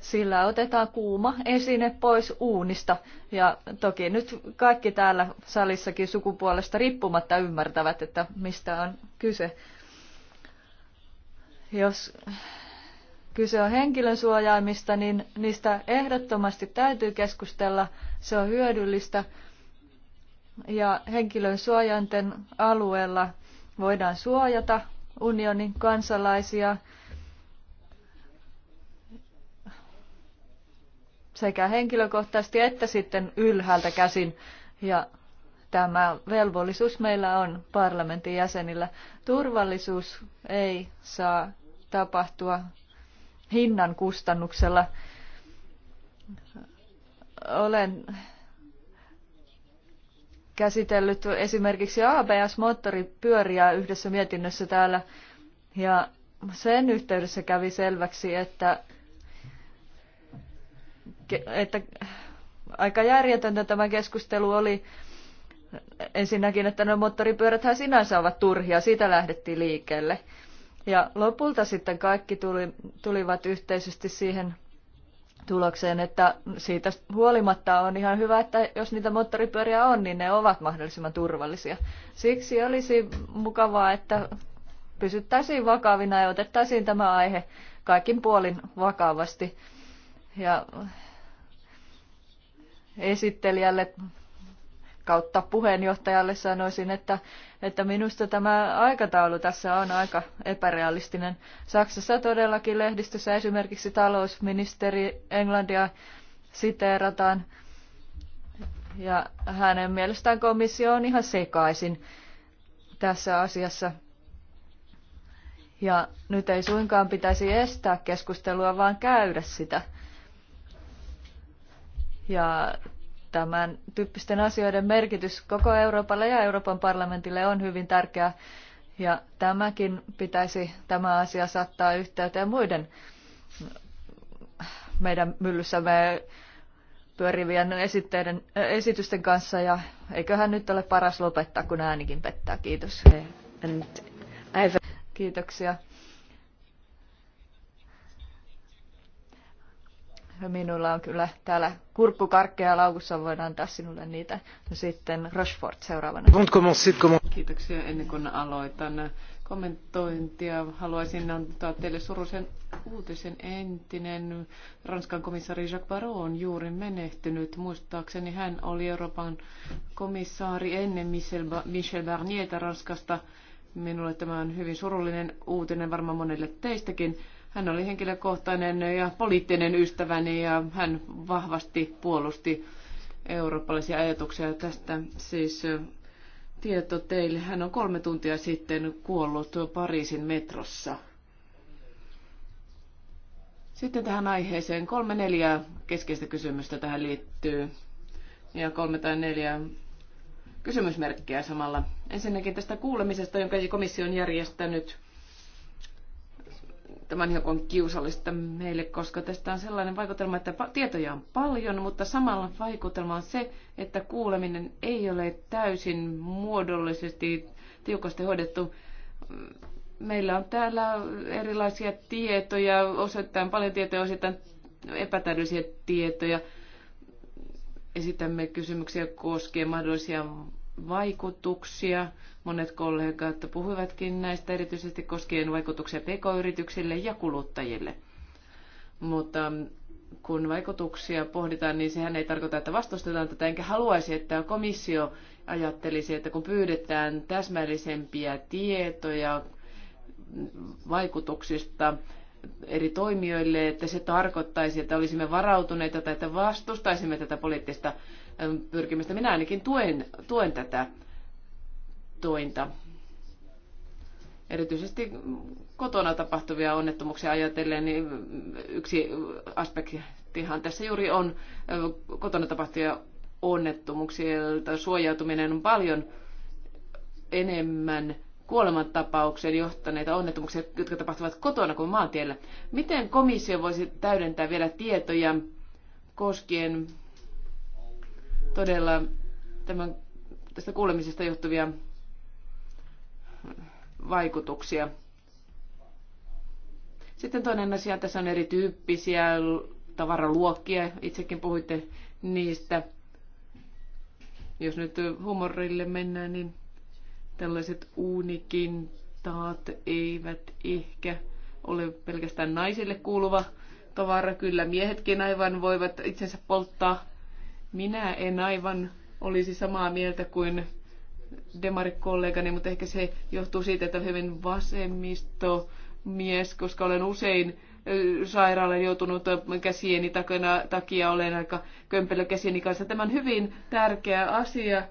Sillä otetaan kuuma esine pois uunista. Ja toki nyt kaikki täällä salissakin sukupuolesta riippumatta ymmärtävät, että mistä on kyse. Jos kyse on henkilön suojaimista, niin niistä ehdottomasti täytyy keskustella. Se on hyödyllistä. Ja henkilön suojainten alueella voidaan suojata unionin kansalaisia sekä henkilökohtaisesti että sitten ylhäältä käsin. Ja tämä velvollisuus meillä on parlamentin jäsenillä. Turvallisuus ei saa tapahtua hinnan kustannuksella. Olen käsitellyt esimerkiksi ABS-moottoripyöriä yhdessä mietinnössä täällä. Ja sen yhteydessä kävi selväksi, että, että aika järjetöntä tämä keskustelu oli ensinnäkin, että nuo moottoripyöräthän sinänsä ovat turhia, siitä lähdettiin liikkeelle. Ja lopulta sitten kaikki tuli, tulivat yhteisesti siihen tulokseen, että siitä huolimatta on ihan hyvä, että jos niitä moottoripyöriä on, niin ne ovat mahdollisimman turvallisia. Siksi olisi mukavaa, että pysyttäisiin vakavina ja otettaisiin tämä aihe kaikin puolin vakavasti. Ja esittelijälle kautta puheenjohtajalle sanoisin, että, että minusta tämä aikataulu tässä on aika epärealistinen. Saksassa todellakin lehdistössä esimerkiksi talousministeri Englantia siteerataan ja hänen mielestään komissio on ihan sekaisin tässä asiassa. Ja nyt ei suinkaan pitäisi estää keskustelua, vaan käydä sitä. Ja Tämän tyyppisten asioiden merkitys koko Euroopalle ja Euroopan parlamentille on hyvin tärkeä ja tämäkin pitäisi tämä asia saattaa yhteyteen muiden meidän myllyssämme pyörivien esitteiden, esitysten kanssa ja eiköhän nyt ole paras lopettaa, kun äänikin pettää. Kiitos. Kiitoksia. Minulla on kyllä täällä kurppukarkkeja laukussa, voidaan antaa sinulle niitä. No sitten Rochefort seuraavana. Kiitoksia ennen kuin aloitan kommentointia. Haluaisin antaa teille surusen uutisen. Entinen Ranskan komissaari Jacques Barrot on juuri menehtynyt. Muistaakseni hän oli Euroopan komissaari ennen Michel Barnierta Ranskasta. Minulle tämä on hyvin surullinen uutinen, varmaan monelle teistäkin. Hän oli henkilökohtainen ja poliittinen ystäväni ja hän vahvasti puolusti eurooppalaisia ajatuksia tästä. Siis tieto teille. Hän on kolme tuntia sitten kuollut Pariisin metrossa. Sitten tähän aiheeseen kolme neljä keskeistä kysymystä tähän liittyy. Ja kolme tai neljä kysymysmerkkiä samalla. Ensinnäkin tästä kuulemisesta, jonka komissio on järjestänyt Tämä hiukan kiusallista meille, koska tästä on sellainen vaikutelma, että tietoja on paljon, mutta samalla vaikutelma on se, että kuuleminen ei ole täysin muodollisesti tiukasti hoidettu. Meillä on täällä erilaisia tietoja, osittain paljon tietoja, osittain epätäydellisiä tietoja. Esitämme kysymyksiä koskien mahdollisia vaikutuksia. Monet kollegat puhuivatkin näistä erityisesti koskien vaikutuksia pk-yrityksille ja kuluttajille. Mutta kun vaikutuksia pohditaan, niin sehän ei tarkoita, että vastustetaan tätä, enkä haluaisi, että komissio ajattelisi, että kun pyydetään täsmällisempiä tietoja vaikutuksista eri toimijoille, että se tarkoittaisi, että olisimme varautuneita tai että vastustaisimme tätä poliittista ähm, pyrkimystä. Minä ainakin tuen, tuen tätä tointa. Erityisesti kotona tapahtuvia onnettomuuksia ajatellen, niin yksi aspektihan tässä juuri on äh, kotona tapahtuvia onnettomuuksilta suojautuminen on paljon enemmän kuolemantapauksia johtaneita onnettomuuksia, jotka tapahtuvat kotona kuin maantiellä. Miten komissio voisi täydentää vielä tietoja koskien todella tämän, tästä kuulemisesta johtuvia vaikutuksia? Sitten toinen asia, tässä on erityyppisiä tavaraluokkia, itsekin puhuitte niistä. Jos nyt huumorille mennään, niin Tällaiset uunikintaat eivät ehkä ole pelkästään naisille kuuluva tavara. Kyllä miehetkin aivan voivat itsensä polttaa. Minä en aivan olisi samaa mieltä kuin demarikollegani, mutta ehkä se johtuu siitä, että olen hyvin vasemmisto mies, koska olen usein sairaalan joutunut käsieni takana, takia olen aika kömpelö käsieni kanssa. Tämä on hyvin tärkeä asia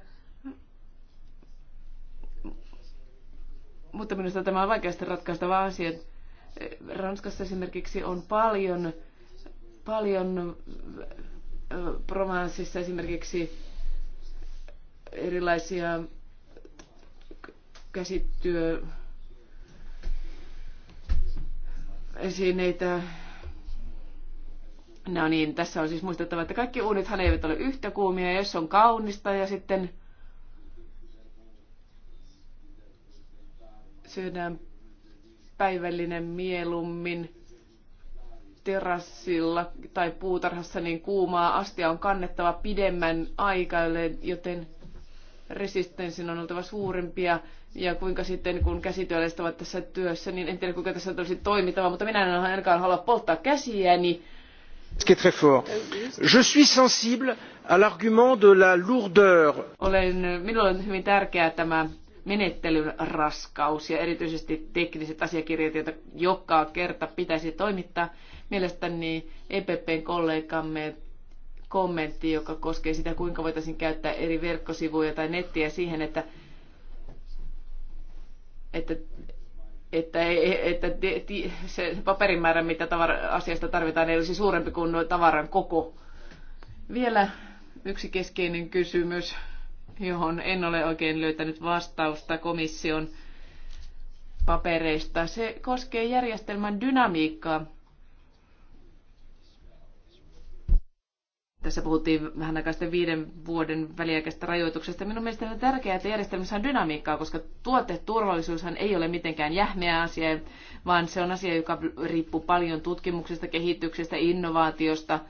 Mutta minusta tämä on vaikeasti ratkaistava asia. Ranskassa esimerkiksi on paljon, paljon Provenceissa esimerkiksi erilaisia käsityö esineitä. No niin, tässä on siis muistettava, että kaikki uunithan eivät ole yhtä kuumia, ja jos on kaunista ja sitten syödään päivällinen mieluummin terassilla tai puutarhassa, niin kuumaa astia on kannettava pidemmän aikaa, joten resistenssin on oltava suurimpia. Ja kuinka sitten, kun käsityöläiset ovat tässä työssä, niin en tiedä kuinka tässä tulisi toimittava, mutta minä en ainakaan halua polttaa käsiäni. Ce qui est très fort. Je suis sensible à l'argument de la lourdeur. Olen, minulle on hyvin tärkeää tämä menettelyn raskaus ja erityisesti tekniset asiakirjat, joita joka kerta pitäisi toimittaa. Mielestäni EPPn kollegamme kommentti, joka koskee sitä, kuinka voitaisiin käyttää eri verkkosivuja tai nettiä siihen, että, että, että, että se paperimäärä, mitä tavara, asiasta tarvitaan, ei olisi suurempi kuin tavaran koko. Vielä yksi keskeinen kysymys johon en ole oikein löytänyt vastausta komission papereista. Se koskee järjestelmän dynamiikkaa. Tässä puhuttiin vähän aikaa sitten viiden vuoden väliaikaisesta rajoituksesta. Minun mielestäni on tärkeää, että järjestelmässä on dynamiikkaa, koska tuoteturvallisuushan ei ole mitenkään jähmeä asia, vaan se on asia, joka riippuu paljon tutkimuksesta, kehityksestä, innovaatiosta –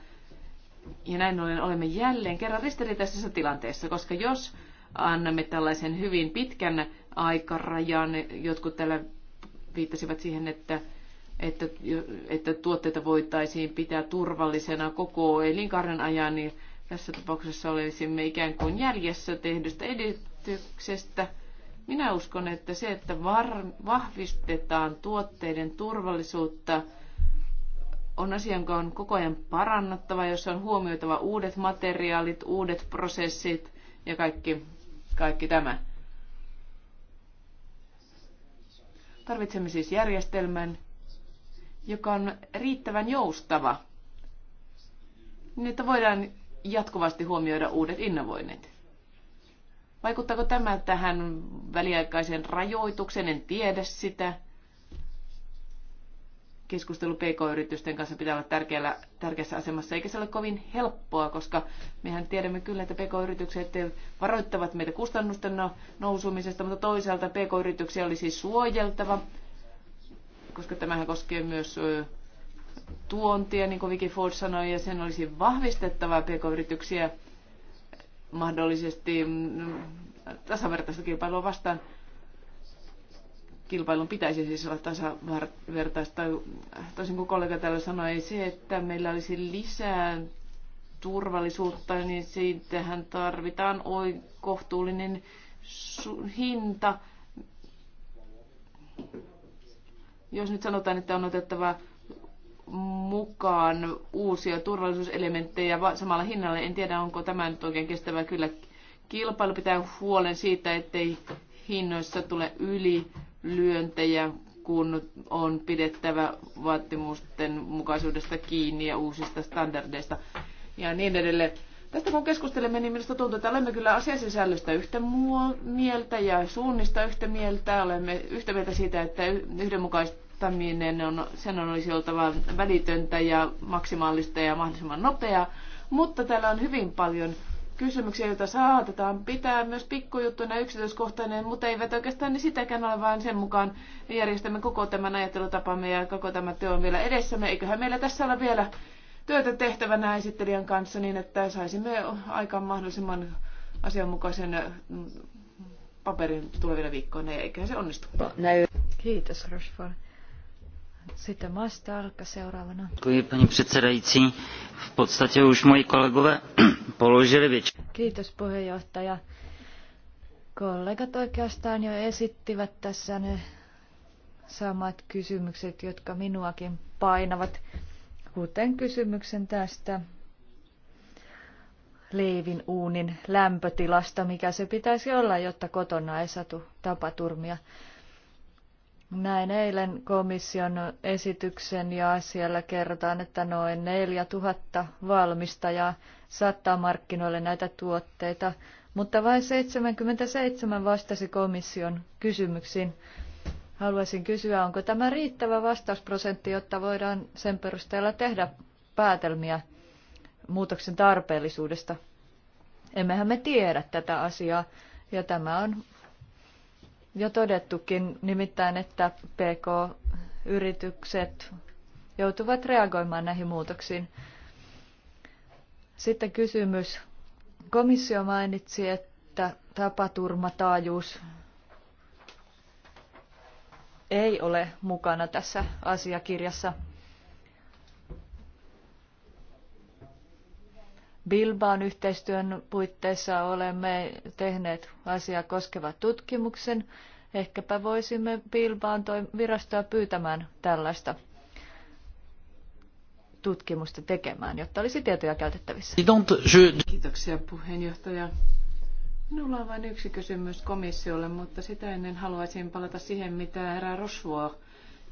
ja näin ollen olemme jälleen kerran ristiriitaisessa tilanteessa, koska jos annamme tällaisen hyvin pitkän aikarajan, jotkut täällä viittasivat siihen, että, että, että tuotteita voitaisiin pitää turvallisena koko elinkaaren ajan, niin tässä tapauksessa olisimme ikään kuin jäljessä tehdystä edistyksestä. Minä uskon, että se, että var- vahvistetaan tuotteiden turvallisuutta – on asia, jonka on koko ajan parannattava, jossa on huomioitava uudet materiaalit, uudet prosessit ja kaikki, kaikki tämä. Tarvitsemme siis järjestelmän, joka on riittävän joustava, niin että voidaan jatkuvasti huomioida uudet innovoinnit. Vaikuttaako tämä tähän väliaikaiseen rajoitukseen? En tiedä sitä keskustelu PK-yritysten kanssa pitää olla tärkeällä, tärkeässä asemassa, eikä se ole kovin helppoa, koska mehän tiedämme kyllä, että PK-yritykset varoittavat meitä kustannusten no, nousumisesta, mutta toisaalta PK-yrityksiä olisi suojeltava, koska tämähän koskee myös tuontia, niin kuin Vicky Ford sanoi, ja sen olisi vahvistettava PK-yrityksiä mahdollisesti mm, tasavertaista kilpailua vastaan – kilpailun pitäisi siis olla tasavertaista. Toisin kuin kollega täällä sanoi, se, että meillä olisi lisää turvallisuutta, niin siitähän tarvitaan kohtuullinen hinta. Jos nyt sanotaan, että on otettava mukaan uusia turvallisuuselementtejä samalla hinnalla, en tiedä onko tämä nyt oikein kestävää. Kyllä kilpailu pitää huolen siitä, ettei hinnoissa tule yli lyöntejä, kun on pidettävä vaatimusten mukaisuudesta kiinni ja uusista standardeista ja niin edelleen. Tästä kun keskustelemme, niin minusta tuntuu, että olemme kyllä asiasisällöstä yhtä mieltä ja suunnista yhtä mieltä. Olemme yhtä mieltä siitä, että yhdenmukaistaminen on, sen on olisi oltava välitöntä ja maksimaalista ja mahdollisimman nopeaa. Mutta täällä on hyvin paljon kysymyksiä, joita saatetaan pitää myös pikkujuttuna yksityiskohtainen, mutta eivät oikeastaan niin sitäkään ole, vaan sen mukaan järjestämme koko tämän ajattelutapamme ja koko tämä työ on vielä edessämme. Eiköhän meillä tässä ole vielä työtä tehtävänä esittelijän kanssa niin, että saisimme aikaan mahdollisimman asianmukaisen mm, paperin tulevina viikkoina, ja eiköhän se onnistu. No. Kiitos, Rochefort paní předsedající. V podstatě už moji kolegové (clears throat) položili většinu. Kollegat oikeastaan jo esittivät tässä ne samat kysymykset, jotka minuakin painavat, kuten kysymyksen tästä leivin uunin lämpötilasta, mikä se pitäisi olla, jotta kotona ei satu tapaturmia. Näin eilen komission esityksen ja siellä kerrotaan, että noin 4000 valmistajaa saattaa markkinoille näitä tuotteita, mutta vain 77 vastasi komission kysymyksiin. Haluaisin kysyä, onko tämä riittävä vastausprosentti, jotta voidaan sen perusteella tehdä päätelmiä muutoksen tarpeellisuudesta? Emmehän me tiedä tätä asiaa, ja tämä on jo todettukin, nimittäin että PK-yritykset joutuvat reagoimaan näihin muutoksiin. Sitten kysymys. Komissio mainitsi, että tapaturmataajuus ei ole mukana tässä asiakirjassa. Bilbaan yhteistyön puitteissa olemme tehneet asiaa koskevan tutkimuksen. Ehkäpä voisimme Bilbaan virastoa pyytämään tällaista tutkimusta tekemään, jotta olisi tietoja käytettävissä. Kiitoksia puheenjohtaja. Minulla on vain yksi kysymys komissiolle, mutta sitä ennen haluaisin palata siihen, mitä herra Rosvo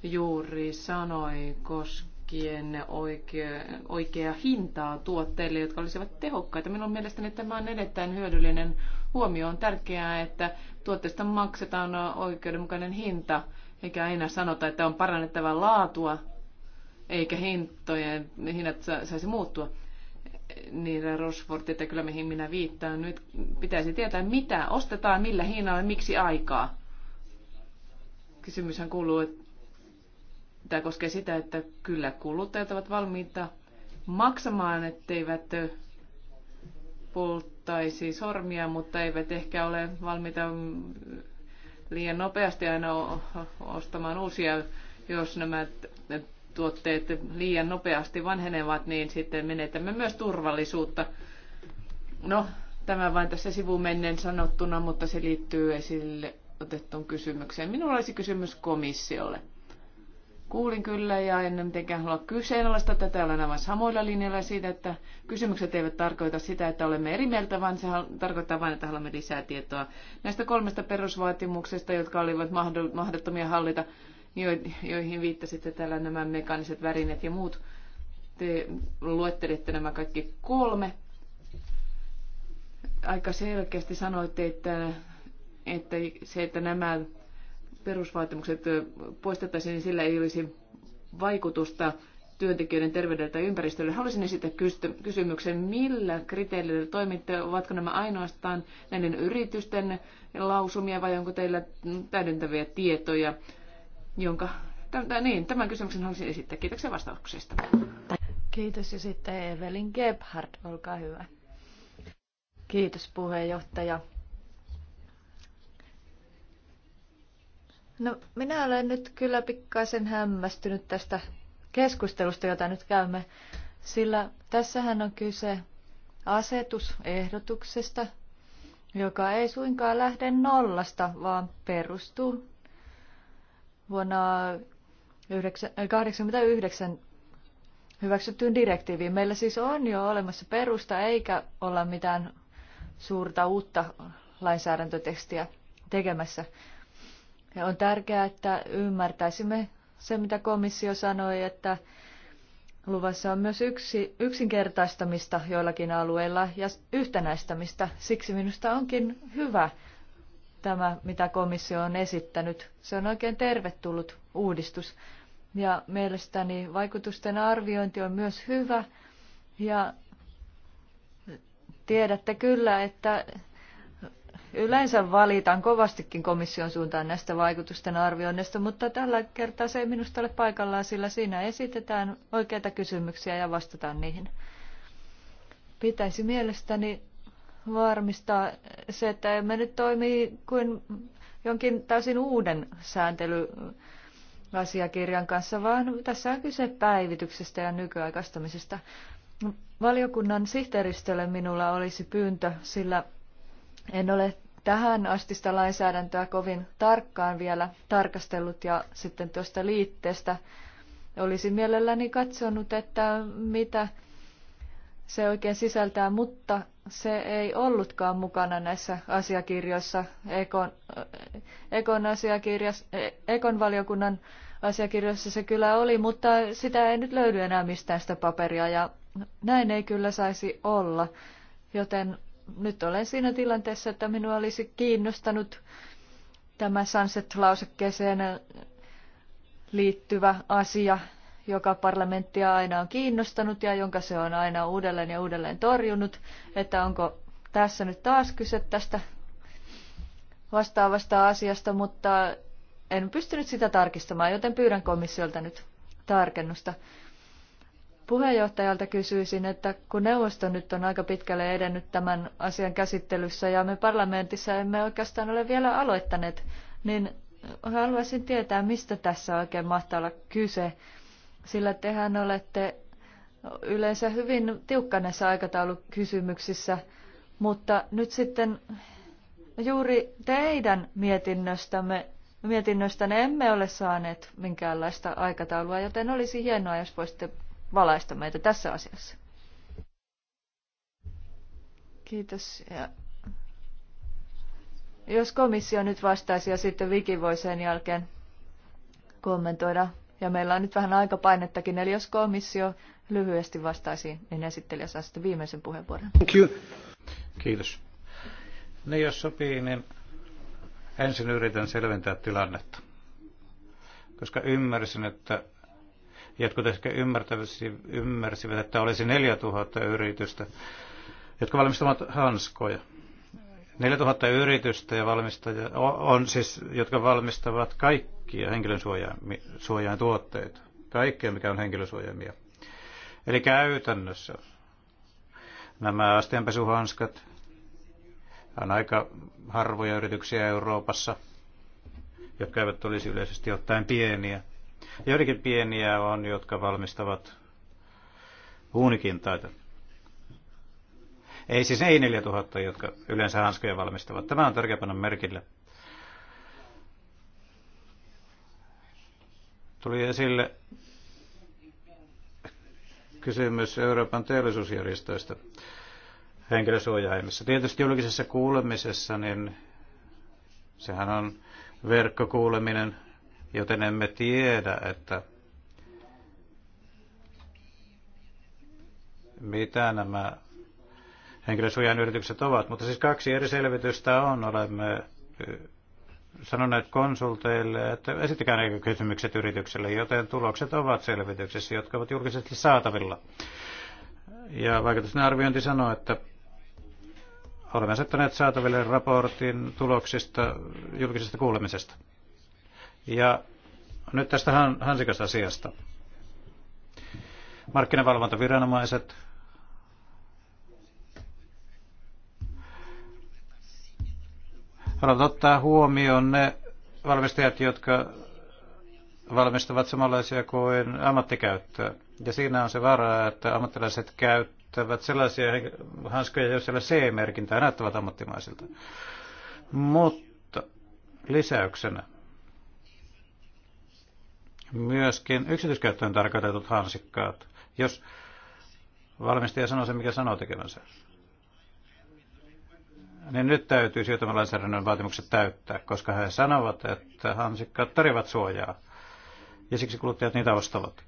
juuri sanoi koskien kaikkien oikea, oikea hintaa tuotteille, jotka olisivat tehokkaita. Minun mielestäni tämä on erittäin hyödyllinen huomio. On tärkeää, että tuotteesta maksetaan oikeudenmukainen hinta, eikä aina sanota, että on parannettava laatua, eikä hintojen, hinnat saisi muuttua. Niitä Rosford, että kyllä mihin minä viittaan. Nyt pitäisi tietää, mitä ostetaan, millä hinnalla, miksi aikaa. Kysymyshän kuuluu, että Tämä koskee sitä, että kyllä kuluttajat ovat valmiita maksamaan, etteivät polttaisi sormia, mutta eivät ehkä ole valmiita liian nopeasti aina ostamaan uusia, jos nämä tuotteet liian nopeasti vanhenevat, niin sitten menetämme myös turvallisuutta. No, tämä vain tässä sivumennen sanottuna, mutta se liittyy esille otettuun kysymykseen. Minulla olisi kysymys komissiolle kuulin kyllä ja en mitenkään halua kyseenalaista tätä. Olen aivan samoilla linjoilla siitä, että kysymykset eivät tarkoita sitä, että olemme eri mieltä, vaan se tarkoittaa vain, että haluamme lisää tietoa näistä kolmesta perusvaatimuksesta, jotka olivat mahdottomia hallita, joihin viittasitte täällä nämä mekaaniset värineet ja muut. Te luettelitte nämä kaikki kolme. Aika selkeästi sanoitte, että, että se, että nämä perusvaatimukset poistettaisiin, niin sillä ei olisi vaikutusta työntekijöiden terveydelle tai ympäristölle. Haluaisin esittää kysymyksen, millä kriteereillä toimitte? Ovatko nämä ainoastaan näiden yritysten lausumia vai onko teillä täydentäviä tietoja, jonka... Niin, tämän kysymyksen haluaisin esittää. Kiitoksia vastauksesta. Kiitos ja sitten Evelin Gebhardt, olkaa hyvä. Kiitos puheenjohtaja. No, minä olen nyt kyllä pikkaisen hämmästynyt tästä keskustelusta, jota nyt käymme, sillä tässähän on kyse asetusehdotuksesta, joka ei suinkaan lähde nollasta, vaan perustuu vuonna 1989 äh, hyväksyttyyn direktiiviin. Meillä siis on jo olemassa perusta, eikä olla mitään suurta uutta lainsäädäntötekstiä tekemässä. Ja on tärkeää, että ymmärtäisimme se, mitä komissio sanoi, että luvassa on myös yksi, yksinkertaistamista joillakin alueilla ja yhtenäistämistä. Siksi minusta onkin hyvä tämä, mitä komissio on esittänyt. Se on oikein tervetullut uudistus. Ja mielestäni vaikutusten arviointi on myös hyvä. Ja tiedätte kyllä, että yleensä valitaan kovastikin komission suuntaan näistä vaikutusten arvioinnista, mutta tällä kertaa se ei minusta ole paikallaan, sillä siinä esitetään oikeita kysymyksiä ja vastataan niihin. Pitäisi mielestäni varmistaa se, että emme nyt toimi kuin jonkin täysin uuden sääntely asiakirjan kanssa, vaan tässä on kyse päivityksestä ja nykyaikaistamisesta. Valiokunnan sihteeristölle minulla olisi pyyntö, sillä en ole tähän asti sitä lainsäädäntöä kovin tarkkaan vielä tarkastellut ja sitten tuosta liitteestä olisin mielelläni katsonut, että mitä se oikein sisältää, mutta se ei ollutkaan mukana näissä asiakirjoissa, Ekon, Ekon, asiakirjas, e, Ekon valiokunnan asiakirjoissa se kyllä oli, mutta sitä ei nyt löydy enää mistään sitä paperia ja näin ei kyllä saisi olla, joten nyt olen siinä tilanteessa, että minua olisi kiinnostanut tämä sunset-lausekkeeseen liittyvä asia, joka parlamenttia aina on kiinnostanut ja jonka se on aina uudelleen ja uudelleen torjunut, että onko tässä nyt taas kyse tästä vastaavasta asiasta, mutta en pystynyt sitä tarkistamaan, joten pyydän komissiolta nyt tarkennusta puheenjohtajalta kysyisin, että kun neuvosto nyt on aika pitkälle edennyt tämän asian käsittelyssä ja me parlamentissa emme oikeastaan ole vielä aloittaneet, niin haluaisin tietää, mistä tässä oikein mahtaa olla kyse, sillä tehän olette yleensä hyvin tiukka näissä aikataulukysymyksissä, mutta nyt sitten juuri teidän mietinnöstämme mietinnöstä ne emme ole saaneet minkäänlaista aikataulua, joten olisi hienoa, jos voisitte valaista meitä tässä asiassa. Kiitos. Ja jos komissio nyt vastaisi ja sitten Viki voi sen jälkeen kommentoida. Ja meillä on nyt vähän aikapainettakin, eli jos komissio lyhyesti vastaisi, niin esittelijä saa sitten viimeisen puheenvuoron. Kiitos. Niin jos sopii, niin ensin yritän selventää tilannetta. Koska ymmärsin, että Jotkut ehkä ymmärsivät, että olisi 4000 yritystä, jotka valmistavat hanskoja. 4000 yritystä ja valmistajaa on siis, jotka valmistavat kaikkia henkilönsuojain tuotteita. Kaikkea, mikä on henkilösuojaimia. Eli käytännössä nämä astianpesuhanskat on aika harvoja yrityksiä Euroopassa, jotka eivät olisi yleisesti ottaen pieniä. Joidenkin pieniä on, jotka valmistavat uunikintaita. Ei siis ei 4000, jotka yleensä hanskoja valmistavat. Tämä on tärkeä panna merkille. Tuli esille kysymys Euroopan teollisuusjärjestöistä henkilösuojaimissa. Tietysti julkisessa kuulemisessa, niin sehän on verkkokuuleminen, joten emme tiedä, että mitä nämä henkilösuojan yritykset ovat. Mutta siis kaksi eri selvitystä on. Olemme sanoneet konsulteille, että esittäkää eikö kysymykset yritykselle, joten tulokset ovat selvityksessä, jotka ovat julkisesti saatavilla. Ja vaikutusten arviointi sanoo, että olemme asettaneet saataville raportin tuloksista julkisesta kuulemisesta. Ja nyt tästä hansikasta asiasta. Markkinavalvontaviranomaiset haluavat ottaa huomioon ne valmistajat, jotka valmistavat samanlaisia kuin ammattikäyttöä. Ja siinä on se vara, että ammattilaiset käyttävät sellaisia hanskoja, joissa ei C-merkintää, näyttävät ammattimaisilta. Mutta lisäyksenä myöskin yksityiskäyttöön tarkoitetut hansikkaat, jos valmistaja sanoo sen, mikä sanoo tekemänsä. Niin nyt täytyy tämän lainsäädännön vaatimukset täyttää, koska he sanovat, että hansikkaat tarjoavat suojaa ja siksi kuluttajat niitä ostavat.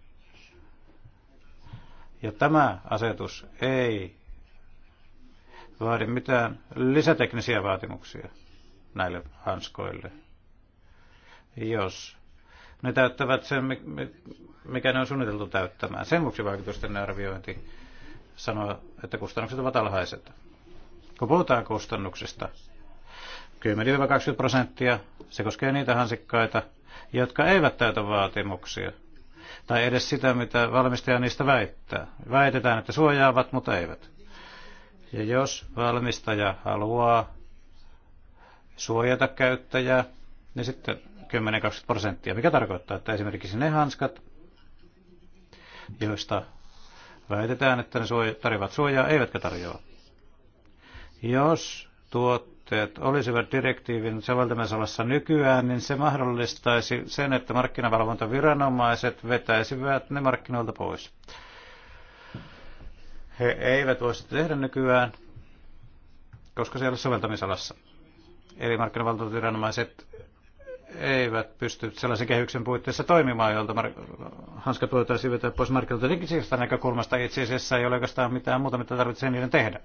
Ja tämä asetus ei vaadi mitään lisäteknisiä vaatimuksia näille hanskoille, jos ne täyttävät sen, mikä ne on suunniteltu täyttämään. Sen vuoksi vaikutusten arviointi sanoo, että kustannukset ovat alhaiset. Kun puhutaan kustannuksista, 10-20 prosenttia, se koskee niitä hansikkaita, jotka eivät täytä vaatimuksia. Tai edes sitä, mitä valmistaja niistä väittää. Väitetään, että suojaavat, mutta eivät. Ja jos valmistaja haluaa suojata käyttäjää, niin sitten 10-20 prosenttia, mikä tarkoittaa, että esimerkiksi ne hanskat, joista väitetään, että ne tarjoavat suojaa, eivätkä tarjoa. Jos tuotteet olisivat direktiivin soveltamisalassa nykyään, niin se mahdollistaisi sen, että markkinavalvontaviranomaiset vetäisivät ne markkinoilta pois. He eivät voisi tehdä nykyään, koska se ei ole soveltamisalassa. Eli markkinavalvontaviranomaiset eivät pysty sellaisen kehyksen puitteissa toimimaan, jolta hanskat voitaisiin vetää pois markkinoilta. Teknisestä näkökulmasta itse asiassa ei ole oikeastaan mitään muuta, mitä tarvitsee niiden tehdä.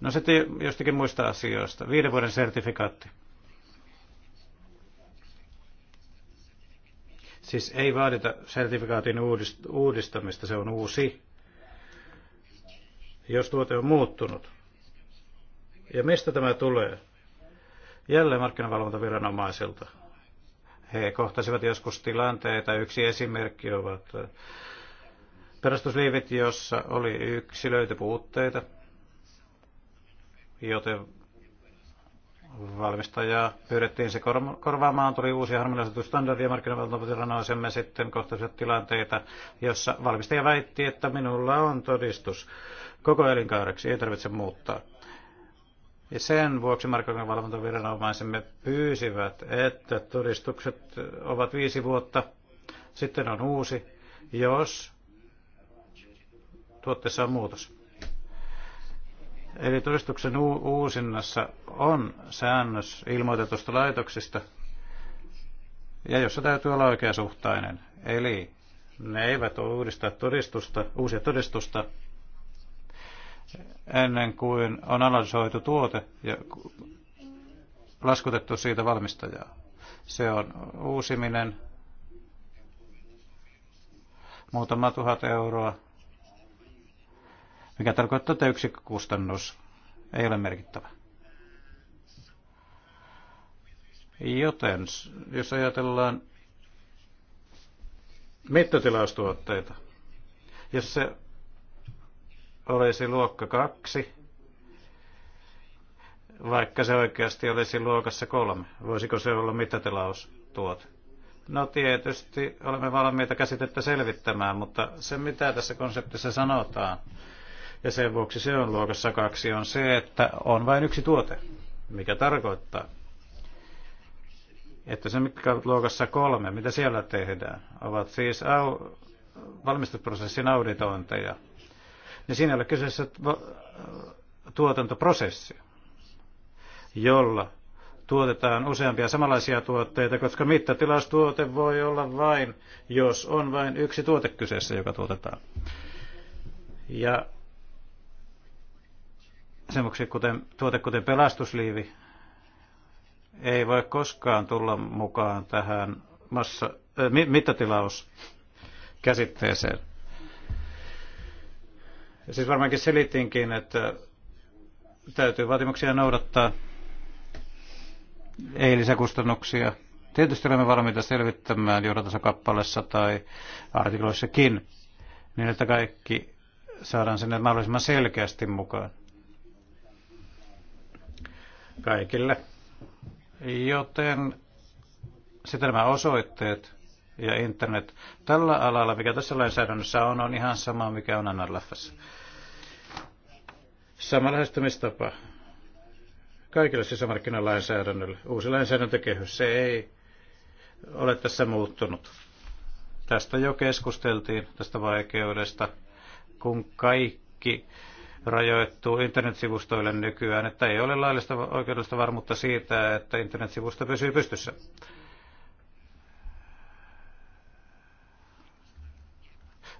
No sitten jostakin muista asioista. Viiden vuoden sertifikaatti. Siis ei vaadita sertifikaatin uudistamista, se on uusi, jos tuote on muuttunut. Ja mistä tämä tulee? jälleen markkinavalvontaviranomaisilta. He kohtasivat joskus tilanteita. Yksi esimerkki ovat äh, perustusliivit, jossa oli yksilöity puutteita, joten valmistajaa pyydettiin se korvaamaan. Tuli uusi harmonisoitu ja markkinavaltuutiranoisemme sitten kohtasivat tilanteita, jossa valmistaja väitti, että minulla on todistus koko elinkaareksi, ei tarvitse muuttaa. Ja sen vuoksi valvontaviranomaisemme pyysivät, että todistukset ovat viisi vuotta, sitten on uusi, jos tuotteessa on muutos. Eli todistuksen uusinnassa on säännös ilmoitetusta laitoksista, ja jossa täytyy olla oikeasuhtainen. Eli ne eivät ole uudistaa todistusta, uusia todistusta ennen kuin on analysoitu tuote ja laskutettu siitä valmistajaa. Se on uusiminen, muutama tuhat euroa, mikä tarkoittaa, että yksikkökustannus ei ole merkittävä. Joten jos ajatellaan mittatilaustuotteita, jos se olisi luokka kaksi, vaikka se oikeasti olisi luokassa kolme, Voisiko se olla tuot? No tietysti olemme valmiita käsitettä selvittämään, mutta se mitä tässä konseptissa sanotaan, ja sen vuoksi se on luokassa kaksi, on se, että on vain yksi tuote, mikä tarkoittaa, että se mitkä ovat luokassa kolme, mitä siellä tehdään, ovat siis au- valmistusprosessin auditointeja, niin siinä ei ole kyseessä tuotantoprosessi, jolla tuotetaan useampia samanlaisia tuotteita, koska mittatilastuote voi olla vain, jos on vain yksi tuote kyseessä, joka tuotetaan. Ja semmoksi kuten, tuote kuten pelastusliivi ei voi koskaan tulla mukaan tähän massa, äh, mittatilauskäsitteeseen. Ja Siis varmaankin selitinkin, että täytyy vaatimuksia noudattaa, ei lisäkustannuksia. Tietysti olemme valmiita selvittämään johdatusakappaleessa tai artikloissakin, niin että kaikki saadaan sinne mahdollisimman selkeästi mukaan. Kaikille. Joten sitten nämä osoitteet ja internet tällä alalla, mikä tässä lainsäädännössä on, on ihan sama, mikä on NLF. Sama lähestymistapa kaikille sisämarkkinalainsäädännölle. Uusi lainsäädäntökehys, se ei ole tässä muuttunut. Tästä jo keskusteltiin, tästä vaikeudesta, kun kaikki rajoittuu internetsivustoille nykyään, että ei ole laillista oikeudellista varmuutta siitä, että internetsivusto pysyy pystyssä.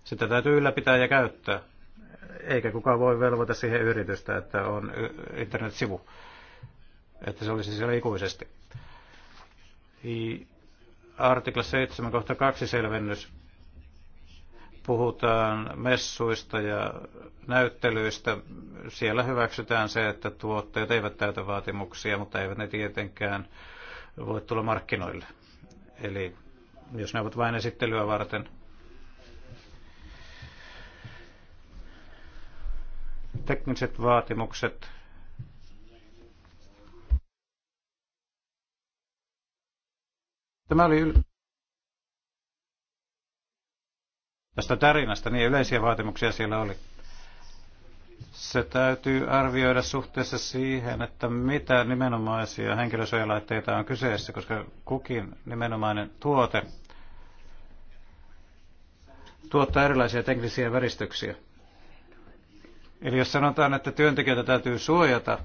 Sitä täytyy ylläpitää ja käyttää. Eikä kukaan voi velvoita siihen yritystä, että on internetsivu. Että se olisi siellä ikuisesti. Artikla 7 2 selvennys. Puhutaan messuista ja näyttelyistä. Siellä hyväksytään se, että tuotteet eivät täytä vaatimuksia, mutta eivät ne tietenkään voi tulla markkinoille. Eli jos ne ovat vain esittelyä varten, tekniset vaatimukset Tämä oli yl- tästä tarinasta, niin yleisiä vaatimuksia siellä oli. Se täytyy arvioida suhteessa siihen, että mitä nimenomaisia henkilösuojalaitteita on kyseessä, koska kukin nimenomainen tuote tuottaa erilaisia teknisiä väristyksiä. Eli jos sanotaan, että työntekijöitä täytyy suojata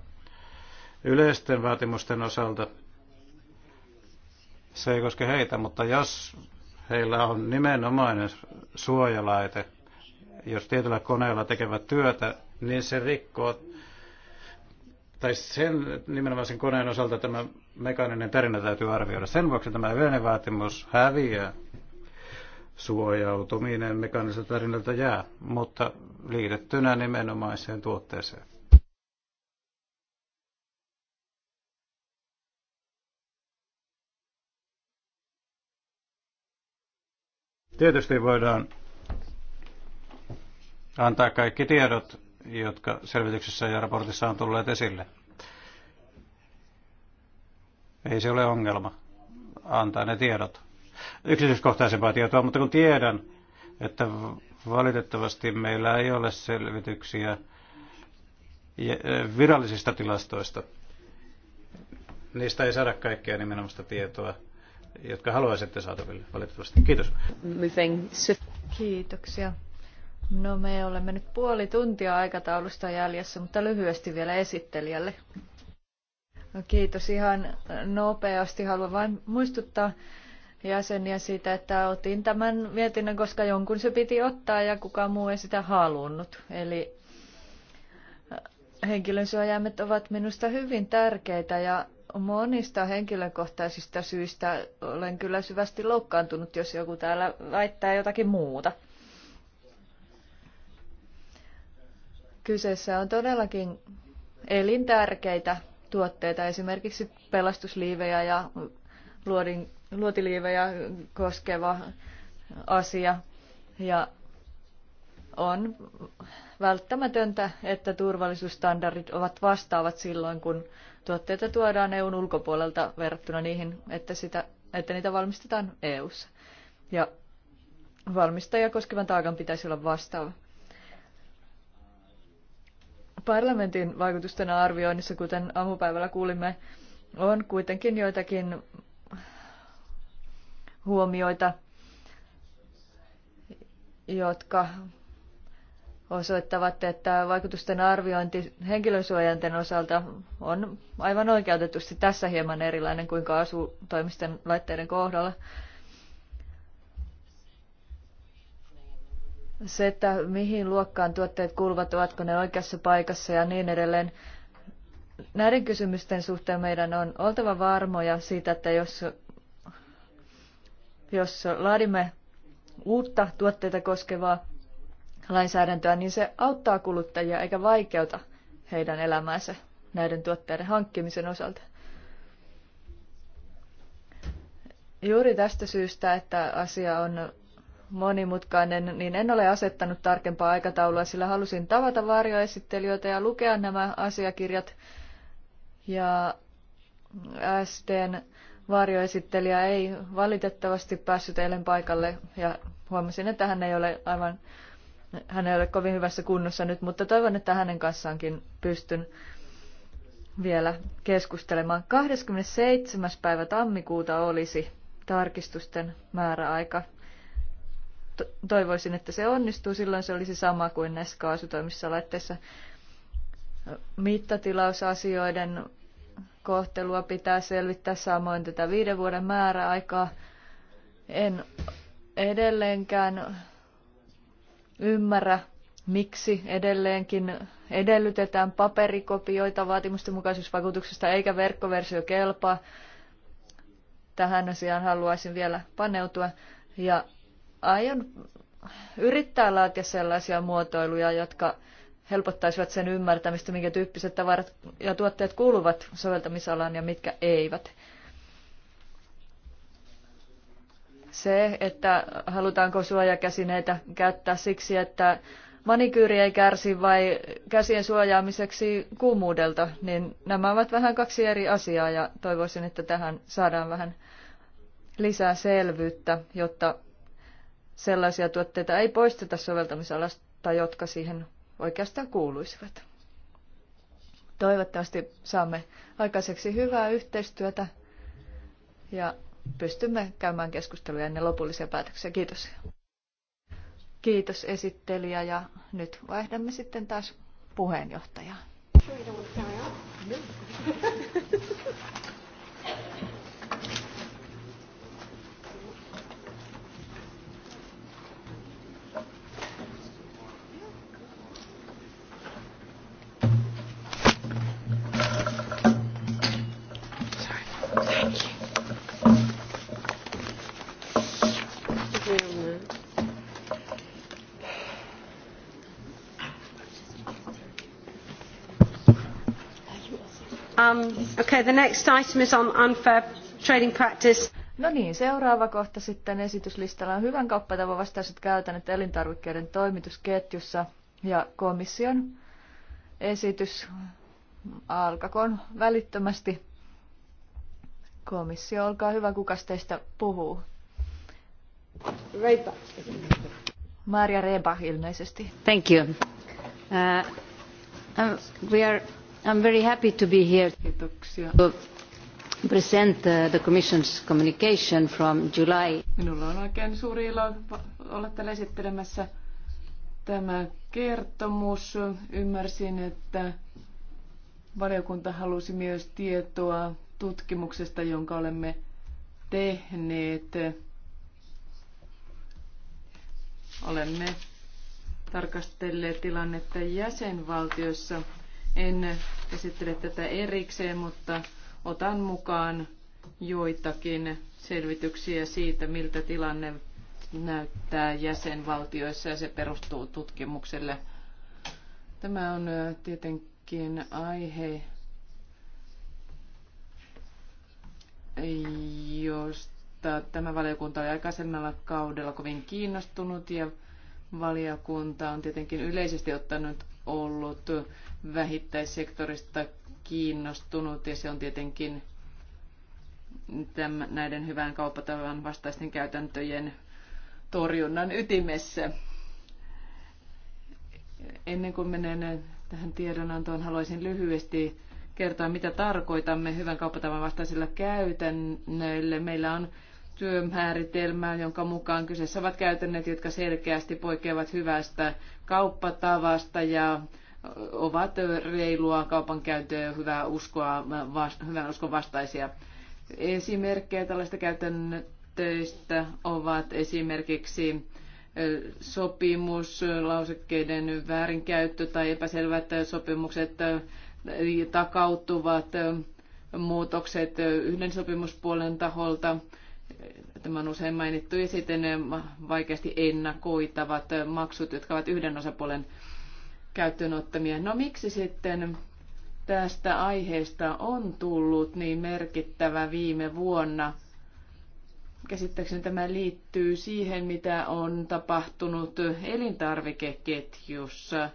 yleisten vaatimusten osalta, se ei koske heitä, mutta jos heillä on nimenomainen suojalaite, jos tietyllä koneella tekevät työtä, niin se rikkoo, tai sen nimenomaan koneen osalta tämä mekaaninen perinne täytyy arvioida. Sen vuoksi tämä yleinen vaatimus häviää suojautuminen mekaaniselta tarinalta jää, mutta liitettynä nimenomaiseen tuotteeseen. Tietysti voidaan antaa kaikki tiedot, jotka selvityksessä ja raportissa on tulleet esille. Ei se ole ongelma antaa ne tiedot yksityiskohtaisempaa tietoa, mutta kun tiedän, että valitettavasti meillä ei ole selvityksiä virallisista tilastoista, niistä ei saada kaikkea nimenomaista tietoa, jotka haluaisitte saataville valitettavasti. Kiitos. Kiitoksia. No me olemme nyt puoli tuntia aikataulusta jäljessä, mutta lyhyesti vielä esittelijälle. No, kiitos ihan nopeasti. Haluan vain muistuttaa jäseniä siitä, että otin tämän mietinnön, koska jonkun se piti ottaa ja kukaan muu ei sitä halunnut. Eli äh, henkilönsuojaimet ovat minusta hyvin tärkeitä ja monista henkilökohtaisista syistä olen kyllä syvästi loukkaantunut, jos joku täällä väittää jotakin muuta. Kyseessä on todellakin elintärkeitä tuotteita, esimerkiksi pelastusliivejä ja luodin luotiliivejä koskeva asia ja on välttämätöntä, että turvallisuusstandardit ovat vastaavat silloin, kun tuotteita tuodaan EUn ulkopuolelta verrattuna niihin, että, sitä, että niitä valmistetaan EUssa. Ja valmistajia koskevan taakan pitäisi olla vastaava. Parlamentin vaikutusten arvioinnissa, kuten aamupäivällä kuulimme, on kuitenkin joitakin huomioita, jotka osoittavat, että vaikutusten arviointi henkilösuojanten osalta on aivan oikeutetusti tässä hieman erilainen kuin kaasutoimisten laitteiden kohdalla. Se, että mihin luokkaan tuotteet kuuluvat, ovatko ne oikeassa paikassa ja niin edelleen, näiden kysymysten suhteen meidän on oltava varmoja siitä, että jos jos laadimme uutta tuotteita koskevaa lainsäädäntöä, niin se auttaa kuluttajia eikä vaikeuta heidän elämäänsä näiden tuotteiden hankkimisen osalta. Juuri tästä syystä, että asia on monimutkainen, niin en ole asettanut tarkempaa aikataulua, sillä halusin tavata varjoesittelijöitä ja lukea nämä asiakirjat. Ja SDn varjoesittelijä ei valitettavasti päässyt eilen paikalle ja huomasin, että hän ei ole aivan hän ei ole kovin hyvässä kunnossa nyt, mutta toivon, että hänen kanssaankin pystyn vielä keskustelemaan. 27. päivä tammikuuta olisi tarkistusten määräaika. Toivoisin, että se onnistuu. Silloin se olisi sama kuin näissä kaasutoimissa laitteissa mittatilaus kohtelua pitää selvittää, samoin tätä viiden vuoden määräaikaa. En edelleenkään ymmärrä, miksi edelleenkin edellytetään paperikopioita vaatimusten mukaisuusvakuutuksesta eikä verkkoversio kelpaa. Tähän asiaan haluaisin vielä paneutua ja aion yrittää laatia sellaisia muotoiluja, jotka helpottaisivat sen ymmärtämistä, minkä tyyppiset tavarat ja tuotteet kuuluvat soveltamisalaan ja mitkä eivät. Se, että halutaanko suojakäsineitä käyttää siksi, että manikyyri ei kärsi vai käsien suojaamiseksi kuumuudelta, niin nämä ovat vähän kaksi eri asiaa ja toivoisin, että tähän saadaan vähän lisää selvyyttä, jotta sellaisia tuotteita ei poisteta soveltamisalasta, jotka siihen oikeastaan kuuluisivat. Toivottavasti saamme aikaiseksi hyvää yhteistyötä ja pystymme käymään keskusteluja ennen lopullisia päätöksiä. Kiitos. Kiitos esittelijä ja nyt vaihdamme sitten taas puheenjohtajaa. (laughs) Um, okay, the next item is on unfair trading practice. No niin, seuraava kohta sitten esityslistalla on hyvän kauppatavan vastaiset käytännöt elintarvikkeiden toimitusketjussa ja komission esitys alkakoon välittömästi. Komissio, olkaa hyvä, kuka teistä puhuu? Reba. Maria Reba ilmeisesti. Thank you. Uh, uh, we are I'm very happy to be here to present uh, the Commission's communication from July. Minulla on oikein suuri ilo olla täällä esittelemässä tämä kertomus. Ymmärsin, että valiokunta halusi myös tietoa tutkimuksesta, jonka olemme tehneet. Olemme tarkastelleet tilannetta jäsenvaltioissa en esittele tätä erikseen, mutta otan mukaan joitakin selvityksiä siitä, miltä tilanne näyttää jäsenvaltioissa ja se perustuu tutkimukselle. Tämä on tietenkin aihe, josta tämä valiokunta oli aikaisemmalla kaudella kovin kiinnostunut ja valiokunta on tietenkin yleisesti ottanut ollut vähittäissektorista kiinnostunut ja se on tietenkin tämän, näiden hyvän kauppatavan vastaisten käytäntöjen torjunnan ytimessä. Ennen kuin menen tähän tiedonantoon, haluaisin lyhyesti kertoa, mitä tarkoitamme hyvän kauppatavan vastaisilla käytännöillä. Meillä on työmääritelmään, jonka mukaan kyseessä ovat käytännöt, jotka selkeästi poikkeavat hyvästä kauppatavasta ja ovat reilua kaupankäyntöä ja hyvää uskoa, hyvän uskon vastaisia. Esimerkkejä tällaista käytännöistä ovat esimerkiksi sopimus, lausekkeiden väärinkäyttö tai epäselvät sopimukset takautuvat muutokset yhden sopimuspuolen taholta – Tämä on usein mainittu ja sitten vaikeasti ennakoitavat maksut, jotka ovat yhden osapuolen käyttöön ottamia. No miksi sitten tästä aiheesta on tullut niin merkittävä viime vuonna? Käsittääkseni tämä liittyy siihen, mitä on tapahtunut elintarvikeketjussa.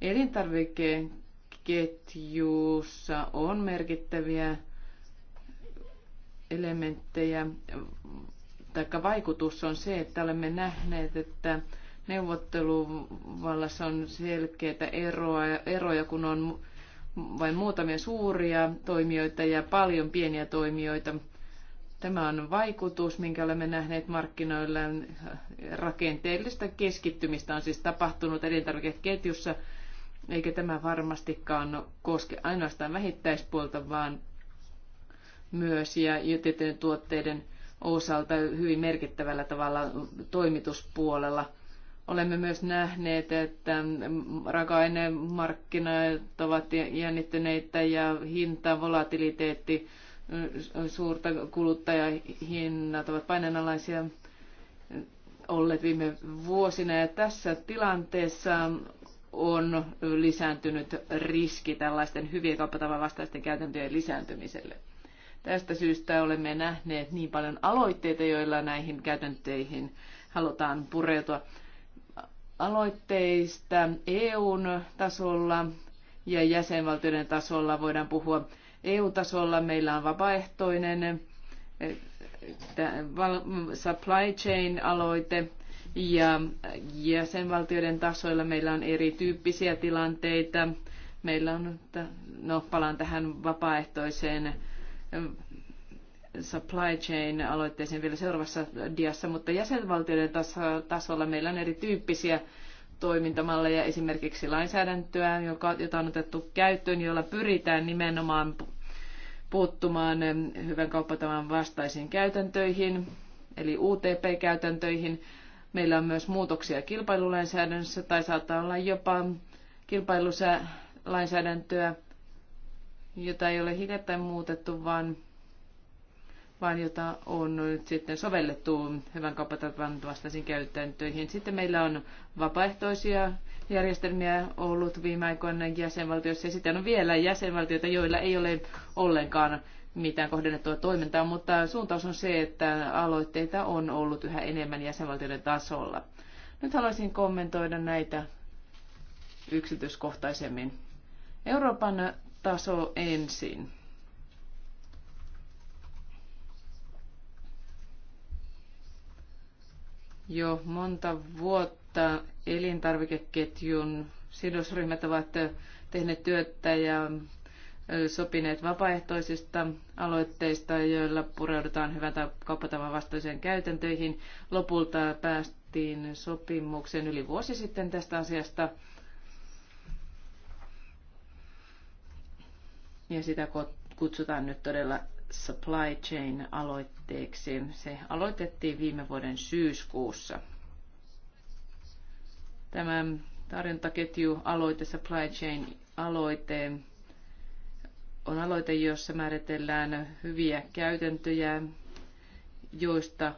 Elintarvikeketjussa on merkittäviä elementtejä, tai vaikutus on se, että olemme nähneet, että neuvotteluvallassa on selkeitä eroa, eroja, kun on vain muutamia suuria toimijoita ja paljon pieniä toimijoita. Tämä on vaikutus, minkä olemme nähneet markkinoilla. Rakenteellista keskittymistä on siis tapahtunut elintarvikeketjussa, eikä tämä varmastikaan koske ainoastaan vähittäispuolta, vaan myös ja tiettyjen tuotteiden osalta hyvin merkittävällä tavalla toimituspuolella. Olemme myös nähneet, että raaka-ainemarkkinat ovat jännittyneitä ja hinta, volatiliteetti, suurta kuluttajahinnat ovat painanalaisia olleet viime vuosina. Ja tässä tilanteessa on lisääntynyt riski tällaisten hyvien kauppatavan vastaisten käytäntöjen lisääntymiselle. Tästä syystä olemme nähneet niin paljon aloitteita, joilla näihin käytäntöihin halutaan pureutua. Aloitteista EUn tasolla ja jäsenvaltioiden tasolla voidaan puhua. EU-tasolla meillä on vapaaehtoinen eh, supply chain-aloite ja jäsenvaltioiden tasoilla meillä on erityyppisiä tilanteita. Meillä on, no palaan tähän vapaaehtoiseen supply chain aloitteeseen vielä seuraavassa diassa, mutta jäsenvaltioiden tasolla meillä on erityyppisiä toimintamalleja, esimerkiksi lainsäädäntöä, joka, jota on otettu käyttöön, jolla pyritään nimenomaan puuttumaan hyvän kauppatavan vastaisiin käytäntöihin, eli UTP-käytäntöihin. Meillä on myös muutoksia kilpailulainsäädännössä tai saattaa olla jopa kilpailulainsäädäntöä jota ei ole hiljattain muutettu, vaan, vaan jota on nyt sitten sovellettu hyvän kauppatavan vastaisiin käytäntöihin. Sitten meillä on vapaaehtoisia järjestelmiä ollut viime aikoina jäsenvaltioissa ja sitten on vielä jäsenvaltioita, joilla ei ole ollenkaan mitään kohdennettua toimintaa, mutta suuntaus on se, että aloitteita on ollut yhä enemmän jäsenvaltioiden tasolla. Nyt haluaisin kommentoida näitä yksityiskohtaisemmin. Euroopan taso ensin. Jo monta vuotta elintarvikeketjun sidosryhmät ovat tehneet työtä ja sopineet vapaaehtoisista aloitteista, joilla pureudutaan hyvän tai kauppatavan vastaiseen käytäntöihin. Lopulta päästiin sopimukseen yli vuosi sitten tästä asiasta. ja sitä kutsutaan nyt todella supply chain aloitteeksi. Se aloitettiin viime vuoden syyskuussa. Tämä aloite, supply chain aloite, on aloite, jossa määritellään hyviä käytäntöjä, joista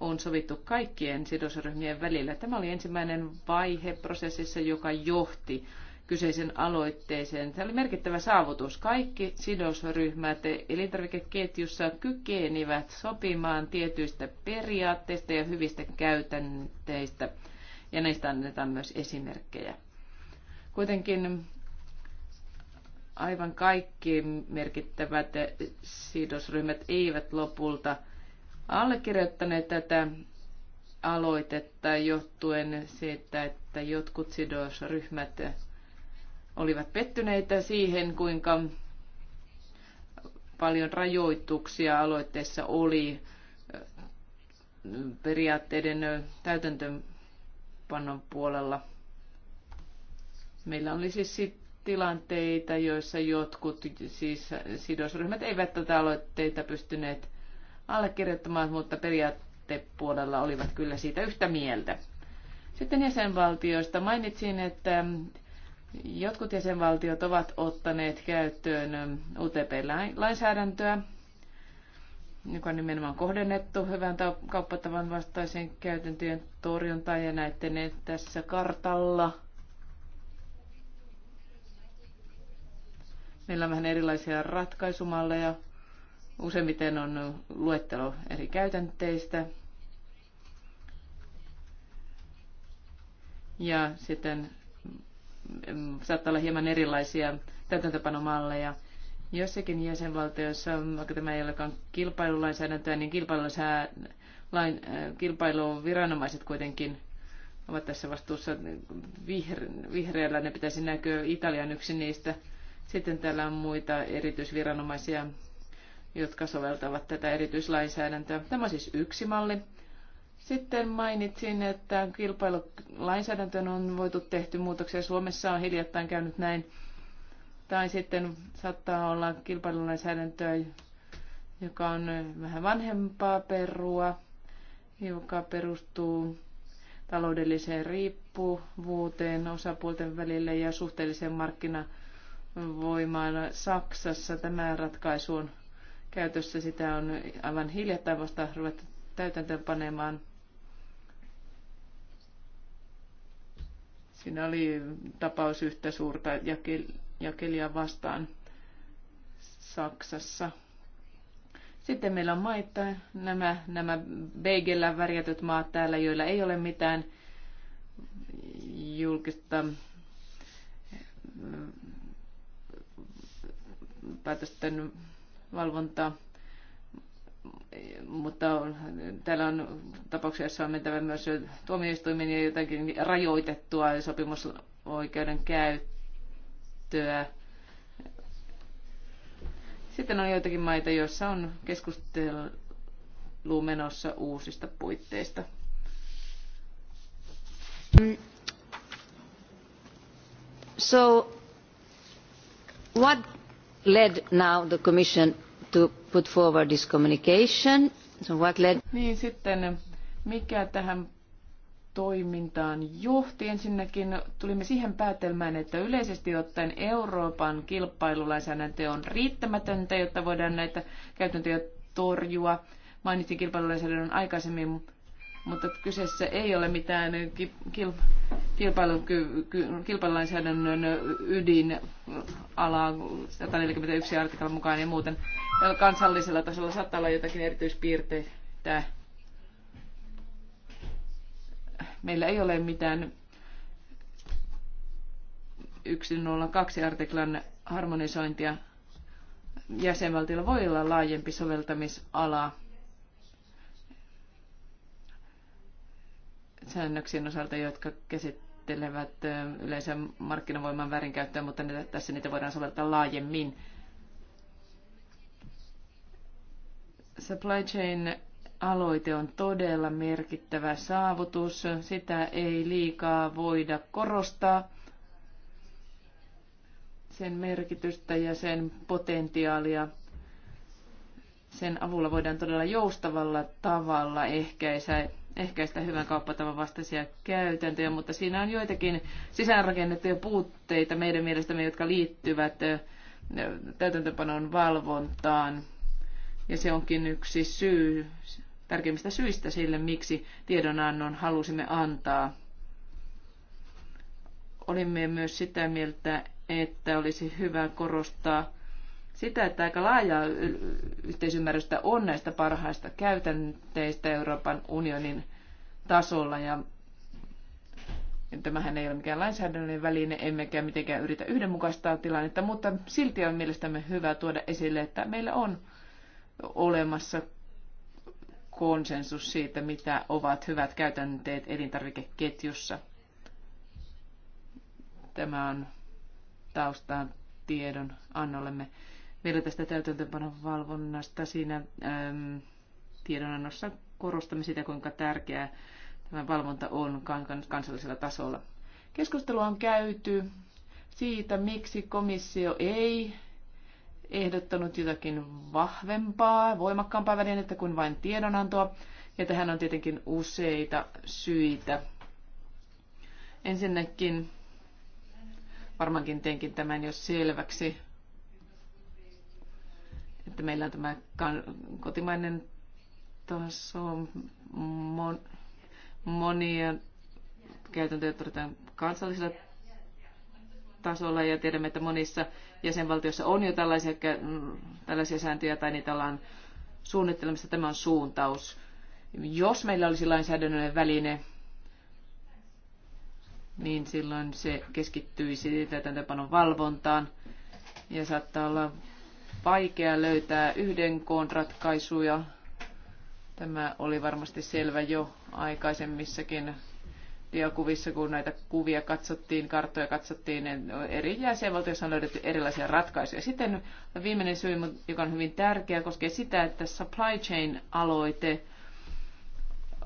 on sovittu kaikkien sidosryhmien välillä. Tämä oli ensimmäinen vaihe prosessissa, joka johti kyseisen aloitteeseen. Se oli merkittävä saavutus. Kaikki sidosryhmät elintarvikeketjussa kykenivät sopimaan tietyistä periaatteista ja hyvistä käytänteistä, ja näistä annetaan myös esimerkkejä. Kuitenkin aivan kaikki merkittävät sidosryhmät eivät lopulta allekirjoittaneet tätä aloitetta johtuen siitä, että jotkut sidosryhmät olivat pettyneitä siihen, kuinka paljon rajoituksia aloitteessa oli periaatteiden täytäntöönpanon puolella. Meillä oli siis tilanteita, joissa jotkut siis sidosryhmät eivät tätä aloitteita pystyneet allekirjoittamaan, mutta periaattepuolella olivat kyllä siitä yhtä mieltä. Sitten jäsenvaltioista mainitsin, että Jotkut jäsenvaltiot ovat ottaneet käyttöön UTP-lainsäädäntöä, joka on nimenomaan kohdennettu hyvän kauppatavan vastaisen käytäntöjen torjuntaan ja näette ne tässä kartalla. Meillä on vähän erilaisia ratkaisumalleja. Useimmiten on luettelo eri käytänteistä. Ja sitten saattaa olla hieman erilaisia täytäntöpanomalleja. Jossakin jäsenvaltiossa, vaikka tämä ei olekaan kilpailulainsäädäntöä, niin lain, äh, kilpailuviranomaiset kuitenkin ovat tässä vastuussa vihre- vihreällä, ne pitäisi näkyä Italian yksi niistä. Sitten täällä on muita erityisviranomaisia, jotka soveltavat tätä erityislainsäädäntöä. Tämä on siis yksi malli. Sitten mainitsin, että kilpailulainsäädäntöön on voitu tehty muutoksia. Suomessa on hiljattain käynyt näin. Tai sitten saattaa olla kilpailulainsäädäntöä, joka on vähän vanhempaa perua, joka perustuu taloudelliseen riippuvuuteen osapuolten välille ja suhteelliseen markkinavoimaan Saksassa. Tämä ratkaisu on käytössä. Sitä on aivan hiljattain vasta ruvettu täytäntöönpanemaan. Siinä oli tapaus yhtä suurta jakelia vastaan Saksassa. Sitten meillä on maita, nämä, nämä beigellä värjätyt maat täällä, joilla ei ole mitään julkista päätösten valvontaa mutta täällä on tapauksia, joissa on mentävä myös tuomioistuimien ja jotenkin rajoitettua sopimusoikeuden käyttöä. Sitten on joitakin maita, joissa on keskustelu menossa uusista puitteista. So what led now the Commission to put forward this communication. So what led... Niin sitten, mikä tähän toimintaan johti. Ensinnäkin tulimme siihen päätelmään, että yleisesti ottaen Euroopan kilpailulainsäädäntö on riittämätöntä, jotta voidaan näitä käytäntöjä torjua. Mainitsin kilpailulainsäädännön aikaisemmin, mutta kyseessä ei ole mitään kilpailulainsäädännön ydinalaa 141 artiklan mukaan ja muuten kansallisella tasolla saattaa olla jotakin erityispiirteitä. Meillä ei ole mitään 102 artiklan harmonisointia. Jäsenvaltiolla voi olla laajempi soveltamisala säännöksien osalta, jotka käsittelevät yleisen markkinavoiman väärinkäyttöä, mutta niitä, tässä niitä voidaan soveltaa laajemmin. Supply chain aloite on todella merkittävä saavutus. Sitä ei liikaa voida korostaa sen merkitystä ja sen potentiaalia. Sen avulla voidaan todella joustavalla tavalla ehkäistä ehkäistä hyvän kauppatavan vastaisia käytäntöjä, mutta siinä on joitakin sisäänrakennettuja puutteita meidän mielestämme, jotka liittyvät täytäntöpanon valvontaan. Ja se onkin yksi syy, tärkeimmistä syistä sille, miksi tiedonannon halusimme antaa. Olimme myös sitä mieltä, että olisi hyvä korostaa sitä, että aika laajaa yhteisymmärrystä on näistä parhaista käytänteistä Euroopan unionin tasolla ja Tämähän ei ole mikään lainsäädännöllinen väline, emmekä mitenkään yritä yhdenmukaistaa tilannetta, mutta silti on mielestämme hyvä tuoda esille, että meillä on olemassa konsensus siitä, mitä ovat hyvät käytänteet elintarvikeketjussa. Tämä on taustaan tiedon annollemme. Vielä tästä täytäntöönpanon valvonnasta siinä äm, tiedonannossa korostamme sitä, kuinka tärkeää tämä valvonta on kansallisella tasolla. Keskustelu on käyty siitä, miksi komissio ei ehdottanut jotakin vahvempaa, voimakkaampaa välinettä kuin vain tiedonantoa. Ja tähän on tietenkin useita syitä. Ensinnäkin, varmaankin teinkin tämän jo selväksi, että meillä on tämä kotimainen taso, mon, monia käytäntöjä todetaan kansallisella tasolla ja tiedämme, että monissa jäsenvaltioissa on jo tällaisia, tällaisia sääntöjä tai niitä ollaan suunnittelemassa. Tämä on suuntaus. Jos meillä olisi lainsäädännöllinen väline, niin silloin se keskittyisi täytäntöpanon valvontaan ja saattaa olla vaikea löytää yhden koon ratkaisuja. Tämä oli varmasti selvä jo aikaisemmissakin diakuvissa, kun näitä kuvia katsottiin, karttoja katsottiin, eri jäsenvaltioissa on löydetty erilaisia ratkaisuja. Sitten viimeinen syy, joka on hyvin tärkeä, koskee sitä, että supply chain-aloite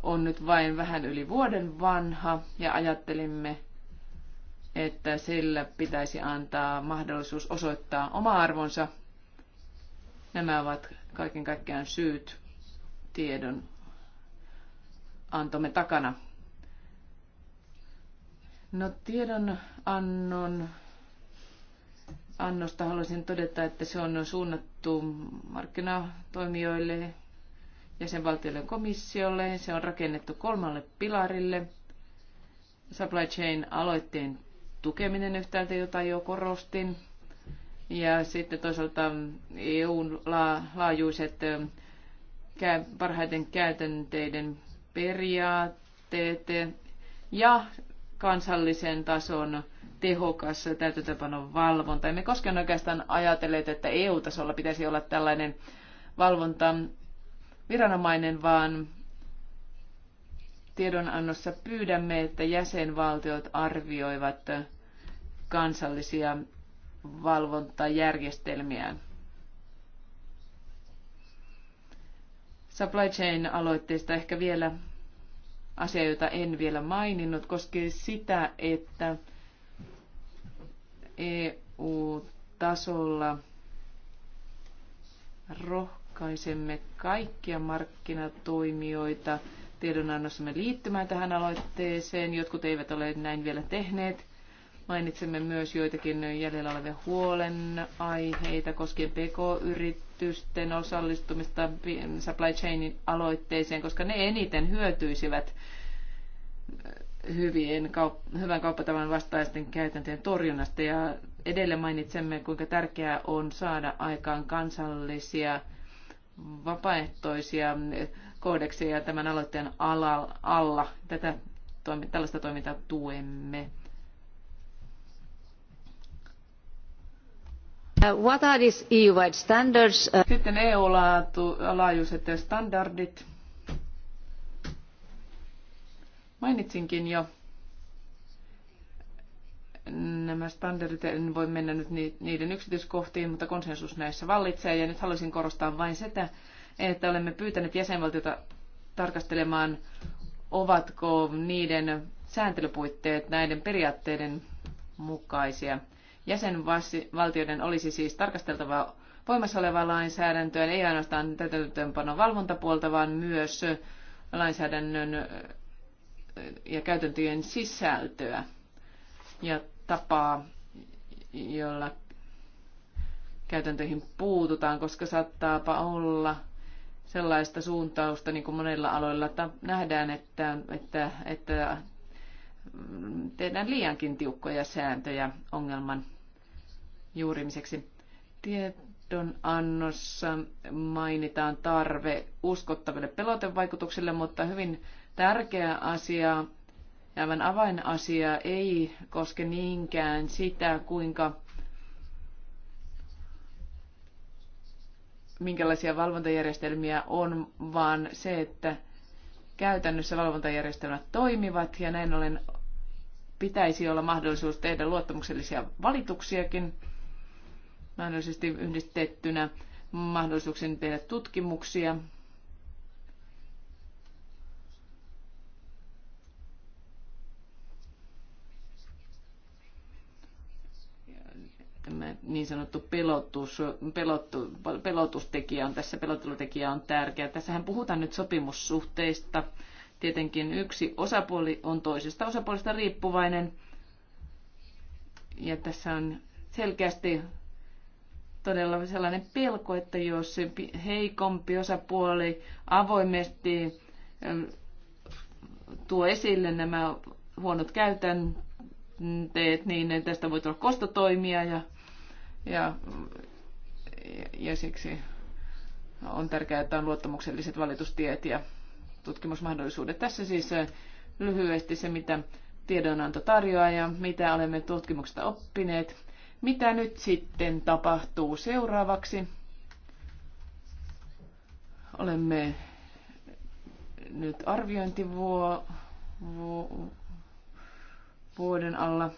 on nyt vain vähän yli vuoden vanha ja ajattelimme, että sillä pitäisi antaa mahdollisuus osoittaa oma arvonsa Nämä ovat kaiken kaikkiaan syyt tiedon antomme takana. No tiedon annon annosta haluaisin todeta, että se on suunnattu markkinatoimijoille, jäsenvaltioille komissiolle. Se on rakennettu kolmalle pilarille. Supply Chain aloitteen tukeminen yhtäältä, jota jo korostin ja sitten toisaalta EUn laajuiset parhaiten käytänteiden periaatteet ja kansallisen tason tehokas täytäntöpanon valvonta. Emme koskaan oikeastaan ajatelleet, että EU-tasolla pitäisi olla tällainen valvonta viranomainen, vaan tiedonannossa pyydämme, että jäsenvaltiot arvioivat kansallisia valvontajärjestelmiään. Supply chain-aloitteista ehkä vielä asia, jota en vielä maininnut, koskee sitä, että EU-tasolla rohkaisemme kaikkia markkinatoimijoita tiedonannossamme liittymään tähän aloitteeseen. Jotkut eivät ole näin vielä tehneet. Mainitsemme myös joitakin jäljellä olevia huolenaiheita koskien PK-yritysten osallistumista supply chainin aloitteeseen, koska ne eniten hyötyisivät eh, hyvien, kaup- hyvän kauppatavan vastaisten käytäntöjen torjunnasta. Ja edelleen mainitsemme, kuinka tärkeää on saada aikaan kansallisia vapaaehtoisia koodekseja tämän aloitteen alla. Tätä, tällaista toimintaa tuemme. Uh, what are these EU-wide standards? Uh, Sitten EU-laajuiset standardit. Mainitsinkin jo nämä standardit, en voi mennä nyt niiden yksityiskohtiin, mutta konsensus näissä vallitsee. Ja nyt haluaisin korostaa vain sitä, että olemme pyytäneet jäsenvaltiota tarkastelemaan, ovatko niiden sääntelypuitteet näiden periaatteiden mukaisia. Jäsenvaltioiden olisi siis tarkasteltava voimassa olevaa lainsäädäntöä, ei ainoastaan täytäntöönpanon valvontapuolta, vaan myös lainsäädännön eh, ja käytäntöjen sisältöä ja tapaa, jolla käytäntöihin puututaan, koska saattaapa olla sellaista suuntausta, niin kuin monilla aloilla nähdään, että, että, että tehdään liiankin tiukkoja sääntöjä ongelman juurimiseksi. Tiedonannossa mainitaan tarve uskottaville pelotevaikutuksille, mutta hyvin tärkeä asia, aivan avainasia, ei koske niinkään sitä, kuinka minkälaisia valvontajärjestelmiä on, vaan se, että käytännössä valvontajärjestelmät toimivat ja näin ollen pitäisi olla mahdollisuus tehdä luottamuksellisia valituksiakin mahdollisesti yhdistettynä mahdollisuuksien tehdä tutkimuksia. Tämä niin sanottu pelotus, pelottu, pelotustekijä on tässä, pelottelutekijä on tärkeä. Tässähän puhutaan nyt sopimussuhteista. Tietenkin yksi osapuoli on toisesta osapuolesta riippuvainen. Ja tässä on selkeästi todella sellainen pelko, että jos heikompi osapuoli avoimesti tuo esille nämä huonot käytänteet, niin tästä voi tulla kostotoimia ja, ja, ja siksi on tärkeää, että on luottamukselliset valitustiet ja tutkimusmahdollisuudet. Tässä siis lyhyesti se, mitä tiedonanto tarjoaa ja mitä olemme tutkimuksesta oppineet. Mitä nyt sitten tapahtuu seuraavaksi? Olemme nyt arviointivuoden alla.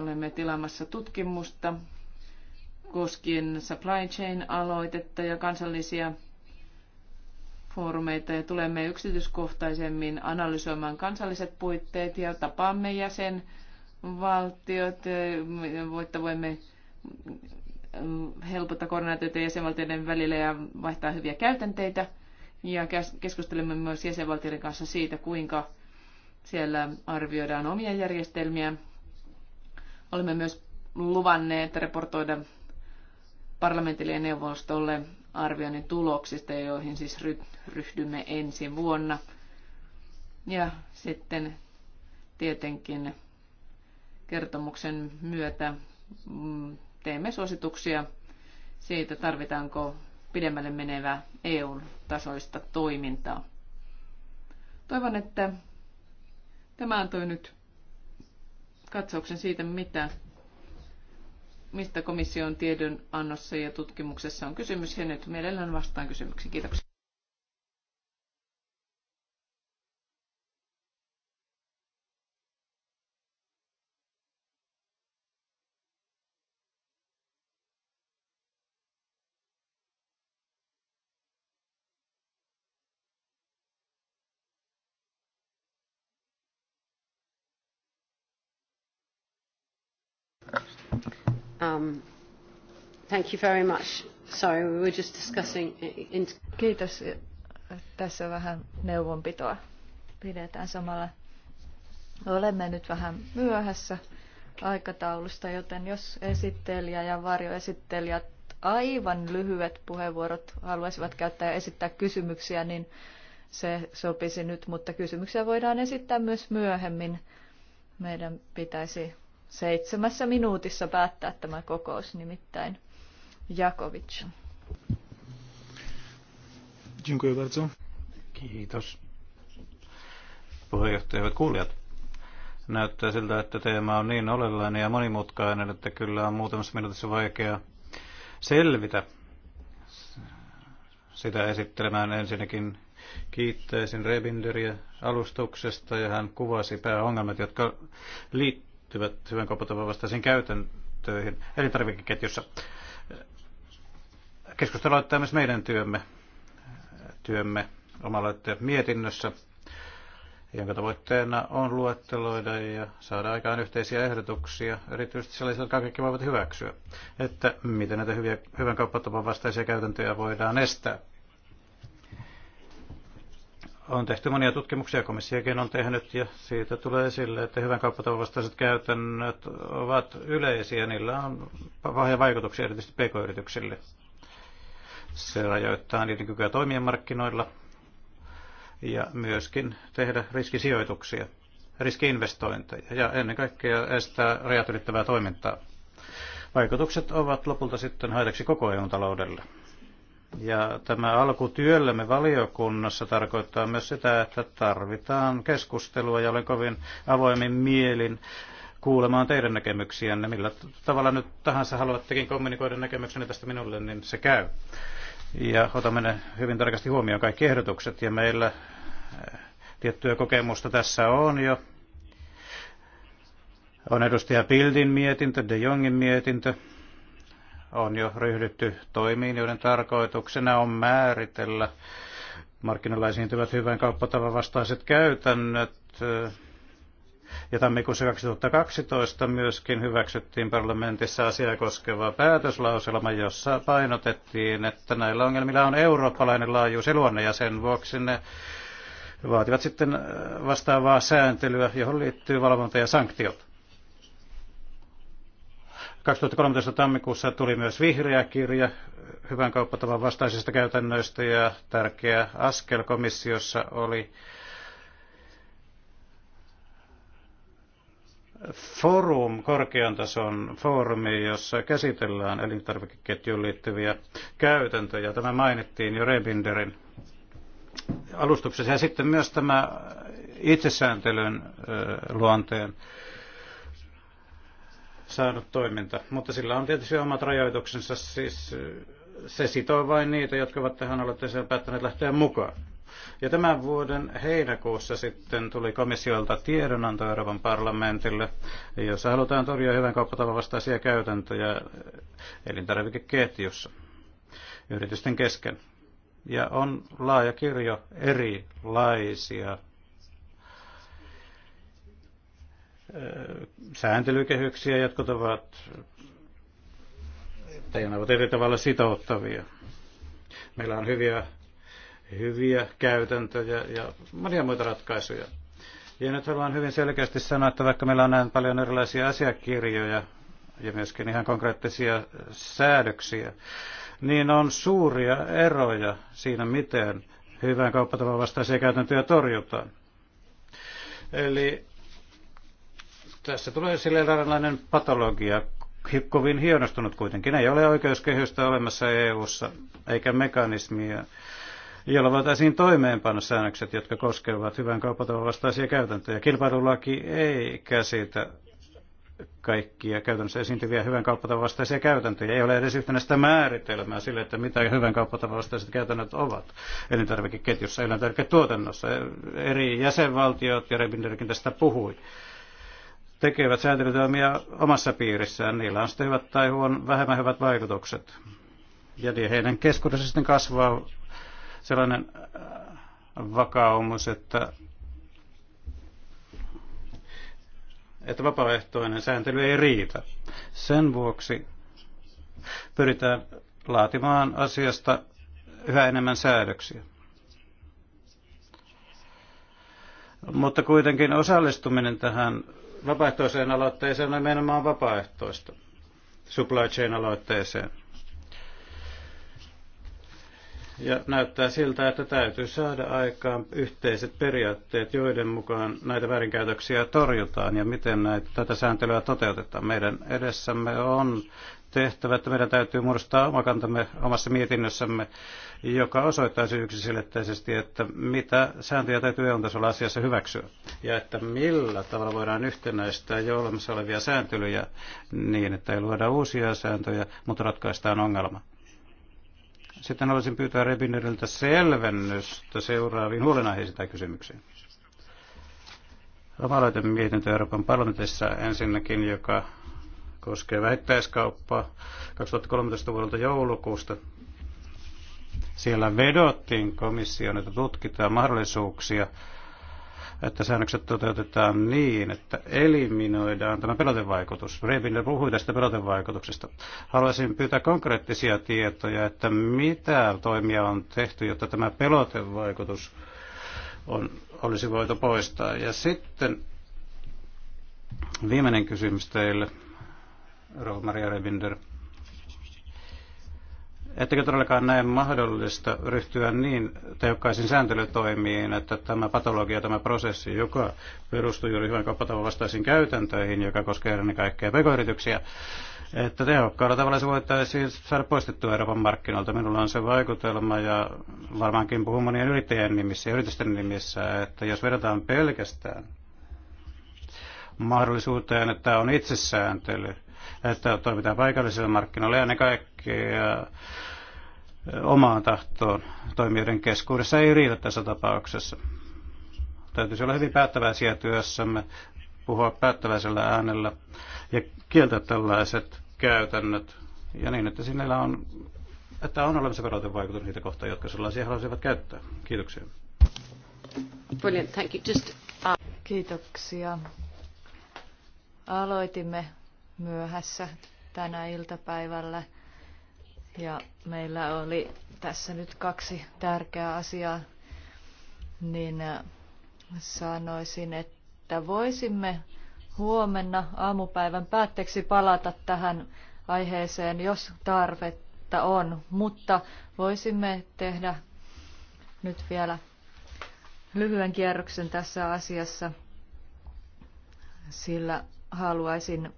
Olemme tilaamassa tutkimusta koskien supply chain-aloitetta ja kansallisia foorumeita ja tulemme yksityiskohtaisemmin analysoimaan kansalliset puitteet ja tapaamme jäsen valtiot, voitta voimme mm, helpottaa koordinaatioita jäsenvaltioiden välillä ja vaihtaa hyviä käytänteitä. Ja keskustelemme myös jäsenvaltioiden kanssa siitä, kuinka siellä arvioidaan omia järjestelmiä. Olemme myös luvanneet raportoida parlamentille ja neuvostolle arvioinnin tuloksista, joihin siis ryhdymme ensi vuonna. Ja sitten tietenkin kertomuksen myötä mm, teemme suosituksia siitä, tarvitaanko pidemmälle menevää EU-tasoista toimintaa. Toivon, että tämä antoi nyt katsauksen siitä, mitä, mistä komission tiedonannossa ja tutkimuksessa on kysymys. Ja nyt mielellään vastaan kysymyksiin. Kiitoksia. Um, thank you very much. Sorry, we were just discussing... Kiitos. Tässä vähän neuvonpitoa pidetään samalla. Olemme nyt vähän myöhässä aikataulusta, joten jos esittelijä ja varjoesittelijät aivan lyhyet puheenvuorot haluaisivat käyttää ja esittää kysymyksiä, niin se sopisi nyt, mutta kysymyksiä voidaan esittää myös myöhemmin. Meidän pitäisi seitsemässä minuutissa päättää tämä kokous, nimittäin Jakovic. Kiitos. Puheenjohtaja, hyvät kuulijat. Näyttää siltä, että teema on niin olellainen ja monimutkainen, että kyllä on muutamassa minuutissa vaikea selvitä sitä esittelemään. Ensinnäkin kiittäisin Rebinderiä alustuksesta ja hän kuvasi pääongelmat, jotka liittyvät liittyvät hyvän kauppatavan vastaisiin käytäntöihin elintarvikeketjussa. Keskustelu aloittaa myös meidän työmme, työmme omalla mietinnössä, jonka tavoitteena on luetteloida ja saada aikaan yhteisiä ehdotuksia, erityisesti sellaisia, jotka kaikki voivat hyväksyä, että miten näitä hyviä, hyvän kauppatavan vastaisia käytäntöjä voidaan estää. On tehty monia tutkimuksia, komissiokin on tehnyt, ja siitä tulee esille, että hyvän kauppatavan vastaiset käytännöt ovat yleisiä. Niillä on pahoja vaikutuksia erityisesti pk-yrityksille. Se rajoittaa niiden kykyä toimia markkinoilla ja myöskin tehdä riskisijoituksia, riskiinvestointeja ja ennen kaikkea estää rajat ylittävää toimintaa. Vaikutukset ovat lopulta sitten haitaksi koko EUn taloudelle. Ja tämä alkutyöllämme valiokunnassa tarkoittaa myös sitä, että tarvitaan keskustelua ja olen kovin avoimin mielin kuulemaan teidän näkemyksiänne. Millä tavalla nyt tahansa haluattekin kommunikoida näkemyksenne tästä minulle, niin se käy. Ja otamme ne hyvin tarkasti huomioon kaikki ehdotukset ja meillä eh, tiettyä kokemusta tässä on jo. On edustaja Pildin mietintö, De Jongin mietintö, on jo ryhdytty toimiin, joiden tarkoituksena on määritellä markkinoilla esiintyvät hyvän kauppatavan vastaiset käytännöt. Ja tammikuussa 2012 myöskin hyväksyttiin parlamentissa asiaa koskeva päätöslauselma, jossa painotettiin, että näillä ongelmilla on eurooppalainen laajuus ja luonne, ja sen vuoksi ne vaativat sitten vastaavaa sääntelyä, johon liittyy valvonta ja sanktiot. 2013 tammikuussa tuli myös vihreä kirja hyvän kauppatavan vastaisista käytännöistä ja tärkeä askel komissiossa oli forum, korkean tason foorumi, jossa käsitellään elintarvikeketjuun liittyviä käytäntöjä. Tämä mainittiin jo Rebinderin alustuksessa. Ja sitten myös tämä itsesääntelyn luonteen saanut toiminta. Mutta sillä on tietysti omat rajoituksensa, siis eh, se sitoo vain niitä, jotka ovat tähän aloitteeseen päättäneet lähteä mukaan. Ja tämän vuoden heinäkuussa sitten tuli komissiolta tiedonanto Euroopan parlamentille, jossa halutaan torjua hyvän kauppatavan vastaisia käytäntöjä eh, elintarvikeketjussa yritysten kesken. Ja on laaja kirjo erilaisia sääntelykehyksiä, jotka ovat, ovat eri tavalla sitouttavia. Meillä on hyviä, hyviä käytäntöjä ja monia muita ratkaisuja. Ja nyt haluan hyvin selkeästi sanoa, että vaikka meillä on näin paljon erilaisia asiakirjoja ja myöskin ihan konkreettisia säädöksiä, niin on suuria eroja siinä, miten hyvän kauppatavan vastaisia käytäntöjä torjutaan. Eli tässä tulee esille eräänlainen patologia, kovin hienostunut kuitenkin. Ei ole oikeuskehystä olemassa EU-ssa, eikä mekanismia, jolla voitaisiin toimeenpanna säännökset, jotka koskevat hyvän kaupatavan vastaisia käytäntöjä. Kilpailulaki ei käsitä kaikkia käytännössä esiintyviä hyvän kauppatavan vastaisia käytäntöjä. Ei ole edes yhtenäistä määritelmää sille, että mitä hyvän kauppatavan vastaiset käytännöt ovat elintarvikeketjussa, elintarviketuotannossa. Eri jäsenvaltiot, ja Rebinderkin tästä puhui, tekevät sääntelytoimia omassa piirissään. Niillä on sitten hyvät tai huon, vähemmän hyvät vaikutukset. Ja heidän keskuudessa sitten kasvaa sellainen äh, vakaumus, että, että vapaaehtoinen sääntely ei riitä. Sen vuoksi pyritään laatimaan asiasta yhä enemmän säädöksiä. Mutta kuitenkin osallistuminen tähän vapaaehtoiseen aloitteeseen on nimenomaan vapaaehtoista supply chain aloitteeseen. Ja näyttää siltä, että täytyy saada aikaan yhteiset periaatteet, joiden mukaan näitä väärinkäytöksiä torjutaan ja miten näitä, tätä sääntelyä toteutetaan. Meidän edessämme on tehtävä, että meidän täytyy muodostaa omakantamme omassa mietinnössämme joka osoittaisi yksiselitteisesti, että mitä sääntöjä täytyy EU-tasolla asiassa hyväksyä ja että millä tavalla voidaan yhtenäistää jo olemassa olevia sääntelyjä niin, että ei luoda uusia sääntöjä, mutta ratkaistaan ongelma. Sitten haluaisin pyytää Rebineriltä selvennystä seuraaviin huolenaiheisiin tai kysymyksiin. Oma-aloiten mietintö Euroopan parlamentissa ensinnäkin, joka koskee vähittäiskauppaa 2013 vuodelta joulukuusta. Siellä vedottiin komission, että tutkitaan mahdollisuuksia, että säännökset toteutetaan niin, että eliminoidaan tämä pelotevaikutus. Rebinder puhui tästä pelotevaikutuksesta. Haluaisin pyytää konkreettisia tietoja, että mitä toimia on tehty, jotta tämä pelotevaikutus on, olisi voitu poistaa. Ja sitten viimeinen kysymys teille, Rova Maria Rebinder. Ettekö todellakaan näe mahdollista ryhtyä niin tehokkaisiin sääntelytoimiin, että tämä patologia, tämä prosessi, joka perustuu juuri hyvän kauppatavan vastaisiin käytäntöihin, joka koskee ennen kaikkea pk-yrityksiä, että tehokkaalla tavalla se voitaisiin saada poistettua Euroopan markkinoilta. Minulla on se vaikutelma ja varmaankin puhun monien yrittäjien nimissä ja yritysten nimissä, että jos vedetään pelkästään mahdollisuuteen, että on itsesääntely, että toimitaan paikallisilla markkinoilla ja ne kaikki omaan tahtoon toimijoiden keskuudessa ei riitä tässä tapauksessa. Täytyisi olla hyvin päättäväisiä työssämme, puhua päättäväisellä äänellä ja kieltää tällaiset käytännöt ja niin, että sinillä on, että on olemassa vaikutus niitä kohtaan, jotka sellaisia haluaisivat käyttää. Kiitoksia. Brilliant, thank you. Just, uh... Kiitoksia. Aloitimme myöhässä tänä iltapäivällä. Ja meillä oli tässä nyt kaksi tärkeää asiaa, niin äh, sanoisin, että voisimme huomenna aamupäivän päätteeksi palata tähän aiheeseen, jos tarvetta on, mutta voisimme tehdä nyt vielä lyhyen kierroksen tässä asiassa, sillä haluaisin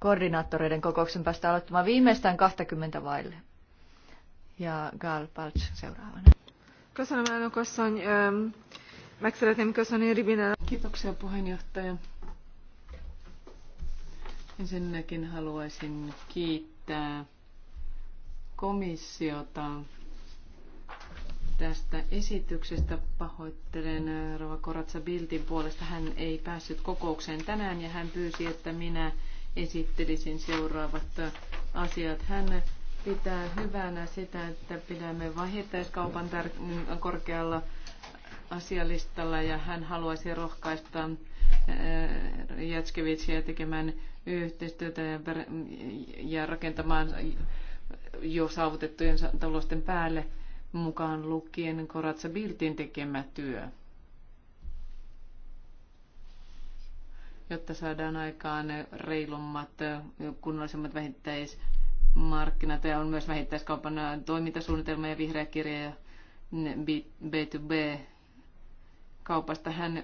koordinaattoreiden kokouksen päästä aloittamaan viimeistään 20 vaille. Ja Gal Palch seuraavana. Kiitoksia puheenjohtaja. Ensinnäkin haluaisin kiittää komissiota tästä esityksestä. Pahoittelen Rova Koratsa Biltin puolesta. Hän ei päässyt kokoukseen tänään ja hän pyysi, että minä esittelisin seuraavat asiat. Hän pitää hyvänä sitä, että pidämme vähittäiskaupan tär- korkealla asialistalla ja hän haluaisi rohkaista äh, Jatskeviciä tekemään yhteistyötä ja rakentamaan jo saavutettujen talousten päälle mukaan lukien Koratsa Biltin tekemä työ. jotta saadaan aikaan reilummat, kunnollisemmat vähittäismarkkinat. Ja on myös vähittäiskaupan toimintasuunnitelma ja vihreä kirja ja B2B kaupasta. Hän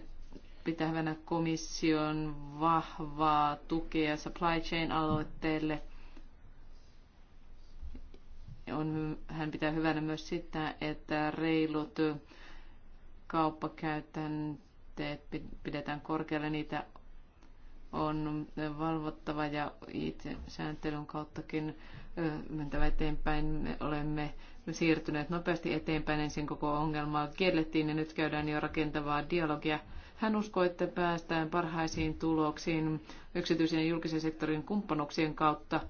pitää hyvänä komission vahvaa tukea supply chain aloitteelle. On, hän pitää hyvänä myös sitä, että reilut kauppakäytänteet pidetään korkealla. niitä on valvottava ja itse sääntelyn kauttakin mentävä eteenpäin. Me olemme siirtyneet nopeasti eteenpäin. Ensin koko ongelmaa kiellettiin ja nyt käydään jo rakentavaa dialogia. Hän uskoo, että päästään parhaisiin tuloksiin yksityisen ja julkisen sektorin kumppanuksien kautta.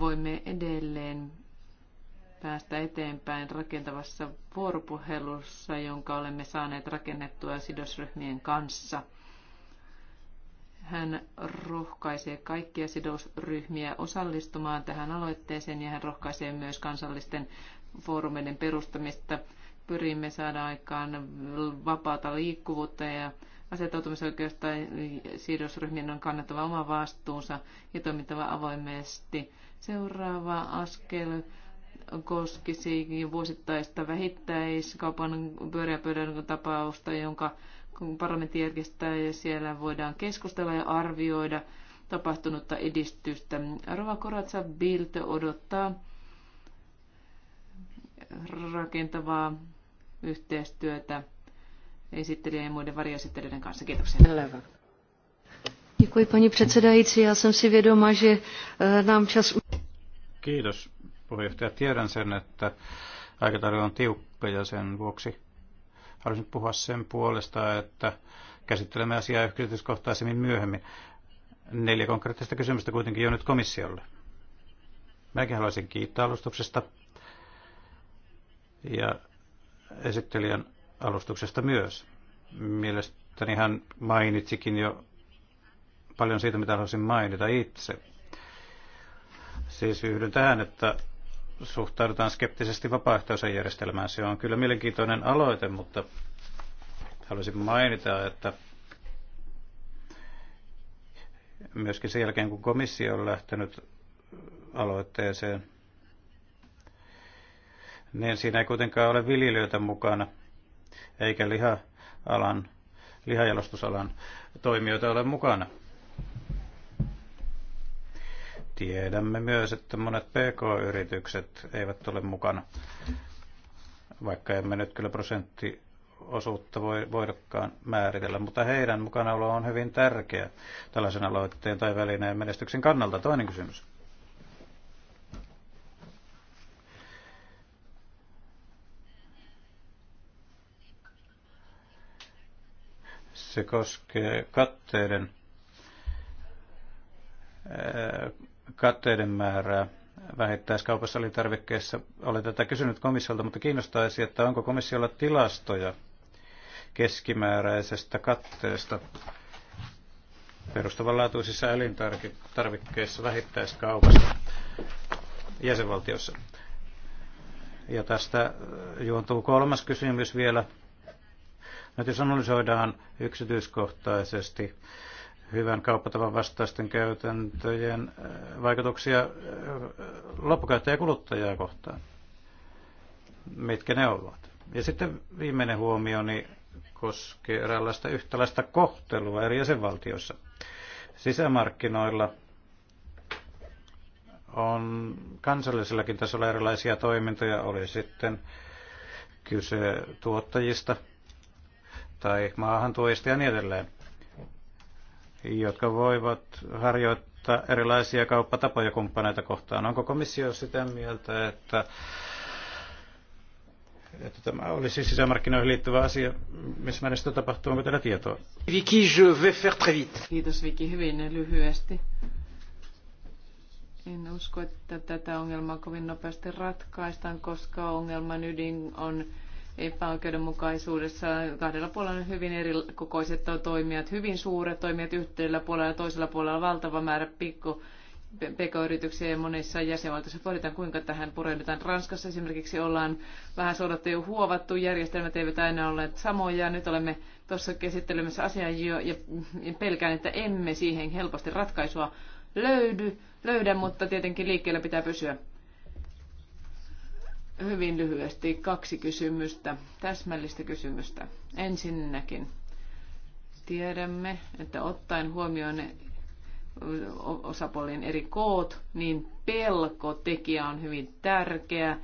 Voimme edelleen päästä eteenpäin rakentavassa vuoropuhelussa, jonka olemme saaneet rakennettua sidosryhmien kanssa. Hän rohkaisee kaikkia sidosryhmiä osallistumaan tähän aloitteeseen ja hän rohkaisee myös kansallisten foorumeiden perustamista. Pyrimme saada aikaan vapaata liikkuvuutta ja asetautumisoikeus tai sidosryhmien on kannettava oma vastuunsa ja toimittava avoimesti. Seuraava askel koskisi vuosittaista vähittäiskaupan pyöräpöydän tapausta, jonka kun parlamentti järjestää ja siellä voidaan keskustella ja arvioida tapahtunutta edistystä. Rova Koratsa Bilte odottaa rakentavaa yhteistyötä esittelijän ja muiden varjoesittelijöiden kanssa. Kiitoksia. Děkuji, paní předsedající. Já jsem si vědoma, že eh, nám čas... Kiitos, puheenjohtaja. Tiedän sen, että aikataulu on tiukka ja sen vuoksi Haluaisin puhua sen puolesta, että käsittelemme asiaa yksityiskohtaisemmin myöhemmin. Neljä konkreettista kysymystä kuitenkin jo nyt komissiolle. Mäkin haluaisin kiittää alustuksesta ja esittelijän alustuksesta myös. Mielestäni hän mainitsikin jo paljon siitä, mitä haluaisin mainita itse. Siis yhdyn tähän, että suhtaudutaan skeptisesti vapaaehtoiseen järjestelmään. Se on kyllä mielenkiintoinen aloite, mutta haluaisin mainita, että myöskin sen jälkeen, kun komissio on lähtenyt aloitteeseen, niin siinä ei kuitenkaan ole viljelijöitä mukana, eikä liha-alan, lihajalostusalan toimijoita ole mukana. Tiedämme myös, että monet PK-yritykset eivät ole mukana, vaikka emme nyt kyllä prosenttiosuutta voi, voidakaan määritellä, mutta heidän mukanaolo on hyvin tärkeä tällaisen aloitteen tai välineen menestyksen kannalta. Toinen kysymys. Se koskee katteiden katteiden määrää vähittäiskaupassa tarvikkeessa. Olen tätä kysynyt komissiolta, mutta kiinnostaisi, että onko komissiolla tilastoja keskimääräisestä katteesta perustavanlaatuisissa elintarvikkeissa vähittäiskaupassa jäsenvaltiossa. Ja tästä juontuu kolmas kysymys vielä. Nyt jos analysoidaan yksityiskohtaisesti hyvän kauppatavan vastaisten käytäntöjen äh, vaikutuksia äh, loppukäyttäjä kuluttajaa kohtaan. Mitkä ne ovat? Ja sitten viimeinen huomioni koskee eräänlaista yhtäläistä kohtelua eri jäsenvaltioissa. Sisämarkkinoilla on kansallisellakin tasolla erilaisia toimintoja, oli sitten kyse tuottajista tai maahantuojista ja niin edelleen jotka voivat harjoittaa erilaisia kauppatapoja kumppaneita kohtaan. Onko komissio sitä mieltä, että, että tämä olisi sisämarkkinoihin liittyvä asia? Missä mielestä tapahtuu? Onko teillä tietoa? Viki, je vais faire très vite. Kiitos Viki, hyvin lyhyesti. En usko, että tätä ongelmaa kovin nopeasti ratkaistaan, koska ongelman ydin on epäoikeudenmukaisuudessa. Kahdella puolella on hyvin erikokoiset toimijat, hyvin suuret toimijat yhdellä puolella ja toisella puolella valtava määrä pikku PK-yrityksiä ja monissa jäsenvaltioissa pohditaan, kuinka tähän pureudutaan. Ranskassa esimerkiksi ollaan vähän sodattu jo huovattu, järjestelmät eivät aina olleet samoja. Nyt olemme tuossa käsittelemässä asiaa jo ja pelkään, että emme siihen helposti ratkaisua löydy, löydä, mutta tietenkin liikkeellä pitää pysyä hyvin lyhyesti kaksi kysymystä, täsmällistä kysymystä. Ensinnäkin tiedämme, että ottaen huomioon osapuolien eri koot, niin pelkotekijä on hyvin tärkeä.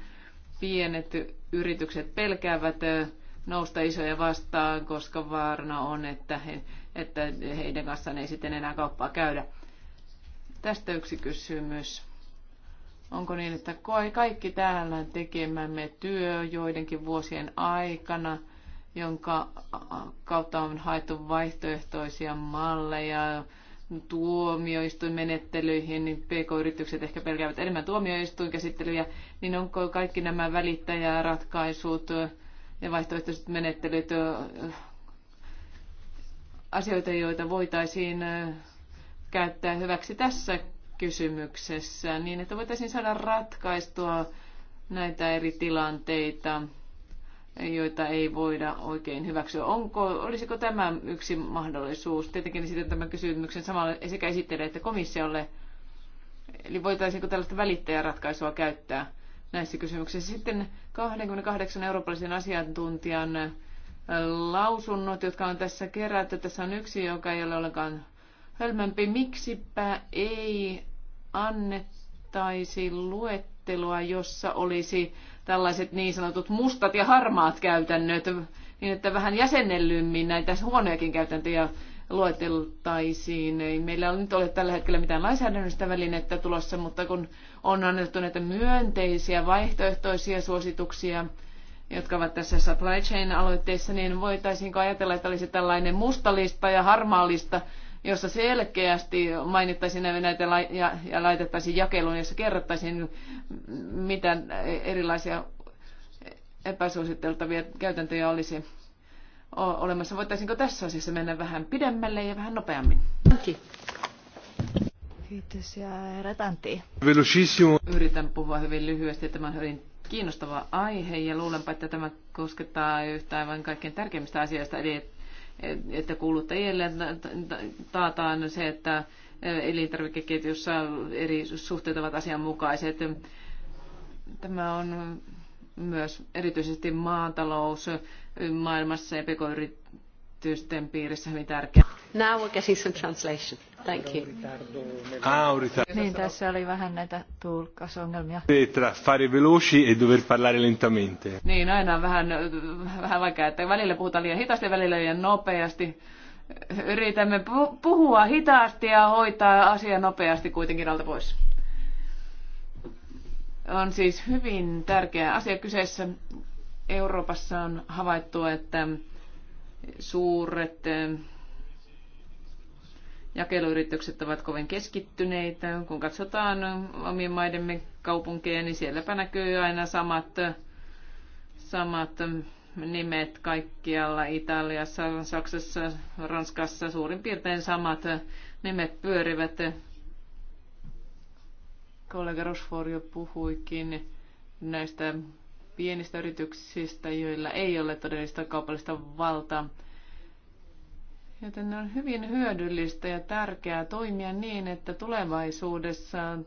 Pienet yritykset pelkäävät nousta isoja vastaan, koska vaarana on, että, he, että heidän kanssaan ei sitten enää kauppaa käydä. Tästä yksi kysymys Onko niin, että kaikki täällä tekemämme työ joidenkin vuosien aikana, jonka kautta on haettu vaihtoehtoisia malleja, tuomioistuinmenettelyihin, niin pk-yritykset ehkä pelkäävät enemmän tuomioistuinkäsittelyjä, niin onko kaikki nämä välittäjäratkaisut ja vaihtoehtoiset menettelyt asioita, joita voitaisiin käyttää hyväksi tässä kysymyksessä niin, että voitaisiin saada ratkaistua näitä eri tilanteita, joita ei voida oikein hyväksyä. Onko, olisiko tämä yksi mahdollisuus? Tietenkin sitten tämän kysymyksen samalla sekä esittelee että komissiolle. Eli voitaisiinko tällaista välittäjäratkaisua käyttää näissä kysymyksissä? Sitten 28 eurooppalaisen asiantuntijan lausunnot, jotka on tässä kerätty. Tässä on yksi, joka ei ole ollenkaan hölmömpi, miksipä ei annettaisi luetteloa, jossa olisi tällaiset niin sanotut mustat ja harmaat käytännöt, niin että vähän jäsennellymmin näitä huonojakin käytäntöjä lueteltaisiin. Ei meillä on nyt ole tällä hetkellä mitään lainsäädännöstä välinettä tulossa, mutta kun on annettu näitä myönteisiä vaihtoehtoisia suosituksia, jotka ovat tässä supply chain aloitteessa, niin voitaisiinko ajatella, että olisi tällainen musta lista ja harmaa lista, jossa selkeästi mainittaisiin näitä ja, laitettaisiin jakeluun, jossa kerrottaisiin, mitä erilaisia epäsuositeltavia käytäntöjä olisi olemassa. Voitaisiinko tässä asiassa mennä vähän pidemmälle ja vähän nopeammin? Kiitos ja ratanti. Yritän puhua hyvin lyhyesti. Tämä on hyvin kiinnostava aihe ja luulenpa, että tämä koskettaa yhtä aivan kaikkein tärkeimmistä asioista, eli että kuluttajille taataan se, että elintarvikeketjussa eri suhteet ovat asianmukaiset. Tämä on myös erityisesti maatalous maailmassa ja pk yritysten piirissä hyvin tärkeä. Now we're getting some translation. Thank you. Ah, niin, tässä oli vähän näitä tulkkausongelmia. Tra fare veloci e dover parlare lentamente. Niin, aina on vähän, vähän vaikea, että välillä puhutaan liian hitaasti, välillä liian nopeasti. Yritämme puhua hitaasti ja hoitaa asia nopeasti kuitenkin alta pois. On siis hyvin tärkeä asia kyseessä. Euroopassa on havaittu, että suuret eh, jakeluyritykset ovat kovin keskittyneitä. Kun katsotaan omien maidemme kaupunkeja, niin sielläpä näkyy aina samat, samat nimet kaikkialla Italiassa, Saksassa, Ranskassa. Suurin piirtein samat nimet pyörivät. Kollega Rosforio puhuikin näistä pienistä yrityksistä, joilla ei ole todellista kaupallista valtaa. Joten on hyvin hyödyllistä ja tärkeää toimia niin, että tulevaisuudessa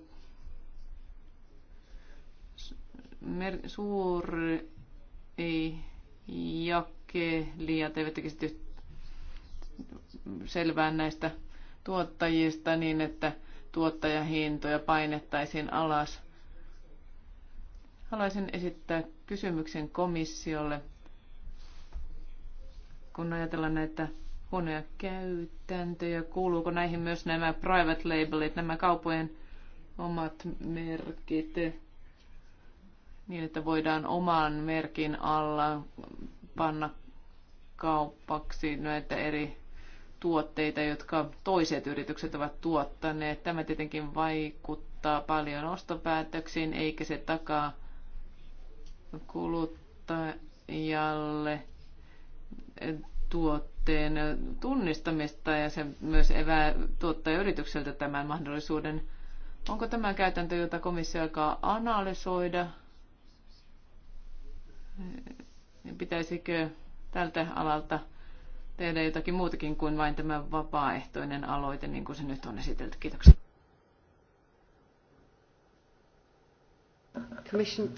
suuri jakelijat eivät tekisi selvää näistä tuottajista niin, että tuottajahintoja painettaisiin alas. Haluaisin esittää kysymyksen komissiolle. Kun ajatellaan näitä huonoja käytäntöjä, kuuluuko näihin myös nämä private labelit, nämä kaupojen omat merkit, niin että voidaan oman merkin alla panna kauppaksi näitä eri tuotteita, jotka toiset yritykset ovat tuottaneet. Tämä tietenkin vaikuttaa paljon ostopäätöksiin, eikä se takaa kuluttajalle tuotteen tunnistamista ja se myös evää tuottajayritykseltä tämän mahdollisuuden. Onko tämä käytäntö, jota komissio alkaa analysoida? Pitäisikö tältä alalta tehdä jotakin muutakin kuin vain tämä vapaaehtoinen aloite, niin kuin se nyt on esitelty? Kiitoksia. Commission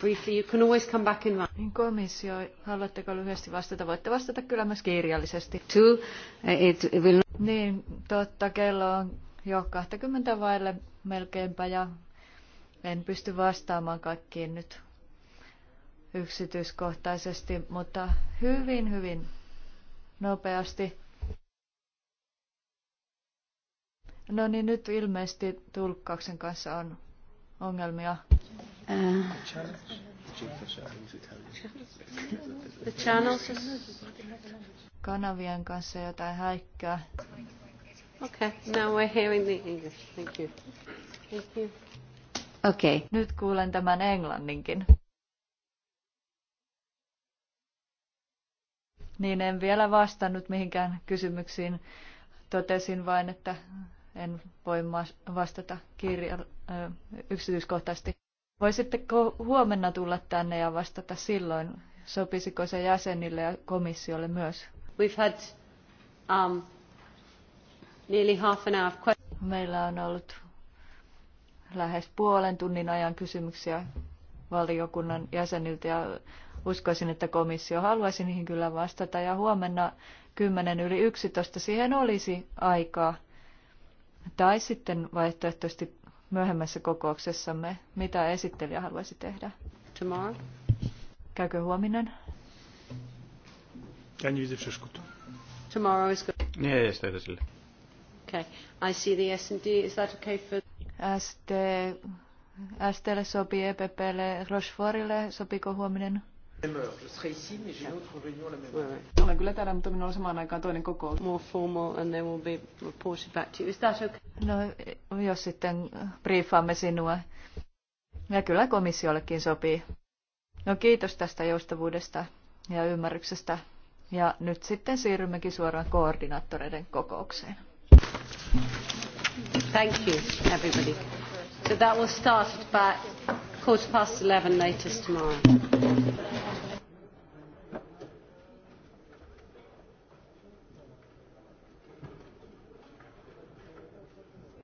briefly. You can always come back in niin, Komissio, haluatteko lyhyesti vastata? Voitte vastata kyllä myös kirjallisesti. Two, eh, it will... Niin, totta, kello on jo 20 vaille melkeinpä ja en pysty vastaamaan kaikkiin nyt yksityiskohtaisesti, mutta hyvin, hyvin nopeasti. No niin, nyt ilmeisesti tulkkauksen kanssa on ongelmia the channels Kanavien kanssa jotain häikkää. Okay, now we're hearing the English. Thank you. Thank you. Okay. Nyt kuulen tämän englanninkin. Niin en vielä vastannut mihinkään kysymyksiin. Totesin vain, että en voi vastata kirja, yksityiskohtaisesti. Voisitteko huomenna tulla tänne ja vastata silloin? Sopisiko se jäsenille ja komissiolle myös? We've had, um, nearly half an hour of Meillä on ollut lähes puolen tunnin ajan kysymyksiä valiokunnan jäseniltä ja uskoisin, että komissio haluaisi niihin kyllä vastata. Ja huomenna 10 yli 11 siihen olisi aikaa. Tai sitten vaihtoehtoisesti myöhemmässä kokouksessamme, mitä esittelijä haluaisi tehdä. Tomorrow. Käykö huominen? Ja nie niin, widzę Tomorrow is good. Nie, jest to sille. Okay. I see the S&D. Is that okay for... ST, STlle sopii, EPPlle, Rochefortille. sopiko huominen? Olen kyllä täällä, mutta minulla on samaan aikaan toinen kokous. More formal and then we'll be reported back to you. Is that okay? No, jos sitten briefaamme sinua. Ja kyllä komissiollekin sopii. No kiitos tästä joustavuudesta ja ymmärryksestä. Ja nyt sitten siirrymmekin suoraan koordinaattoreiden kokoukseen. Thank you, everybody. So that will start at about quarter past 11 latest tomorrow.